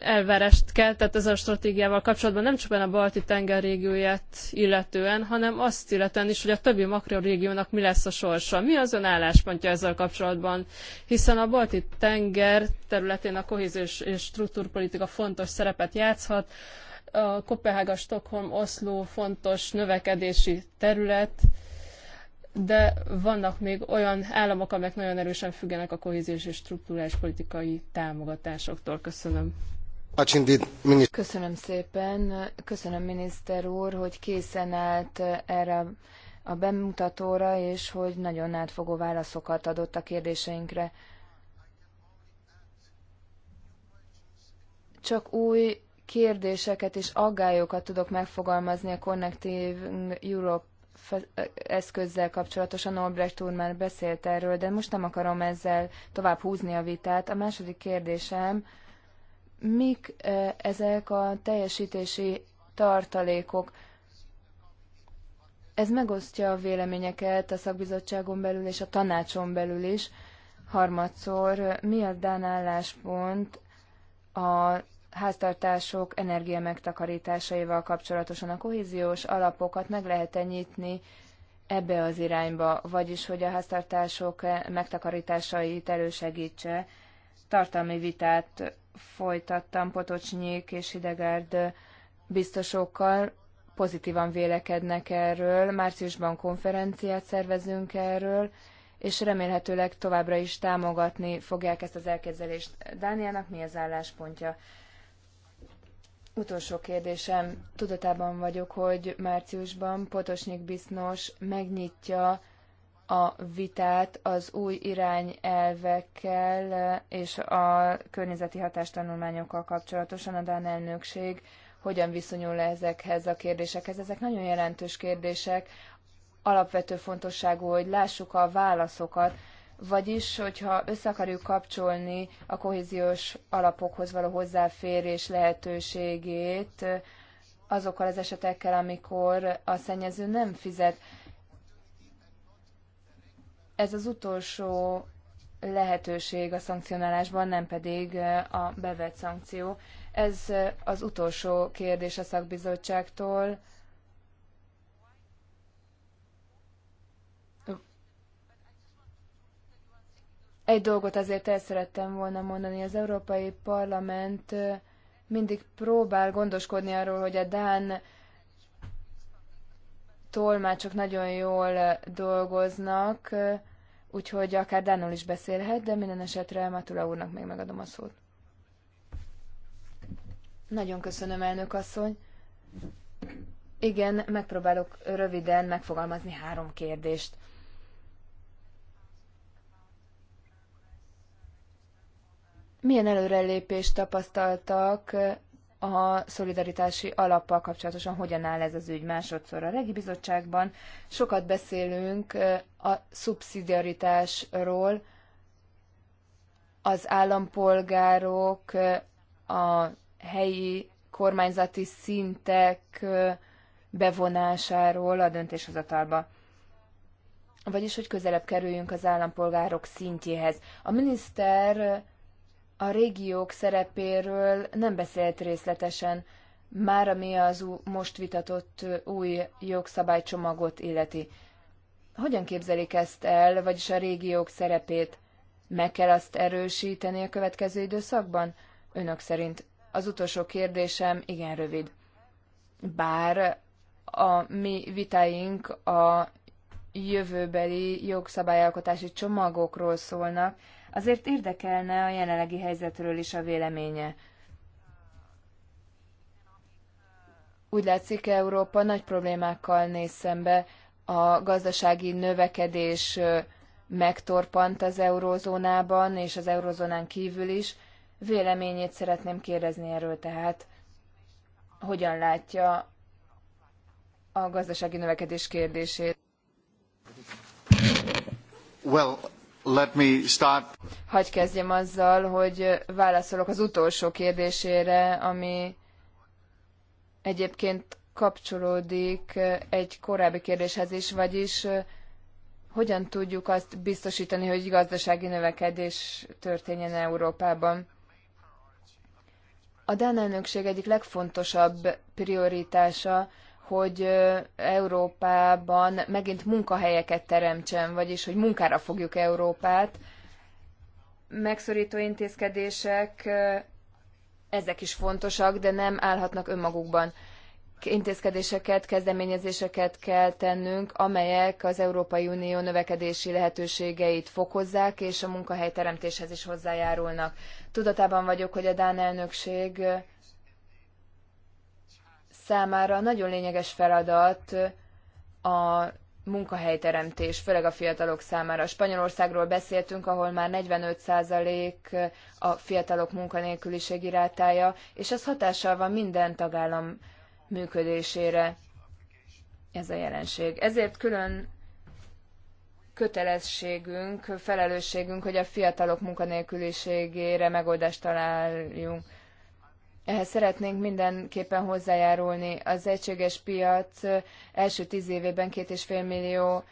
Speaker 2: elverest keltett ez a stratégiával kapcsolatban, nem a balti tenger régióját illetően, hanem azt illetően is, hogy a többi makrorégiónak mi lesz a sorsa. Mi az ön álláspontja ezzel kapcsolatban? Hiszen a balti tenger területén a kohéziós és struktúrpolitika fontos szerepet játszhat, a Kopenhága, Stockholm, Oszló fontos növekedési terület, de vannak még olyan államok, amelyek nagyon erősen függenek a kohéziós és struktúrális politikai
Speaker 3: támogatásoktól. Köszönöm. Köszönöm szépen. Köszönöm miniszter úr, hogy készen állt erre a bemutatóra, és hogy nagyon átfogó válaszokat adott a kérdéseinkre. Csak új kérdéseket és aggályokat tudok megfogalmazni a Connective Europe eszközzel kapcsolatosan Albrecht úr már beszélt erről, de most nem akarom ezzel tovább húzni a vitát. A második kérdésem, mik ezek a teljesítési tartalékok? Ez megosztja a véleményeket a szakbizottságon belül és a tanácson belül is. Harmadszor, mi a Dán álláspont a háztartások energia megtakarításaival kapcsolatosan a kohéziós alapokat meg lehet -e nyitni ebbe az irányba, vagyis hogy a háztartások megtakarításait elősegítse. Tartalmi vitát folytattam Potocsnyék és Hidegárd biztosokkal, pozitívan vélekednek erről, márciusban konferenciát szervezünk erről, és remélhetőleg továbbra is támogatni fogják ezt az elképzelést. Dániának mi az álláspontja? Utolsó kérdésem. Tudatában vagyok, hogy márciusban Potosnyik biznos megnyitja a vitát az új irányelvekkel és a környezeti hatástanulmányokkal kapcsolatosan a Dán elnökség hogyan viszonyul ezekhez a kérdésekhez. Ezek nagyon jelentős kérdések, alapvető fontosságú, hogy lássuk a válaszokat vagyis, hogyha össze akarjuk kapcsolni a kohéziós alapokhoz való hozzáférés lehetőségét eh, azokkal az esetekkel, amikor a szennyező nem fizet. Ez az utolsó lehetőség a szankcionálásban, nem pedig eh, a bevett szankció. Ez eh, az utolsó kérdés a szakbizottságtól Egy dolgot azért el szerettem volna mondani, az Európai Parlament mindig próbál gondoskodni arról, hogy a Dán tolmácsok nagyon jól dolgoznak, úgyhogy akár Dánul is beszélhet, de minden esetre Matula úrnak még megadom a szót. Nagyon köszönöm, elnök asszony. Igen, megpróbálok röviden megfogalmazni három kérdést. milyen előrelépést tapasztaltak a szolidaritási alappal kapcsolatosan hogyan áll ez az ügy másodszor. A Regi Bizottságban sokat beszélünk a szubszidiaritásról, az állampolgárok, a helyi kormányzati szintek bevonásáról a döntéshozatalba. Vagyis, hogy közelebb kerüljünk az állampolgárok szintjéhez. A miniszter a régiók szerepéről nem beszélt részletesen, már ami az most vitatott új jogszabálycsomagot illeti. Hogyan képzelik ezt el, vagyis a régiók szerepét? Meg kell azt erősíteni a következő időszakban? Önök szerint az utolsó kérdésem igen rövid. Bár a mi vitáink a jövőbeli jogszabályalkotási csomagokról szólnak, Azért érdekelne a jelenlegi helyzetről is a véleménye. Úgy látszik, Európa nagy problémákkal néz szembe. A gazdasági növekedés megtorpant az eurózónában és az eurózónán kívül is. Véleményét szeretném kérdezni erről tehát. Hogyan látja a gazdasági növekedés kérdését?
Speaker 2: Well, Let me start.
Speaker 3: Hagy kezdjem azzal, hogy válaszolok az utolsó kérdésére, ami egyébként kapcsolódik egy korábbi kérdéshez is, vagyis hogyan tudjuk azt biztosítani, hogy gazdasági növekedés történjen Európában. A Dán elnökség egyik legfontosabb prioritása hogy Európában megint munkahelyeket teremtsen, vagyis hogy munkára fogjuk Európát. Megszorító intézkedések, ezek is fontosak, de nem állhatnak önmagukban. Intézkedéseket, kezdeményezéseket kell tennünk, amelyek az Európai Unió növekedési lehetőségeit fokozzák, és a munkahelyteremtéshez is hozzájárulnak. Tudatában vagyok, hogy a Dán elnökség számára nagyon lényeges feladat a munkahelyteremtés, főleg a fiatalok számára. Spanyolországról beszéltünk, ahol már 45% a fiatalok munkanélküliség irátája, és ez hatással van minden tagállam működésére ez a jelenség. Ezért külön kötelességünk, felelősségünk, hogy a fiatalok munkanélküliségére megoldást találjunk ehhez szeretnénk mindenképpen hozzájárulni. Az egységes piac első tíz évében két és fél millió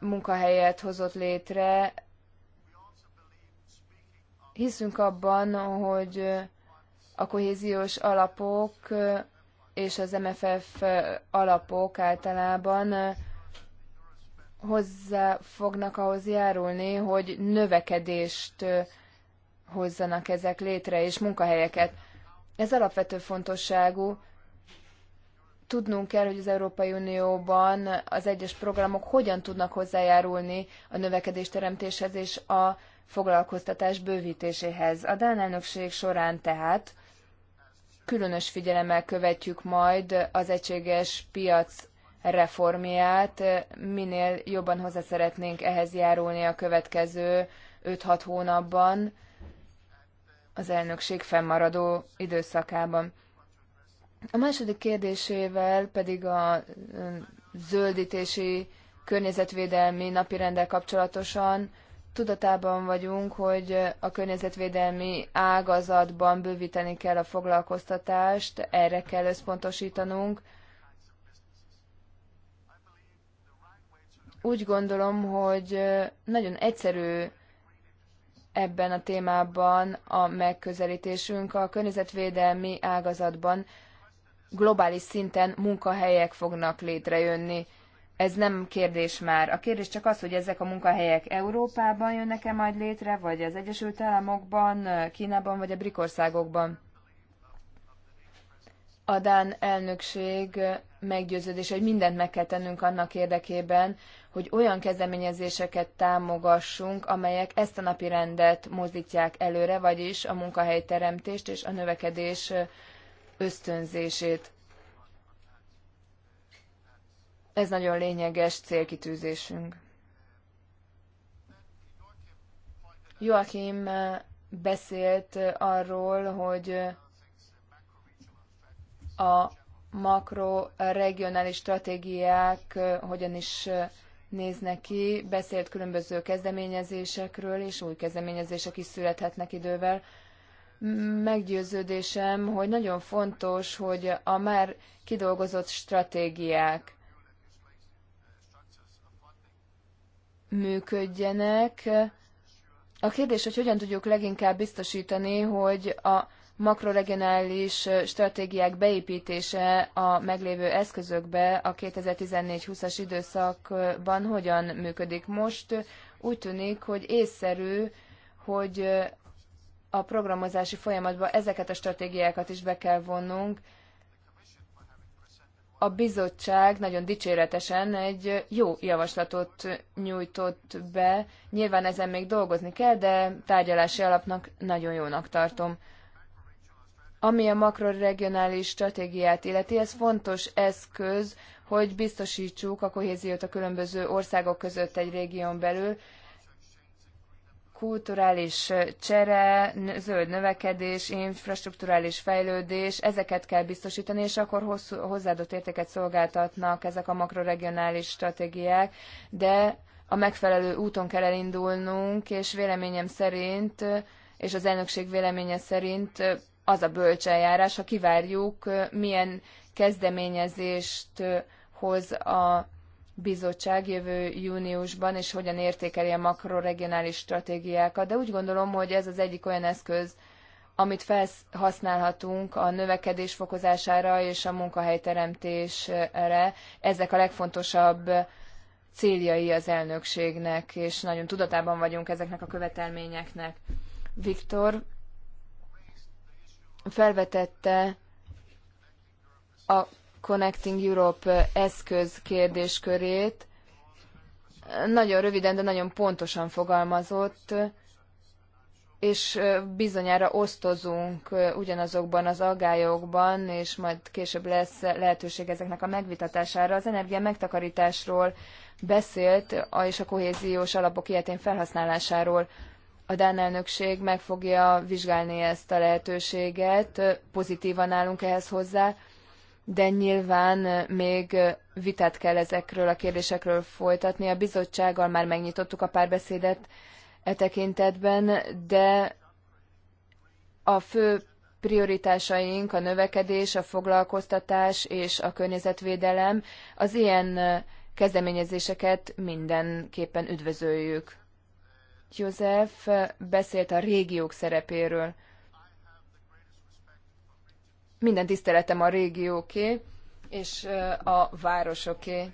Speaker 3: munkahelyet hozott létre. Hiszünk abban, hogy a kohéziós alapok és az MFF alapok általában hozzá fognak ahhoz járulni, hogy növekedést hozzanak ezek létre, és munkahelyeket ez alapvető fontosságú. Tudnunk kell, hogy az Európai Unióban az egyes programok hogyan tudnak hozzájárulni a növekedés teremtéshez és a foglalkoztatás bővítéséhez. A Dán elnökség során tehát különös figyelemmel követjük majd az egységes piac reformját, minél jobban hozzá szeretnénk ehhez járulni a következő 5-6 hónapban, az elnökség fennmaradó időszakában. A második kérdésével pedig a zöldítési környezetvédelmi napirendel kapcsolatosan tudatában vagyunk, hogy a környezetvédelmi ágazatban bővíteni kell a foglalkoztatást, erre kell összpontosítanunk. Úgy gondolom, hogy nagyon egyszerű ebben a témában a megközelítésünk. A környezetvédelmi ágazatban globális szinten munkahelyek fognak létrejönni. Ez nem kérdés már. A kérdés csak az, hogy ezek a munkahelyek Európában jönnek-e majd létre, vagy az Egyesült Államokban, Kínában, vagy a Brikországokban. A Dán elnökség meggyőződés, hogy mindent meg kell tennünk annak érdekében, hogy olyan kezdeményezéseket támogassunk, amelyek ezt a napi rendet mozdítják előre, vagyis a munkahelyteremtést és a növekedés ösztönzését. Ez nagyon lényeges célkitűzésünk. Joachim beszélt arról, hogy a makroregionális stratégiák hogyan is néznek ki, beszélt különböző kezdeményezésekről, és új kezdeményezések is születhetnek idővel. Meggyőződésem, hogy nagyon fontos, hogy a már kidolgozott stratégiák működjenek. A kérdés, hogy hogyan tudjuk leginkább biztosítani, hogy a makroregionális stratégiák beépítése a meglévő eszközökbe a 2014-20-as időszakban hogyan működik most. Úgy tűnik, hogy észszerű, hogy a programozási folyamatba ezeket a stratégiákat is be kell vonnunk. A bizottság nagyon dicséretesen egy jó javaslatot nyújtott be. Nyilván ezen még dolgozni kell, de tárgyalási alapnak nagyon jónak tartom. Ami a makroregionális stratégiát illeti, ez fontos eszköz, hogy biztosítsuk a kohéziót a különböző országok között egy régión belül, kulturális csere, zöld növekedés, infrastrukturális fejlődés, ezeket kell biztosítani, és akkor hosszú, hozzáadott értéket szolgáltatnak ezek a makroregionális stratégiák, de a megfelelő úton kell elindulnunk, és véleményem szerint, és az elnökség véleménye szerint az a bölcseljárás, ha kivárjuk, milyen kezdeményezést hoz a bizottság jövő júniusban, és hogyan értékeli a makroregionális stratégiákat. De úgy gondolom, hogy ez az egyik olyan eszköz, amit felhasználhatunk a növekedés fokozására és a munkahelyteremtésre. Ezek a legfontosabb céljai az elnökségnek, és nagyon tudatában vagyunk ezeknek a követelményeknek. Viktor, felvetette a Connecting Europe eszköz kérdéskörét. Nagyon röviden, de nagyon pontosan fogalmazott, és bizonyára osztozunk ugyanazokban az agályokban, és majd később lesz lehetőség ezeknek a megvitatására. Az energia megtakarításról beszélt, és a kohéziós alapok ilyetén felhasználásáról a Dán elnökség meg fogja vizsgálni ezt a lehetőséget, pozitívan állunk ehhez hozzá, de nyilván még vitát kell ezekről a kérdésekről folytatni. A bizottsággal már megnyitottuk a párbeszédet e tekintetben, de a fő prioritásaink a növekedés, a foglalkoztatás és a környezetvédelem. Az ilyen kezdeményezéseket mindenképpen üdvözöljük. József beszélt a régiók szerepéről. Minden tiszteletem a régióké és a városoké.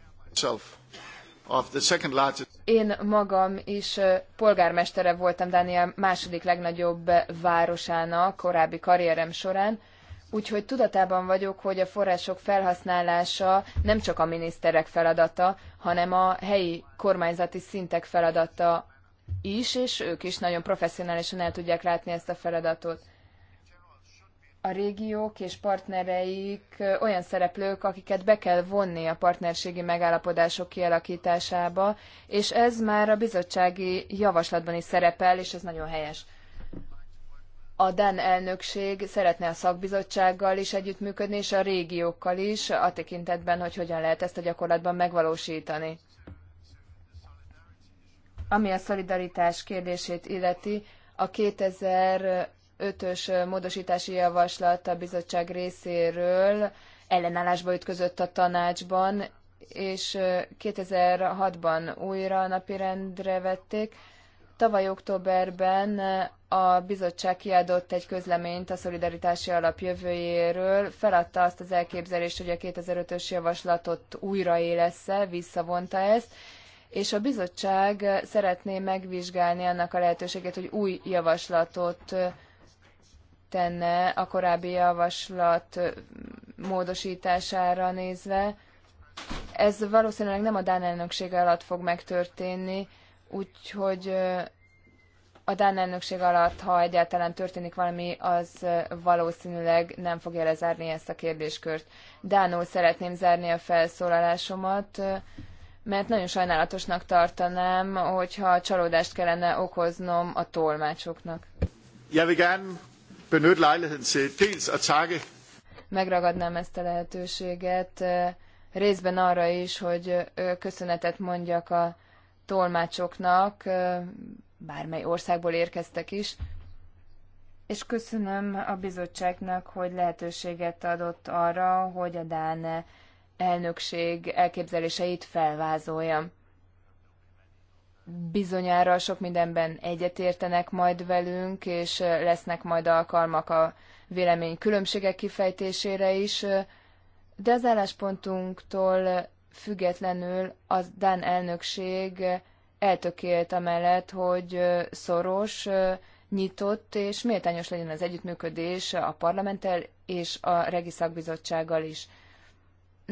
Speaker 3: Én magam is polgármestere voltam Dániel második legnagyobb városának korábbi karrierem során, úgyhogy tudatában vagyok, hogy a források felhasználása nem csak a miniszterek feladata, hanem a helyi kormányzati szintek feladata is, és ők is nagyon professzionálisan el tudják látni ezt a feladatot. A régiók és partnereik olyan szereplők, akiket be kell vonni a partnerségi megállapodások kialakításába, és ez már a bizottsági javaslatban is szerepel, és ez nagyon helyes. A Den elnökség szeretne a szakbizottsággal is együttműködni, és a régiókkal is, a tekintetben, hogy hogyan lehet ezt a gyakorlatban megvalósítani ami a szolidaritás kérdését illeti, a 2005-ös módosítási javaslat a bizottság részéről ellenállásba ütközött a tanácsban, és 2006-ban újra napirendre vették. Tavaly októberben a bizottság kiadott egy közleményt a szolidaritási alap jövőjéről, feladta azt az elképzelést, hogy a 2005-ös javaslatot újraélesz-e, visszavonta ezt, és a bizottság szeretné megvizsgálni annak a lehetőséget, hogy új javaslatot tenne a korábbi javaslat módosítására nézve. Ez valószínűleg nem a Dán elnöksége alatt fog megtörténni, úgyhogy a Dán elnökség alatt, ha egyáltalán történik valami, az valószínűleg nem fogja lezárni ezt a kérdéskört. Dánul szeretném zárni a felszólalásomat mert nagyon sajnálatosnak tartanám, hogyha csalódást kellene okoznom a tolmácsoknak. megragadnám ezt a lehetőséget, részben arra is, hogy köszönetet mondjak a tolmácsoknak, bármely országból érkeztek is, és köszönöm a bizottságnak, hogy lehetőséget adott arra, hogy a Dán elnökség elképzeléseit felvázolja. Bizonyára sok mindenben egyetértenek majd velünk, és lesznek majd alkalmak a vélemény különbségek kifejtésére is, de az álláspontunktól függetlenül a Dán elnökség eltökélt amellett, hogy szoros, nyitott és méltányos legyen az együttműködés a parlamenttel és a regiszakbizottsággal is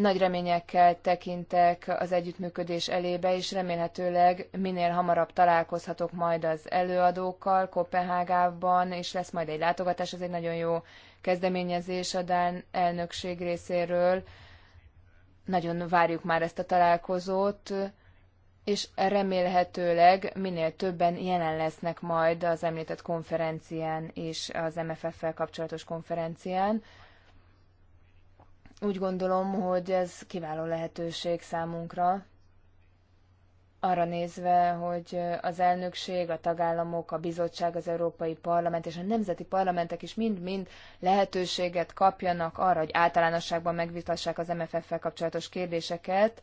Speaker 3: nagy reményekkel tekintek az együttműködés elébe, és remélhetőleg minél hamarabb találkozhatok majd az előadókkal Kopenhágában, és lesz majd egy látogatás, ez egy nagyon jó kezdeményezés a Dán elnökség részéről. Nagyon várjuk már ezt a találkozót, és remélhetőleg minél többen jelen lesznek majd az említett konferencián és az MFF-fel kapcsolatos konferencián úgy gondolom, hogy ez kiváló lehetőség számunkra, arra nézve, hogy az elnökség, a tagállamok, a bizottság, az Európai Parlament és a nemzeti parlamentek is mind-mind lehetőséget kapjanak arra, hogy általánosságban megvitassák az MFF-fel kapcsolatos kérdéseket,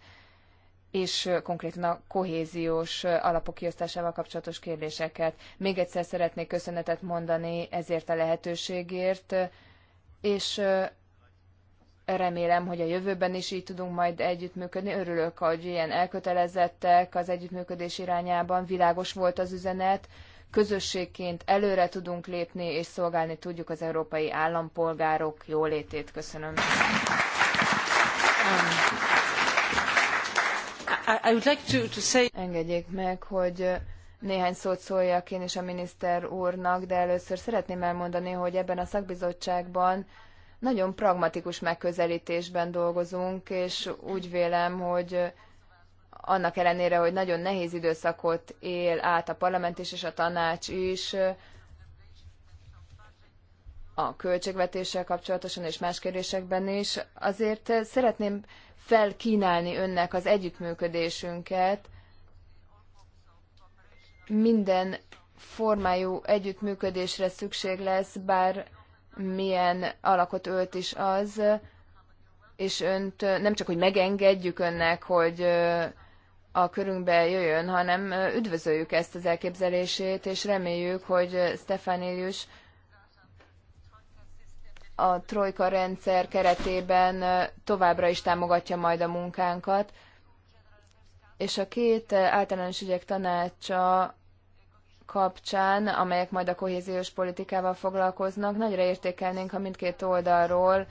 Speaker 3: és konkrétan a kohéziós alapok kiosztásával kapcsolatos kérdéseket. Még egyszer szeretnék köszönetet mondani ezért a lehetőségért, és remélem, hogy a jövőben is így tudunk majd együttműködni. Örülök, hogy ilyen elkötelezettek az együttműködés irányában, világos volt az üzenet, közösségként előre tudunk lépni és szolgálni tudjuk az európai állampolgárok jólétét. Köszönöm. Um, I would like to, to say... Engedjék meg, hogy néhány szót szóljak én is a miniszter úrnak, de először szeretném elmondani, hogy ebben a szakbizottságban nagyon pragmatikus megközelítésben dolgozunk, és úgy vélem, hogy annak ellenére, hogy nagyon nehéz időszakot él át a parlament is, és a tanács is, a költségvetéssel kapcsolatosan és más kérdésekben is, azért szeretném felkínálni önnek az együttműködésünket, minden formájú együttműködésre szükség lesz, bár milyen alakot ölt is az, és önt nem csak, hogy megengedjük önnek, hogy a körünkbe jöjjön, hanem üdvözöljük ezt az elképzelését, és reméljük, hogy Stefanius a trojka rendszer keretében továbbra is támogatja majd a munkánkat, és a két általános ügyek tanácsa kapcsán, amelyek majd a kohéziós politikával foglalkoznak. Nagyra értékelnénk, ha mindkét oldalról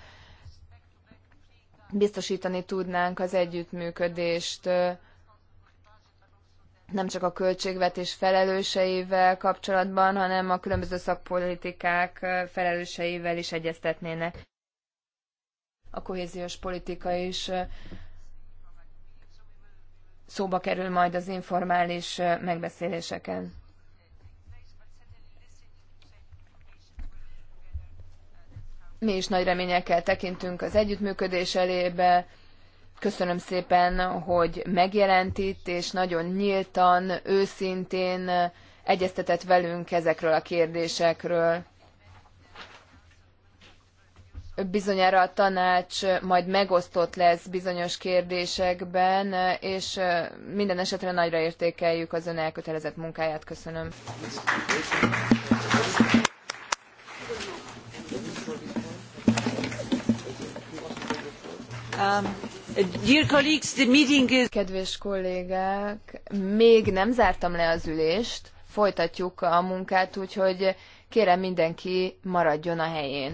Speaker 3: biztosítani tudnánk az együttműködést nem csak a költségvetés felelőseivel kapcsolatban, hanem a különböző szakpolitikák felelőseivel is egyeztetnének. A kohéziós politika is szóba kerül majd az informális megbeszéléseken. Mi is nagy reményekkel tekintünk az együttműködés elébe. Köszönöm szépen, hogy megjelent itt, és nagyon nyíltan, őszintén egyeztetett velünk ezekről a kérdésekről bizonyára a tanács majd megosztott lesz bizonyos kérdésekben, és minden esetre nagyra értékeljük az ön elkötelezett munkáját. Köszönöm. Um, Kedves kollégák, még nem zártam le az ülést, folytatjuk a munkát, úgyhogy kérem mindenki maradjon a helyén.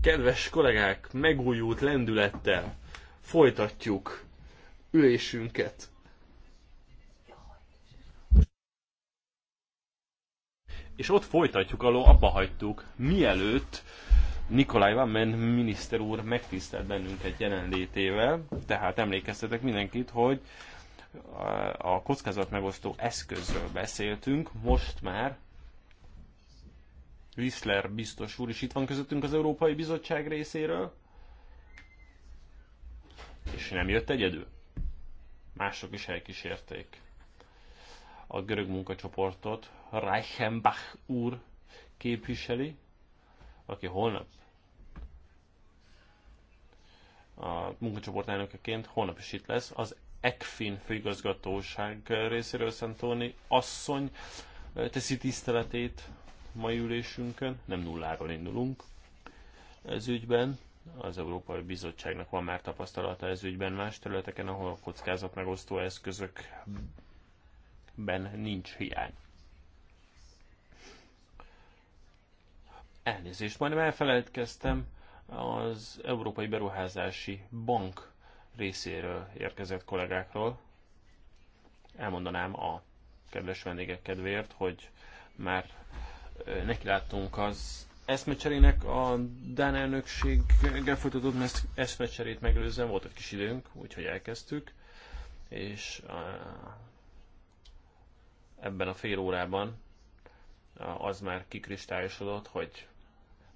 Speaker 1: Kedves kollégák, megújult lendülettel folytatjuk ülésünket. És ott folytatjuk, ahol abba hagytuk, mielőtt Nikolaj Vammen miniszter úr megtisztelt bennünket jelenlétével, tehát emlékeztetek mindenkit, hogy a kockázatmegosztó eszközről beszéltünk, most már Whistler biztos úr is itt van közöttünk az Európai Bizottság részéről. És nem jött egyedül. Mások is elkísérték a görög munkacsoportot. Reichenbach úr képviseli, aki holnap a munkacsoport elnökeként holnap is itt lesz, az ECFIN főigazgatóság részéről Szentóni asszony teszi tiszteletét mai ülésünkön, nem nulláról indulunk ez ügyben. Az Európai Bizottságnak van már tapasztalata ez ügyben más területeken, ahol a megosztó eszközökben nincs hiány. Elnézést, majdnem elfelejtkeztem, az Európai Beruházási Bank részéről érkezett kollégákról. Elmondanám a kedves vendégek kedvéért, hogy már nekiláttunk az eszmecserének a Dán elnökséggel folytatott eszmecserét megelőzően volt egy kis időnk, úgyhogy elkezdtük, és ebben a fél órában az már kikristályosodott, hogy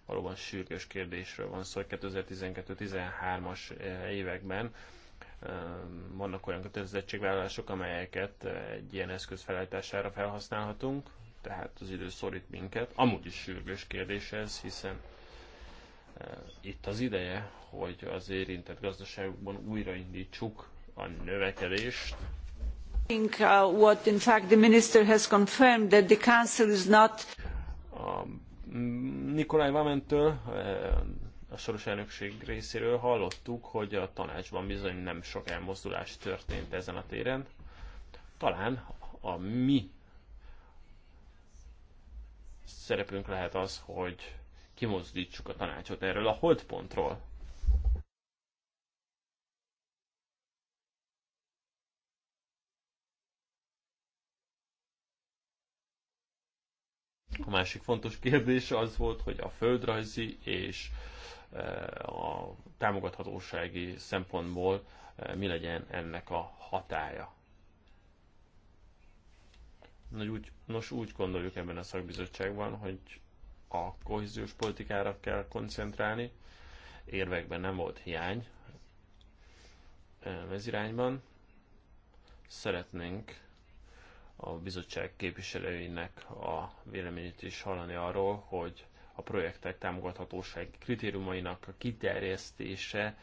Speaker 1: valóban sürgős kérdésről van szó, hogy 2012-13-as években vannak olyan kötelezettségvállalások, amelyeket egy ilyen eszköz felállítására felhasználhatunk, tehát az idő szorít minket. Amúgy is sürgős kérdés ez, hiszen e, itt az ideje, hogy az érintett gazdaságokban újraindítsuk a növekedést.
Speaker 2: Uh, what in fact the minister has confirmed that the council is not.
Speaker 1: Mm, Nikolaj Vamentől, e, a soros elnökség részéről hallottuk, hogy a tanácsban bizony nem sok elmozdulás történt ezen a téren. Talán a mi szerepünk lehet az, hogy kimozdítsuk a tanácsot erről a holdpontról. A másik fontos kérdés az volt, hogy a földrajzi és eh, a támogathatósági szempontból eh, mi legyen ennek a hatája. Nos úgy, nos, úgy gondoljuk ebben a szakbizottságban, hogy a kohéziós politikára kell koncentrálni. Érvekben nem volt hiány ez irányban. Szeretnénk a bizottság képviselőinek a véleményét is hallani arról, hogy a projektek támogathatóság kritériumainak a kiterjesztése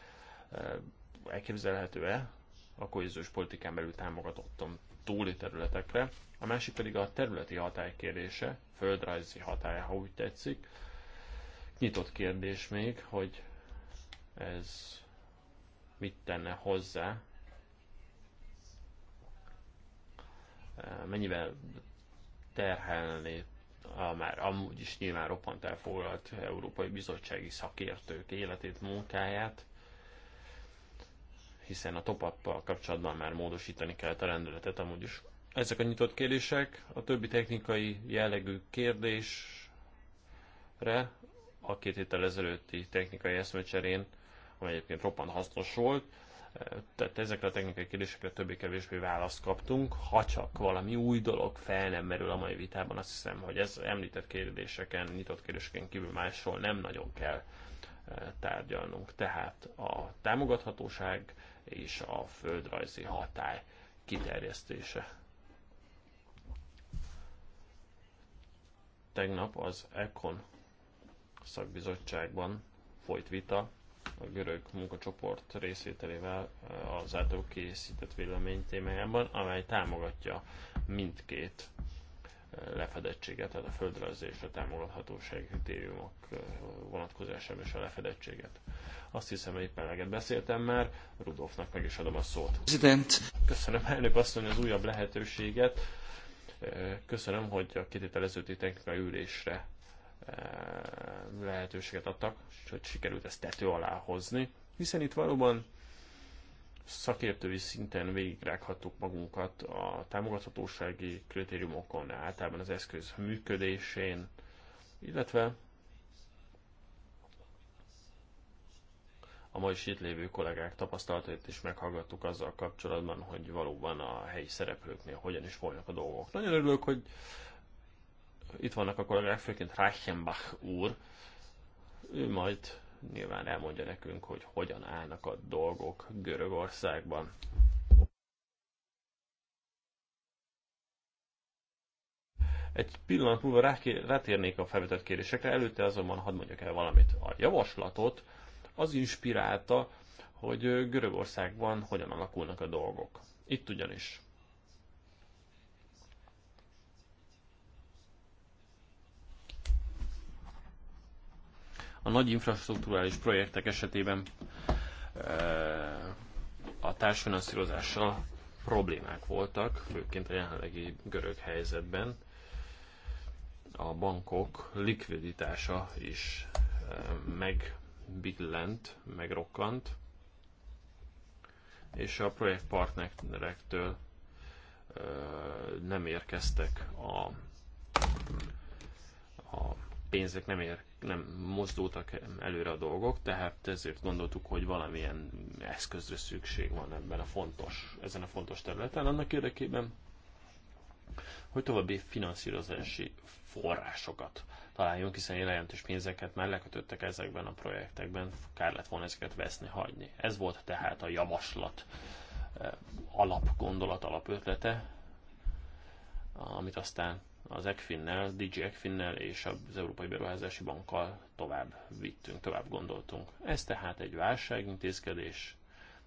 Speaker 1: elképzelhető-e a kohéziós politikán belül támogatottan túli területekre, a másik pedig a területi hatály kérdése, földrajzi hatály, ha úgy tetszik. Nyitott kérdés még, hogy ez mit tenne hozzá, e, mennyivel terhelné a már amúgy is nyilván roppant elfoglalt Európai Bizottsági Szakértők életét, munkáját, hiszen a top kapcsolatban már módosítani kell a rendeletet amúgy is. Ezek a nyitott kérdések, a többi technikai jellegű kérdésre a két héttel ezelőtti technikai eszmecserén, amely egyébként roppant hasznos volt, tehát ezekre a technikai kérdésekre többé-kevésbé választ kaptunk, ha csak valami új dolog fel nem merül a mai vitában, azt hiszem, hogy ez említett kérdéseken, nyitott kérdéseken kívül másról nem nagyon kell eh, tárgyalnunk. Tehát a támogathatóság, és a földrajzi hatály kiterjesztése. Tegnap az ECON szakbizottságban folyt vita a görög munkacsoport részvételével az által készített vélemény témájában, amely támogatja mindkét lefedettséget, tehát a földrajzi és a támogathatóság kritériumok vonatkozásában és a lefedettséget. Azt hiszem, hogy éppen eleget beszéltem már, Rudolfnak meg is adom a szót. President. Köszönöm elnök asszony az újabb lehetőséget. Köszönöm, hogy a kitetelezőti technikai ülésre lehetőséget adtak, és hogy sikerült ezt tető alá hozni, hiszen itt valóban szakértői szinten végigrághattuk magunkat a támogathatósági kritériumokon, általában az eszköz működésén, illetve a mai is itt lévő kollégák tapasztalatait is meghallgattuk azzal kapcsolatban, hogy valóban a helyi szereplőknél hogyan is folynak a dolgok. Nagyon örülök, hogy itt vannak a kollégák, főként Reichenbach úr, ő majd nyilván elmondja nekünk, hogy hogyan állnak a dolgok Görögországban. Egy pillanat múlva rátérnék a felvetett kérdésekre, előtte azonban hadd mondjak el valamit. A javaslatot az inspirálta, hogy Görögországban hogyan alakulnak a dolgok. Itt ugyanis A nagy infrastruktúrális projektek esetében e, a társfinanszírozással problémák voltak, főként a jelenlegi görög helyzetben. A bankok likviditása is e, megbillent, megrokkant, és a projektpartnerektől e, nem érkeztek a, a pénzek, nem ér, nem mozdultak előre a dolgok, tehát ezért gondoltuk, hogy valamilyen eszközre szükség van ebben a fontos, ezen a fontos területen, annak érdekében, hogy további finanszírozási forrásokat találjunk, hiszen jelentős pénzeket már lekötöttek ezekben a projektekben, kár lett volna ezeket veszni, hagyni. Ez volt tehát a javaslat eh, alapgondolat, alapötlete, amit aztán az ECFIN-nel, DG ecfin és az Európai Beruházási Bankkal tovább vittünk, tovább gondoltunk. Ez tehát egy válságintézkedés,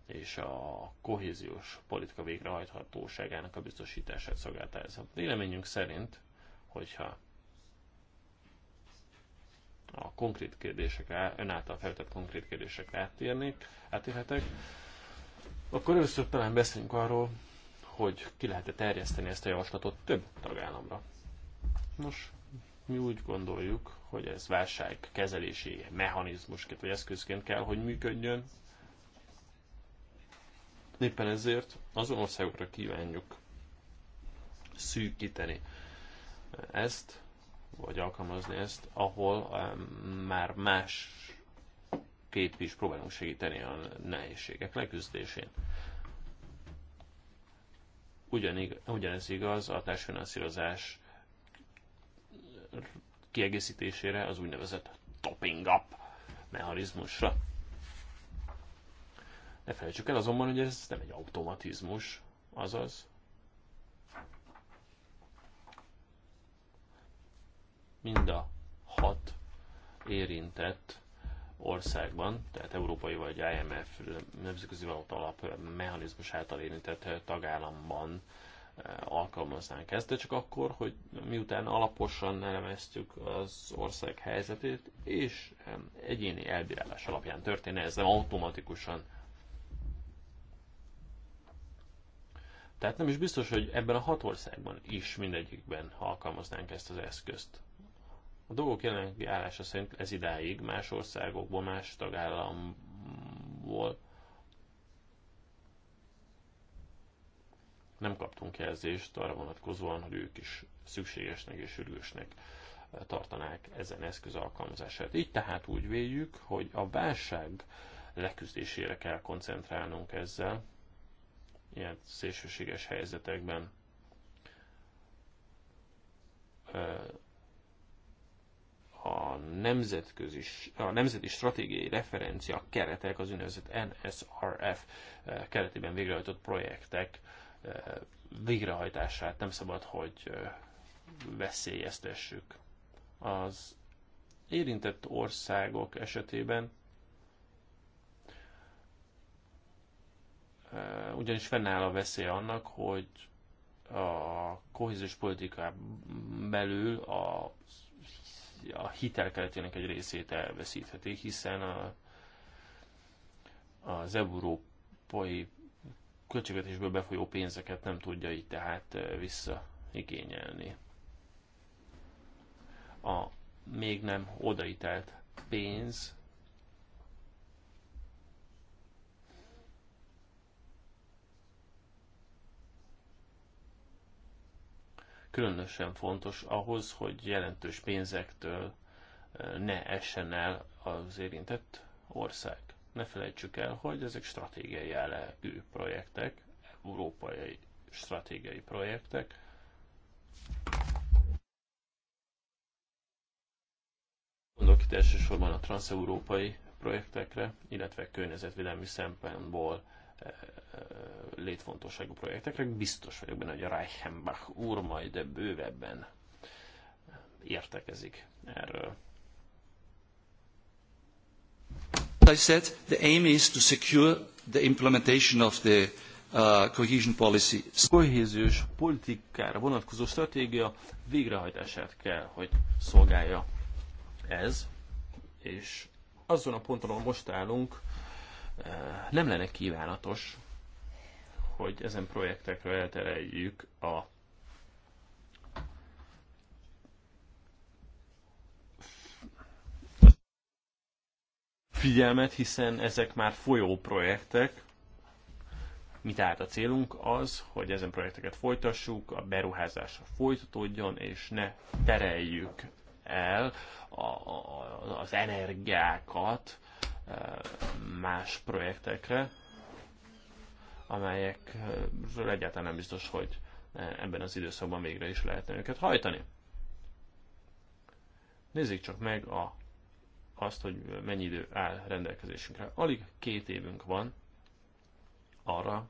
Speaker 1: és a kohéziós politika végrehajthatóságának a biztosítását szolgálta ez. véleményünk szerint, hogyha a konkrét kérdésekre, ön által feltett konkrét kérdésekre áttérnék, átérhetek, akkor először talán beszéljünk arról, hogy ki lehet -e terjeszteni ezt a javaslatot több tagállamra. Nos, mi úgy gondoljuk, hogy ez kezelési mechanizmusként vagy eszközként kell, hogy működjön. Éppen ezért azon országokra kívánjuk szűkíteni ezt, vagy alkalmazni ezt, ahol már más kép is próbálunk segíteni a nehézségek leküzdésén. Ugyanig, ugyanez igaz a társfinanszírozás kiegészítésére, az úgynevezett topping up mechanizmusra. Ne felejtsük el azonban, hogy ez nem egy automatizmus, azaz mind a hat érintett országban, tehát európai vagy IMF nemzetközi valóta alap mechanizmus által érintett tagállamban alkalmaznánk ezt, de csak akkor, hogy miután alaposan elemeztük az ország helyzetét, és egyéni elbírálás alapján történne, ez nem automatikusan. Tehát nem is biztos, hogy ebben a hat országban is mindegyikben alkalmaznánk ezt az eszközt. A dolgok jelenlegi állása szerint ez idáig más országokból, más tagállamból nem kaptunk jelzést arra vonatkozóan, hogy ők is szükségesnek és sürgősnek tartanák ezen eszköz alkalmazását. Így tehát úgy véljük, hogy a válság leküzdésére kell koncentrálnunk ezzel, ilyen szélsőséges helyzetekben a nemzetközi, a nemzeti stratégiai referencia keretek, az úgynevezett NSRF keretében végrehajtott projektek végrehajtását nem szabad, hogy veszélyeztessük. Az érintett országok esetében ugyanis fennáll a veszély annak, hogy a kohéziós politiká belül a, a hitelkeretének egy részét elveszítheti, hiszen a, az európai költségvetésből befolyó pénzeket nem tudja így tehát visszaigényelni. A még nem odaítelt pénz különösen fontos ahhoz, hogy jelentős pénzektől ne essen el az érintett ország ne felejtsük el, hogy ezek stratégiai jellegű projektek, európai stratégiai projektek. Mondok itt elsősorban a transeurópai projektekre, illetve környezetvédelmi szempontból eh, eh, létfontosságú projektekre. Biztos vagyok benne, hogy a Reichenbach úr majd bővebben értekezik erről. As I said, the aim is to secure the implementation of the uh, cohesion policy. Kohéziós politikára vonatkozó stratégia végrehajtását kell, hogy szolgálja ez, és azon a ponton, ahol most állunk, uh, nem lenne kívánatos, hogy ezen projektekre eltereljük a figyelmet, hiszen ezek már folyó projektek. Mi tehát a célunk az, hogy ezen projekteket folytassuk, a beruházása folytatódjon, és ne tereljük el a, a, az energiákat e, más projektekre, amelyek e, egyáltalán nem biztos, hogy e, ebben az időszakban végre is lehetne őket hajtani. Nézzük csak meg a azt, hogy mennyi idő áll rendelkezésünkre. Alig két évünk van arra,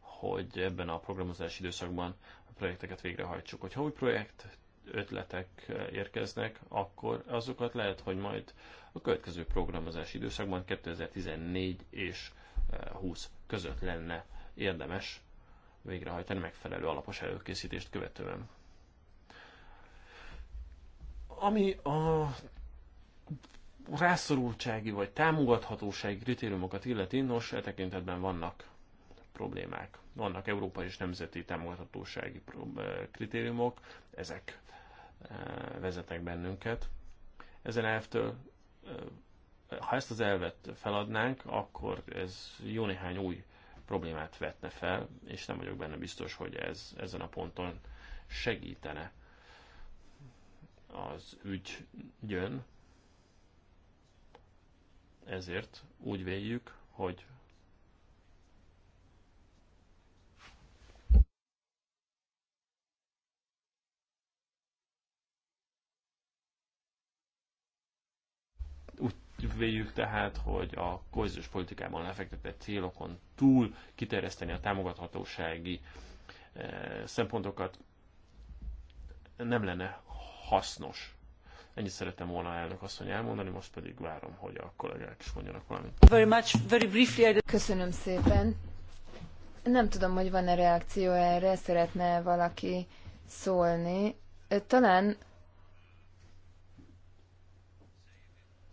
Speaker 1: hogy ebben a programozási időszakban a projekteket végrehajtsuk. Hogyha új projekt ötletek érkeznek, akkor azokat lehet, hogy majd a következő programozási időszakban 2014 és 20 eh, között lenne érdemes végrehajtani megfelelő alapos előkészítést követően. Ami a rászorultsági vagy támogathatósági kritériumokat illeti, nos, e tekintetben vannak problémák. Vannak európai és nemzeti támogathatósági e, kritériumok, ezek e, vezetnek bennünket. Ezen elvtől, e, ha ezt az elvet feladnánk, akkor ez jó néhány új problémát vetne fel, és nem vagyok benne biztos, hogy ez ezen a ponton segítene az jön ezért úgy véljük, hogy véljük tehát, hogy a kohéziós politikában lefektetett célokon túl kiterjeszteni a támogathatósági eh, szempontokat nem lenne hasznos. Ennyit szeretem volna elnök asszony elmondani, most pedig várom, hogy a kollégák is mondjanak valamit.
Speaker 3: Very much, very briefly. Köszönöm szépen. Nem tudom, hogy van-e reakció erre, szeretne valaki szólni. Talán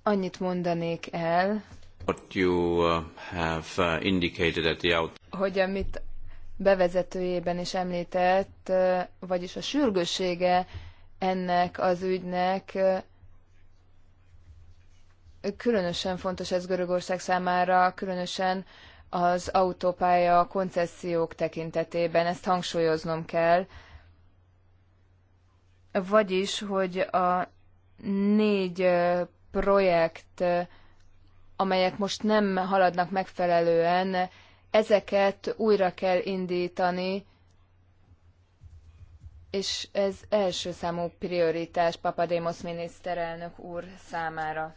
Speaker 3: annyit mondanék el,
Speaker 1: What you uh, have uh, indicated at the out-
Speaker 3: hogy amit bevezetőjében is említett, vagyis a sürgőssége ennek az ügynek. Különösen fontos ez Görögország számára, különösen az autópálya koncesziók tekintetében, ezt hangsúlyoznom kell. Vagyis, hogy a négy projekt, amelyek most nem haladnak megfelelően, ezeket újra kell indítani, és ez első számú prioritás Papadémosz miniszterelnök úr számára.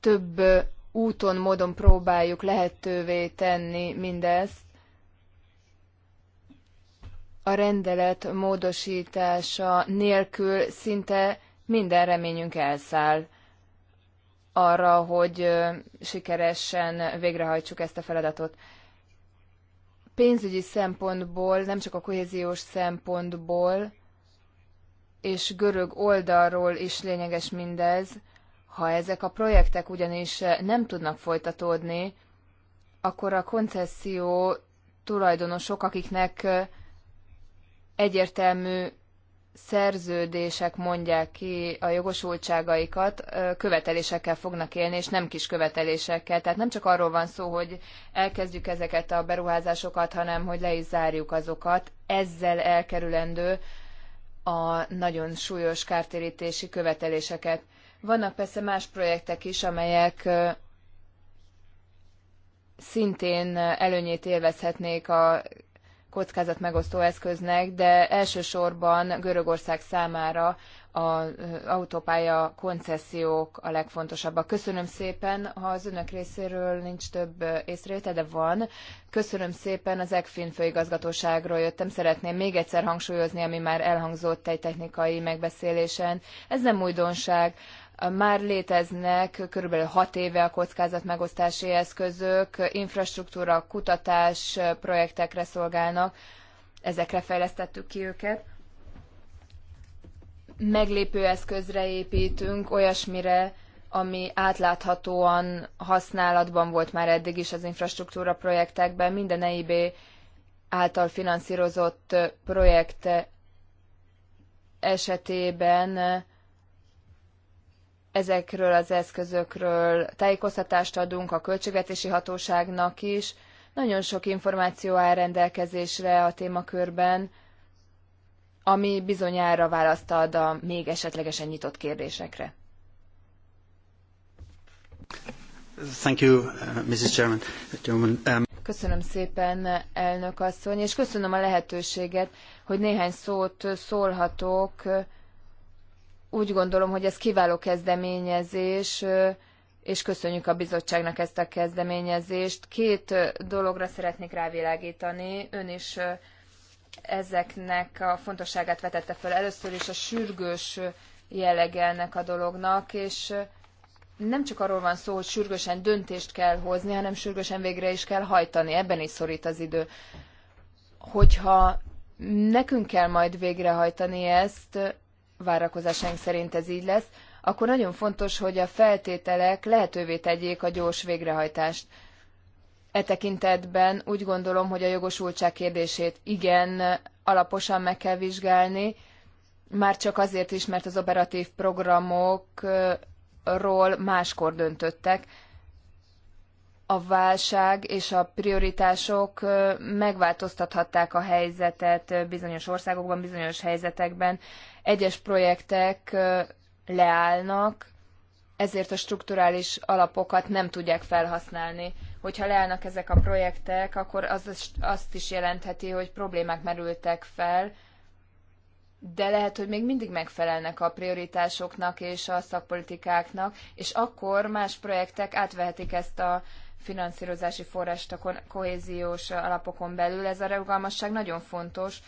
Speaker 3: Több úton, módon próbáljuk lehetővé tenni mindezt. A rendelet módosítása nélkül szinte minden reményünk elszáll arra, hogy sikeresen végrehajtsuk ezt a feladatot. Pénzügyi szempontból, nem csak a kohéziós szempontból, és görög oldalról is lényeges mindez, ha ezek a projektek ugyanis nem tudnak folytatódni, akkor a koncesszió tulajdonosok, akiknek egyértelmű szerződések mondják ki a jogosultságaikat, követelésekkel fognak élni, és nem kis követelésekkel. Tehát nem csak arról van szó, hogy elkezdjük ezeket a beruházásokat, hanem hogy le is zárjuk azokat. Ezzel elkerülendő a nagyon súlyos kártérítési követeléseket. Vannak persze más projektek is, amelyek szintén előnyét élvezhetnék a kockázatmegosztó eszköznek, de elsősorban Görögország számára az autópálya koncesziók a legfontosabbak. Köszönöm szépen, ha az önök részéről nincs több észrevétel, de van. Köszönöm szépen, az ECFIN főigazgatóságról jöttem. Szeretném még egyszer hangsúlyozni, ami már elhangzott egy technikai megbeszélésen. Ez nem újdonság. Már léteznek körülbelül hat éve a kockázatmegosztási eszközök, infrastruktúra, kutatás projektekre szolgálnak, ezekre fejlesztettük ki őket. Meglépő eszközre építünk, olyasmire, ami átláthatóan használatban volt már eddig is az infrastruktúra projektekben, minden EIB által finanszírozott projekt esetében ezekről az eszközökről tájékoztatást adunk a költségvetési hatóságnak is. Nagyon sok információ áll rendelkezésre a témakörben, ami bizonyára választ ad a még esetlegesen nyitott kérdésekre.
Speaker 1: Thank you, Mrs. Chairman. Um...
Speaker 3: Köszönöm szépen, elnök asszony, és köszönöm a lehetőséget, hogy néhány szót szólhatok úgy gondolom, hogy ez kiváló kezdeményezés, és köszönjük a bizottságnak ezt a kezdeményezést. Két dologra szeretnék rávilágítani. Ön is ezeknek a fontosságát vetette fel. Először is a sürgős jellege ennek a dolognak, és nem csak arról van szó, hogy sürgősen döntést kell hozni, hanem sürgősen végre is kell hajtani. Ebben is szorít az idő. Hogyha nekünk kell majd végrehajtani ezt, várakozásaink szerint ez így lesz, akkor nagyon fontos, hogy a feltételek lehetővé tegyék a gyors végrehajtást. E tekintetben úgy gondolom, hogy a jogosultság kérdését igen alaposan meg kell vizsgálni, már csak azért is, mert az operatív programokról máskor döntöttek. A válság és a prioritások megváltoztathatták a helyzetet bizonyos országokban, bizonyos helyzetekben egyes projektek leállnak, ezért a strukturális alapokat nem tudják felhasználni. Hogyha leállnak ezek a projektek, akkor az azt is jelentheti, hogy problémák merültek fel, de lehet, hogy még mindig megfelelnek a prioritásoknak és a szakpolitikáknak, és akkor más projektek átvehetik ezt a finanszírozási forrást a kohéziós alapokon belül. Ez a rugalmasság nagyon fontos,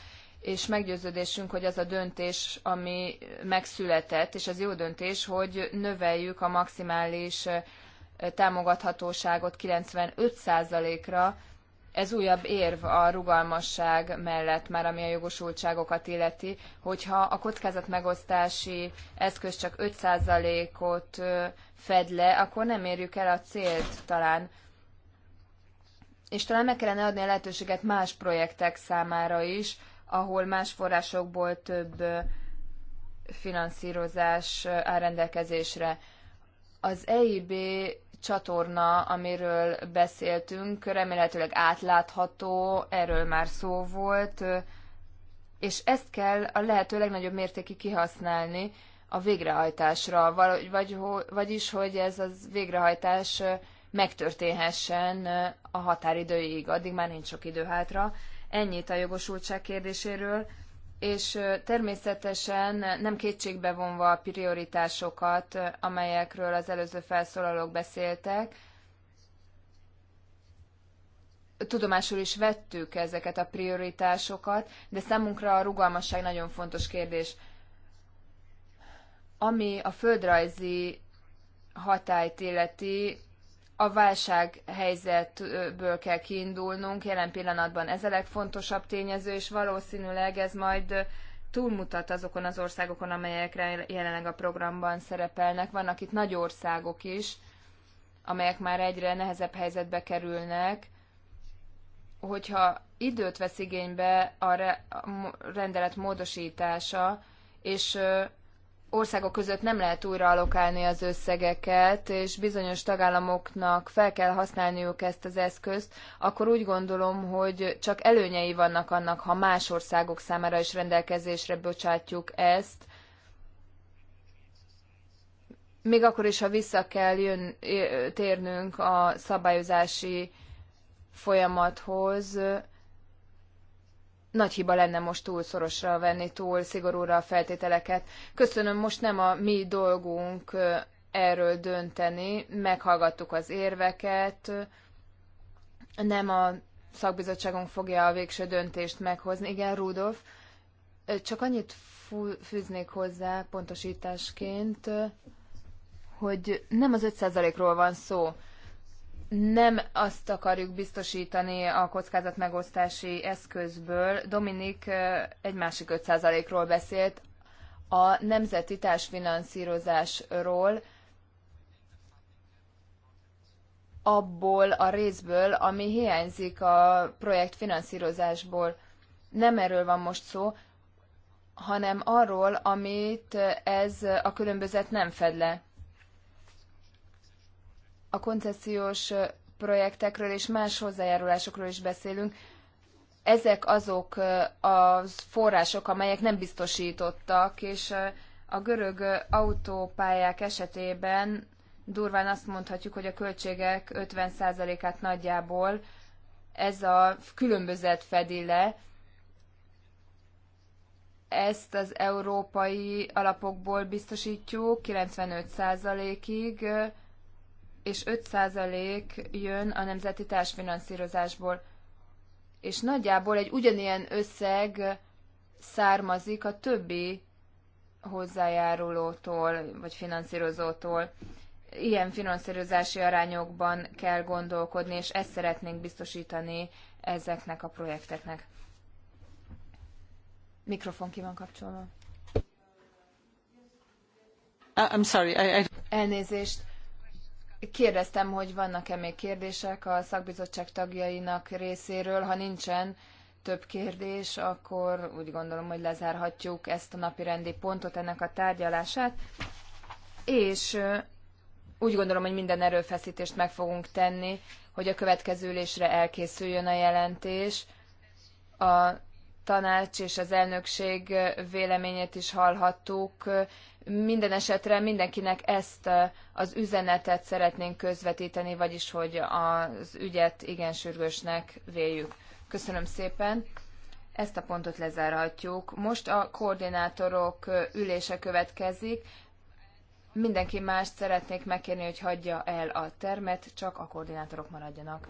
Speaker 3: és meggyőződésünk, hogy az a döntés, ami megszületett, és az jó döntés, hogy növeljük a maximális támogathatóságot 95%-ra. Ez újabb érv a rugalmasság mellett, már ami a jogosultságokat illeti, hogyha a kockázatmegosztási eszköz csak 5%-ot fed le, akkor nem érjük el a célt talán és talán meg kellene adni a lehetőséget más projektek számára is, ahol más forrásokból több finanszírozás áll rendelkezésre. Az EIB csatorna, amiről beszéltünk, remélhetőleg átlátható, erről már szó volt, és ezt kell a lehető legnagyobb mértékig kihasználni a végrehajtásra, vagy, vagy, vagyis, hogy ez az végrehajtás megtörténhessen a határidőig, addig már nincs sok idő hátra, Ennyit a jogosultság kérdéséről, és természetesen nem kétségbe vonva a prioritásokat, amelyekről az előző felszólalók beszéltek, tudomásul is vettük ezeket a prioritásokat, de számunkra a rugalmasság nagyon fontos kérdés. Ami a földrajzi hatályt illeti, a válsághelyzetből kell kiindulnunk, jelen pillanatban ez a legfontosabb tényező, és valószínűleg ez majd túlmutat azokon az országokon, amelyekre jelenleg a programban szerepelnek. Vannak itt nagy országok is, amelyek már egyre nehezebb helyzetbe kerülnek, hogyha időt vesz igénybe a rendelet módosítása, és országok között nem lehet újra alokálni az összegeket, és bizonyos tagállamoknak fel kell használniuk ezt az eszközt, akkor úgy gondolom, hogy csak előnyei vannak annak, ha más országok számára is rendelkezésre bocsátjuk ezt, még akkor is, ha vissza kell jön, térnünk a szabályozási folyamathoz, nagy hiba lenne most túl szorosra venni, túl szigorúra a feltételeket. Köszönöm, most nem a mi dolgunk erről dönteni, meghallgattuk az érveket, nem a szakbizottságunk fogja a végső döntést meghozni. Igen, Rudolf, csak annyit fűznék hozzá pontosításként, hogy nem az 5%-ról van szó nem azt akarjuk biztosítani a kockázatmegosztási eszközből. Dominik egy másik 5%-ról beszélt, a nemzeti társfinanszírozásról, abból a részből, ami hiányzik a projekt finanszírozásból. Nem erről van most szó, hanem arról, amit ez a különbözet nem fed le a koncesziós projektekről és más hozzájárulásokról is beszélünk. Ezek azok a források, amelyek nem biztosítottak, és a görög autópályák esetében durván azt mondhatjuk, hogy a költségek 50%-át nagyjából ez a különbözet fedi le. Ezt az európai alapokból biztosítjuk 95%-ig, és 5% jön a nemzeti társfinanszírozásból. És nagyjából egy ugyanilyen összeg származik a többi hozzájárulótól, vagy finanszírozótól. Ilyen finanszírozási arányokban kell gondolkodni, és ezt szeretnénk biztosítani ezeknek a projekteknek. Mikrofon ki van kapcsolva. Uh, I'm sorry, I, I... Elnézést Kérdeztem, hogy vannak-e még kérdések a szakbizottság tagjainak részéről. Ha nincsen több kérdés, akkor úgy gondolom, hogy lezárhatjuk ezt a napirendi pontot, ennek a tárgyalását. És úgy gondolom, hogy minden erőfeszítést meg fogunk tenni, hogy a következő ülésre elkészüljön a jelentés. A tanács és az elnökség véleményét is hallhattuk, minden esetre mindenkinek ezt az üzenetet szeretnénk közvetíteni, vagyis hogy az ügyet igen sürgősnek véljük. Köszönöm szépen. Ezt a pontot lezárhatjuk. Most a koordinátorok ülése következik. Mindenki mást szeretnék megkérni, hogy hagyja el a termet, csak a koordinátorok maradjanak.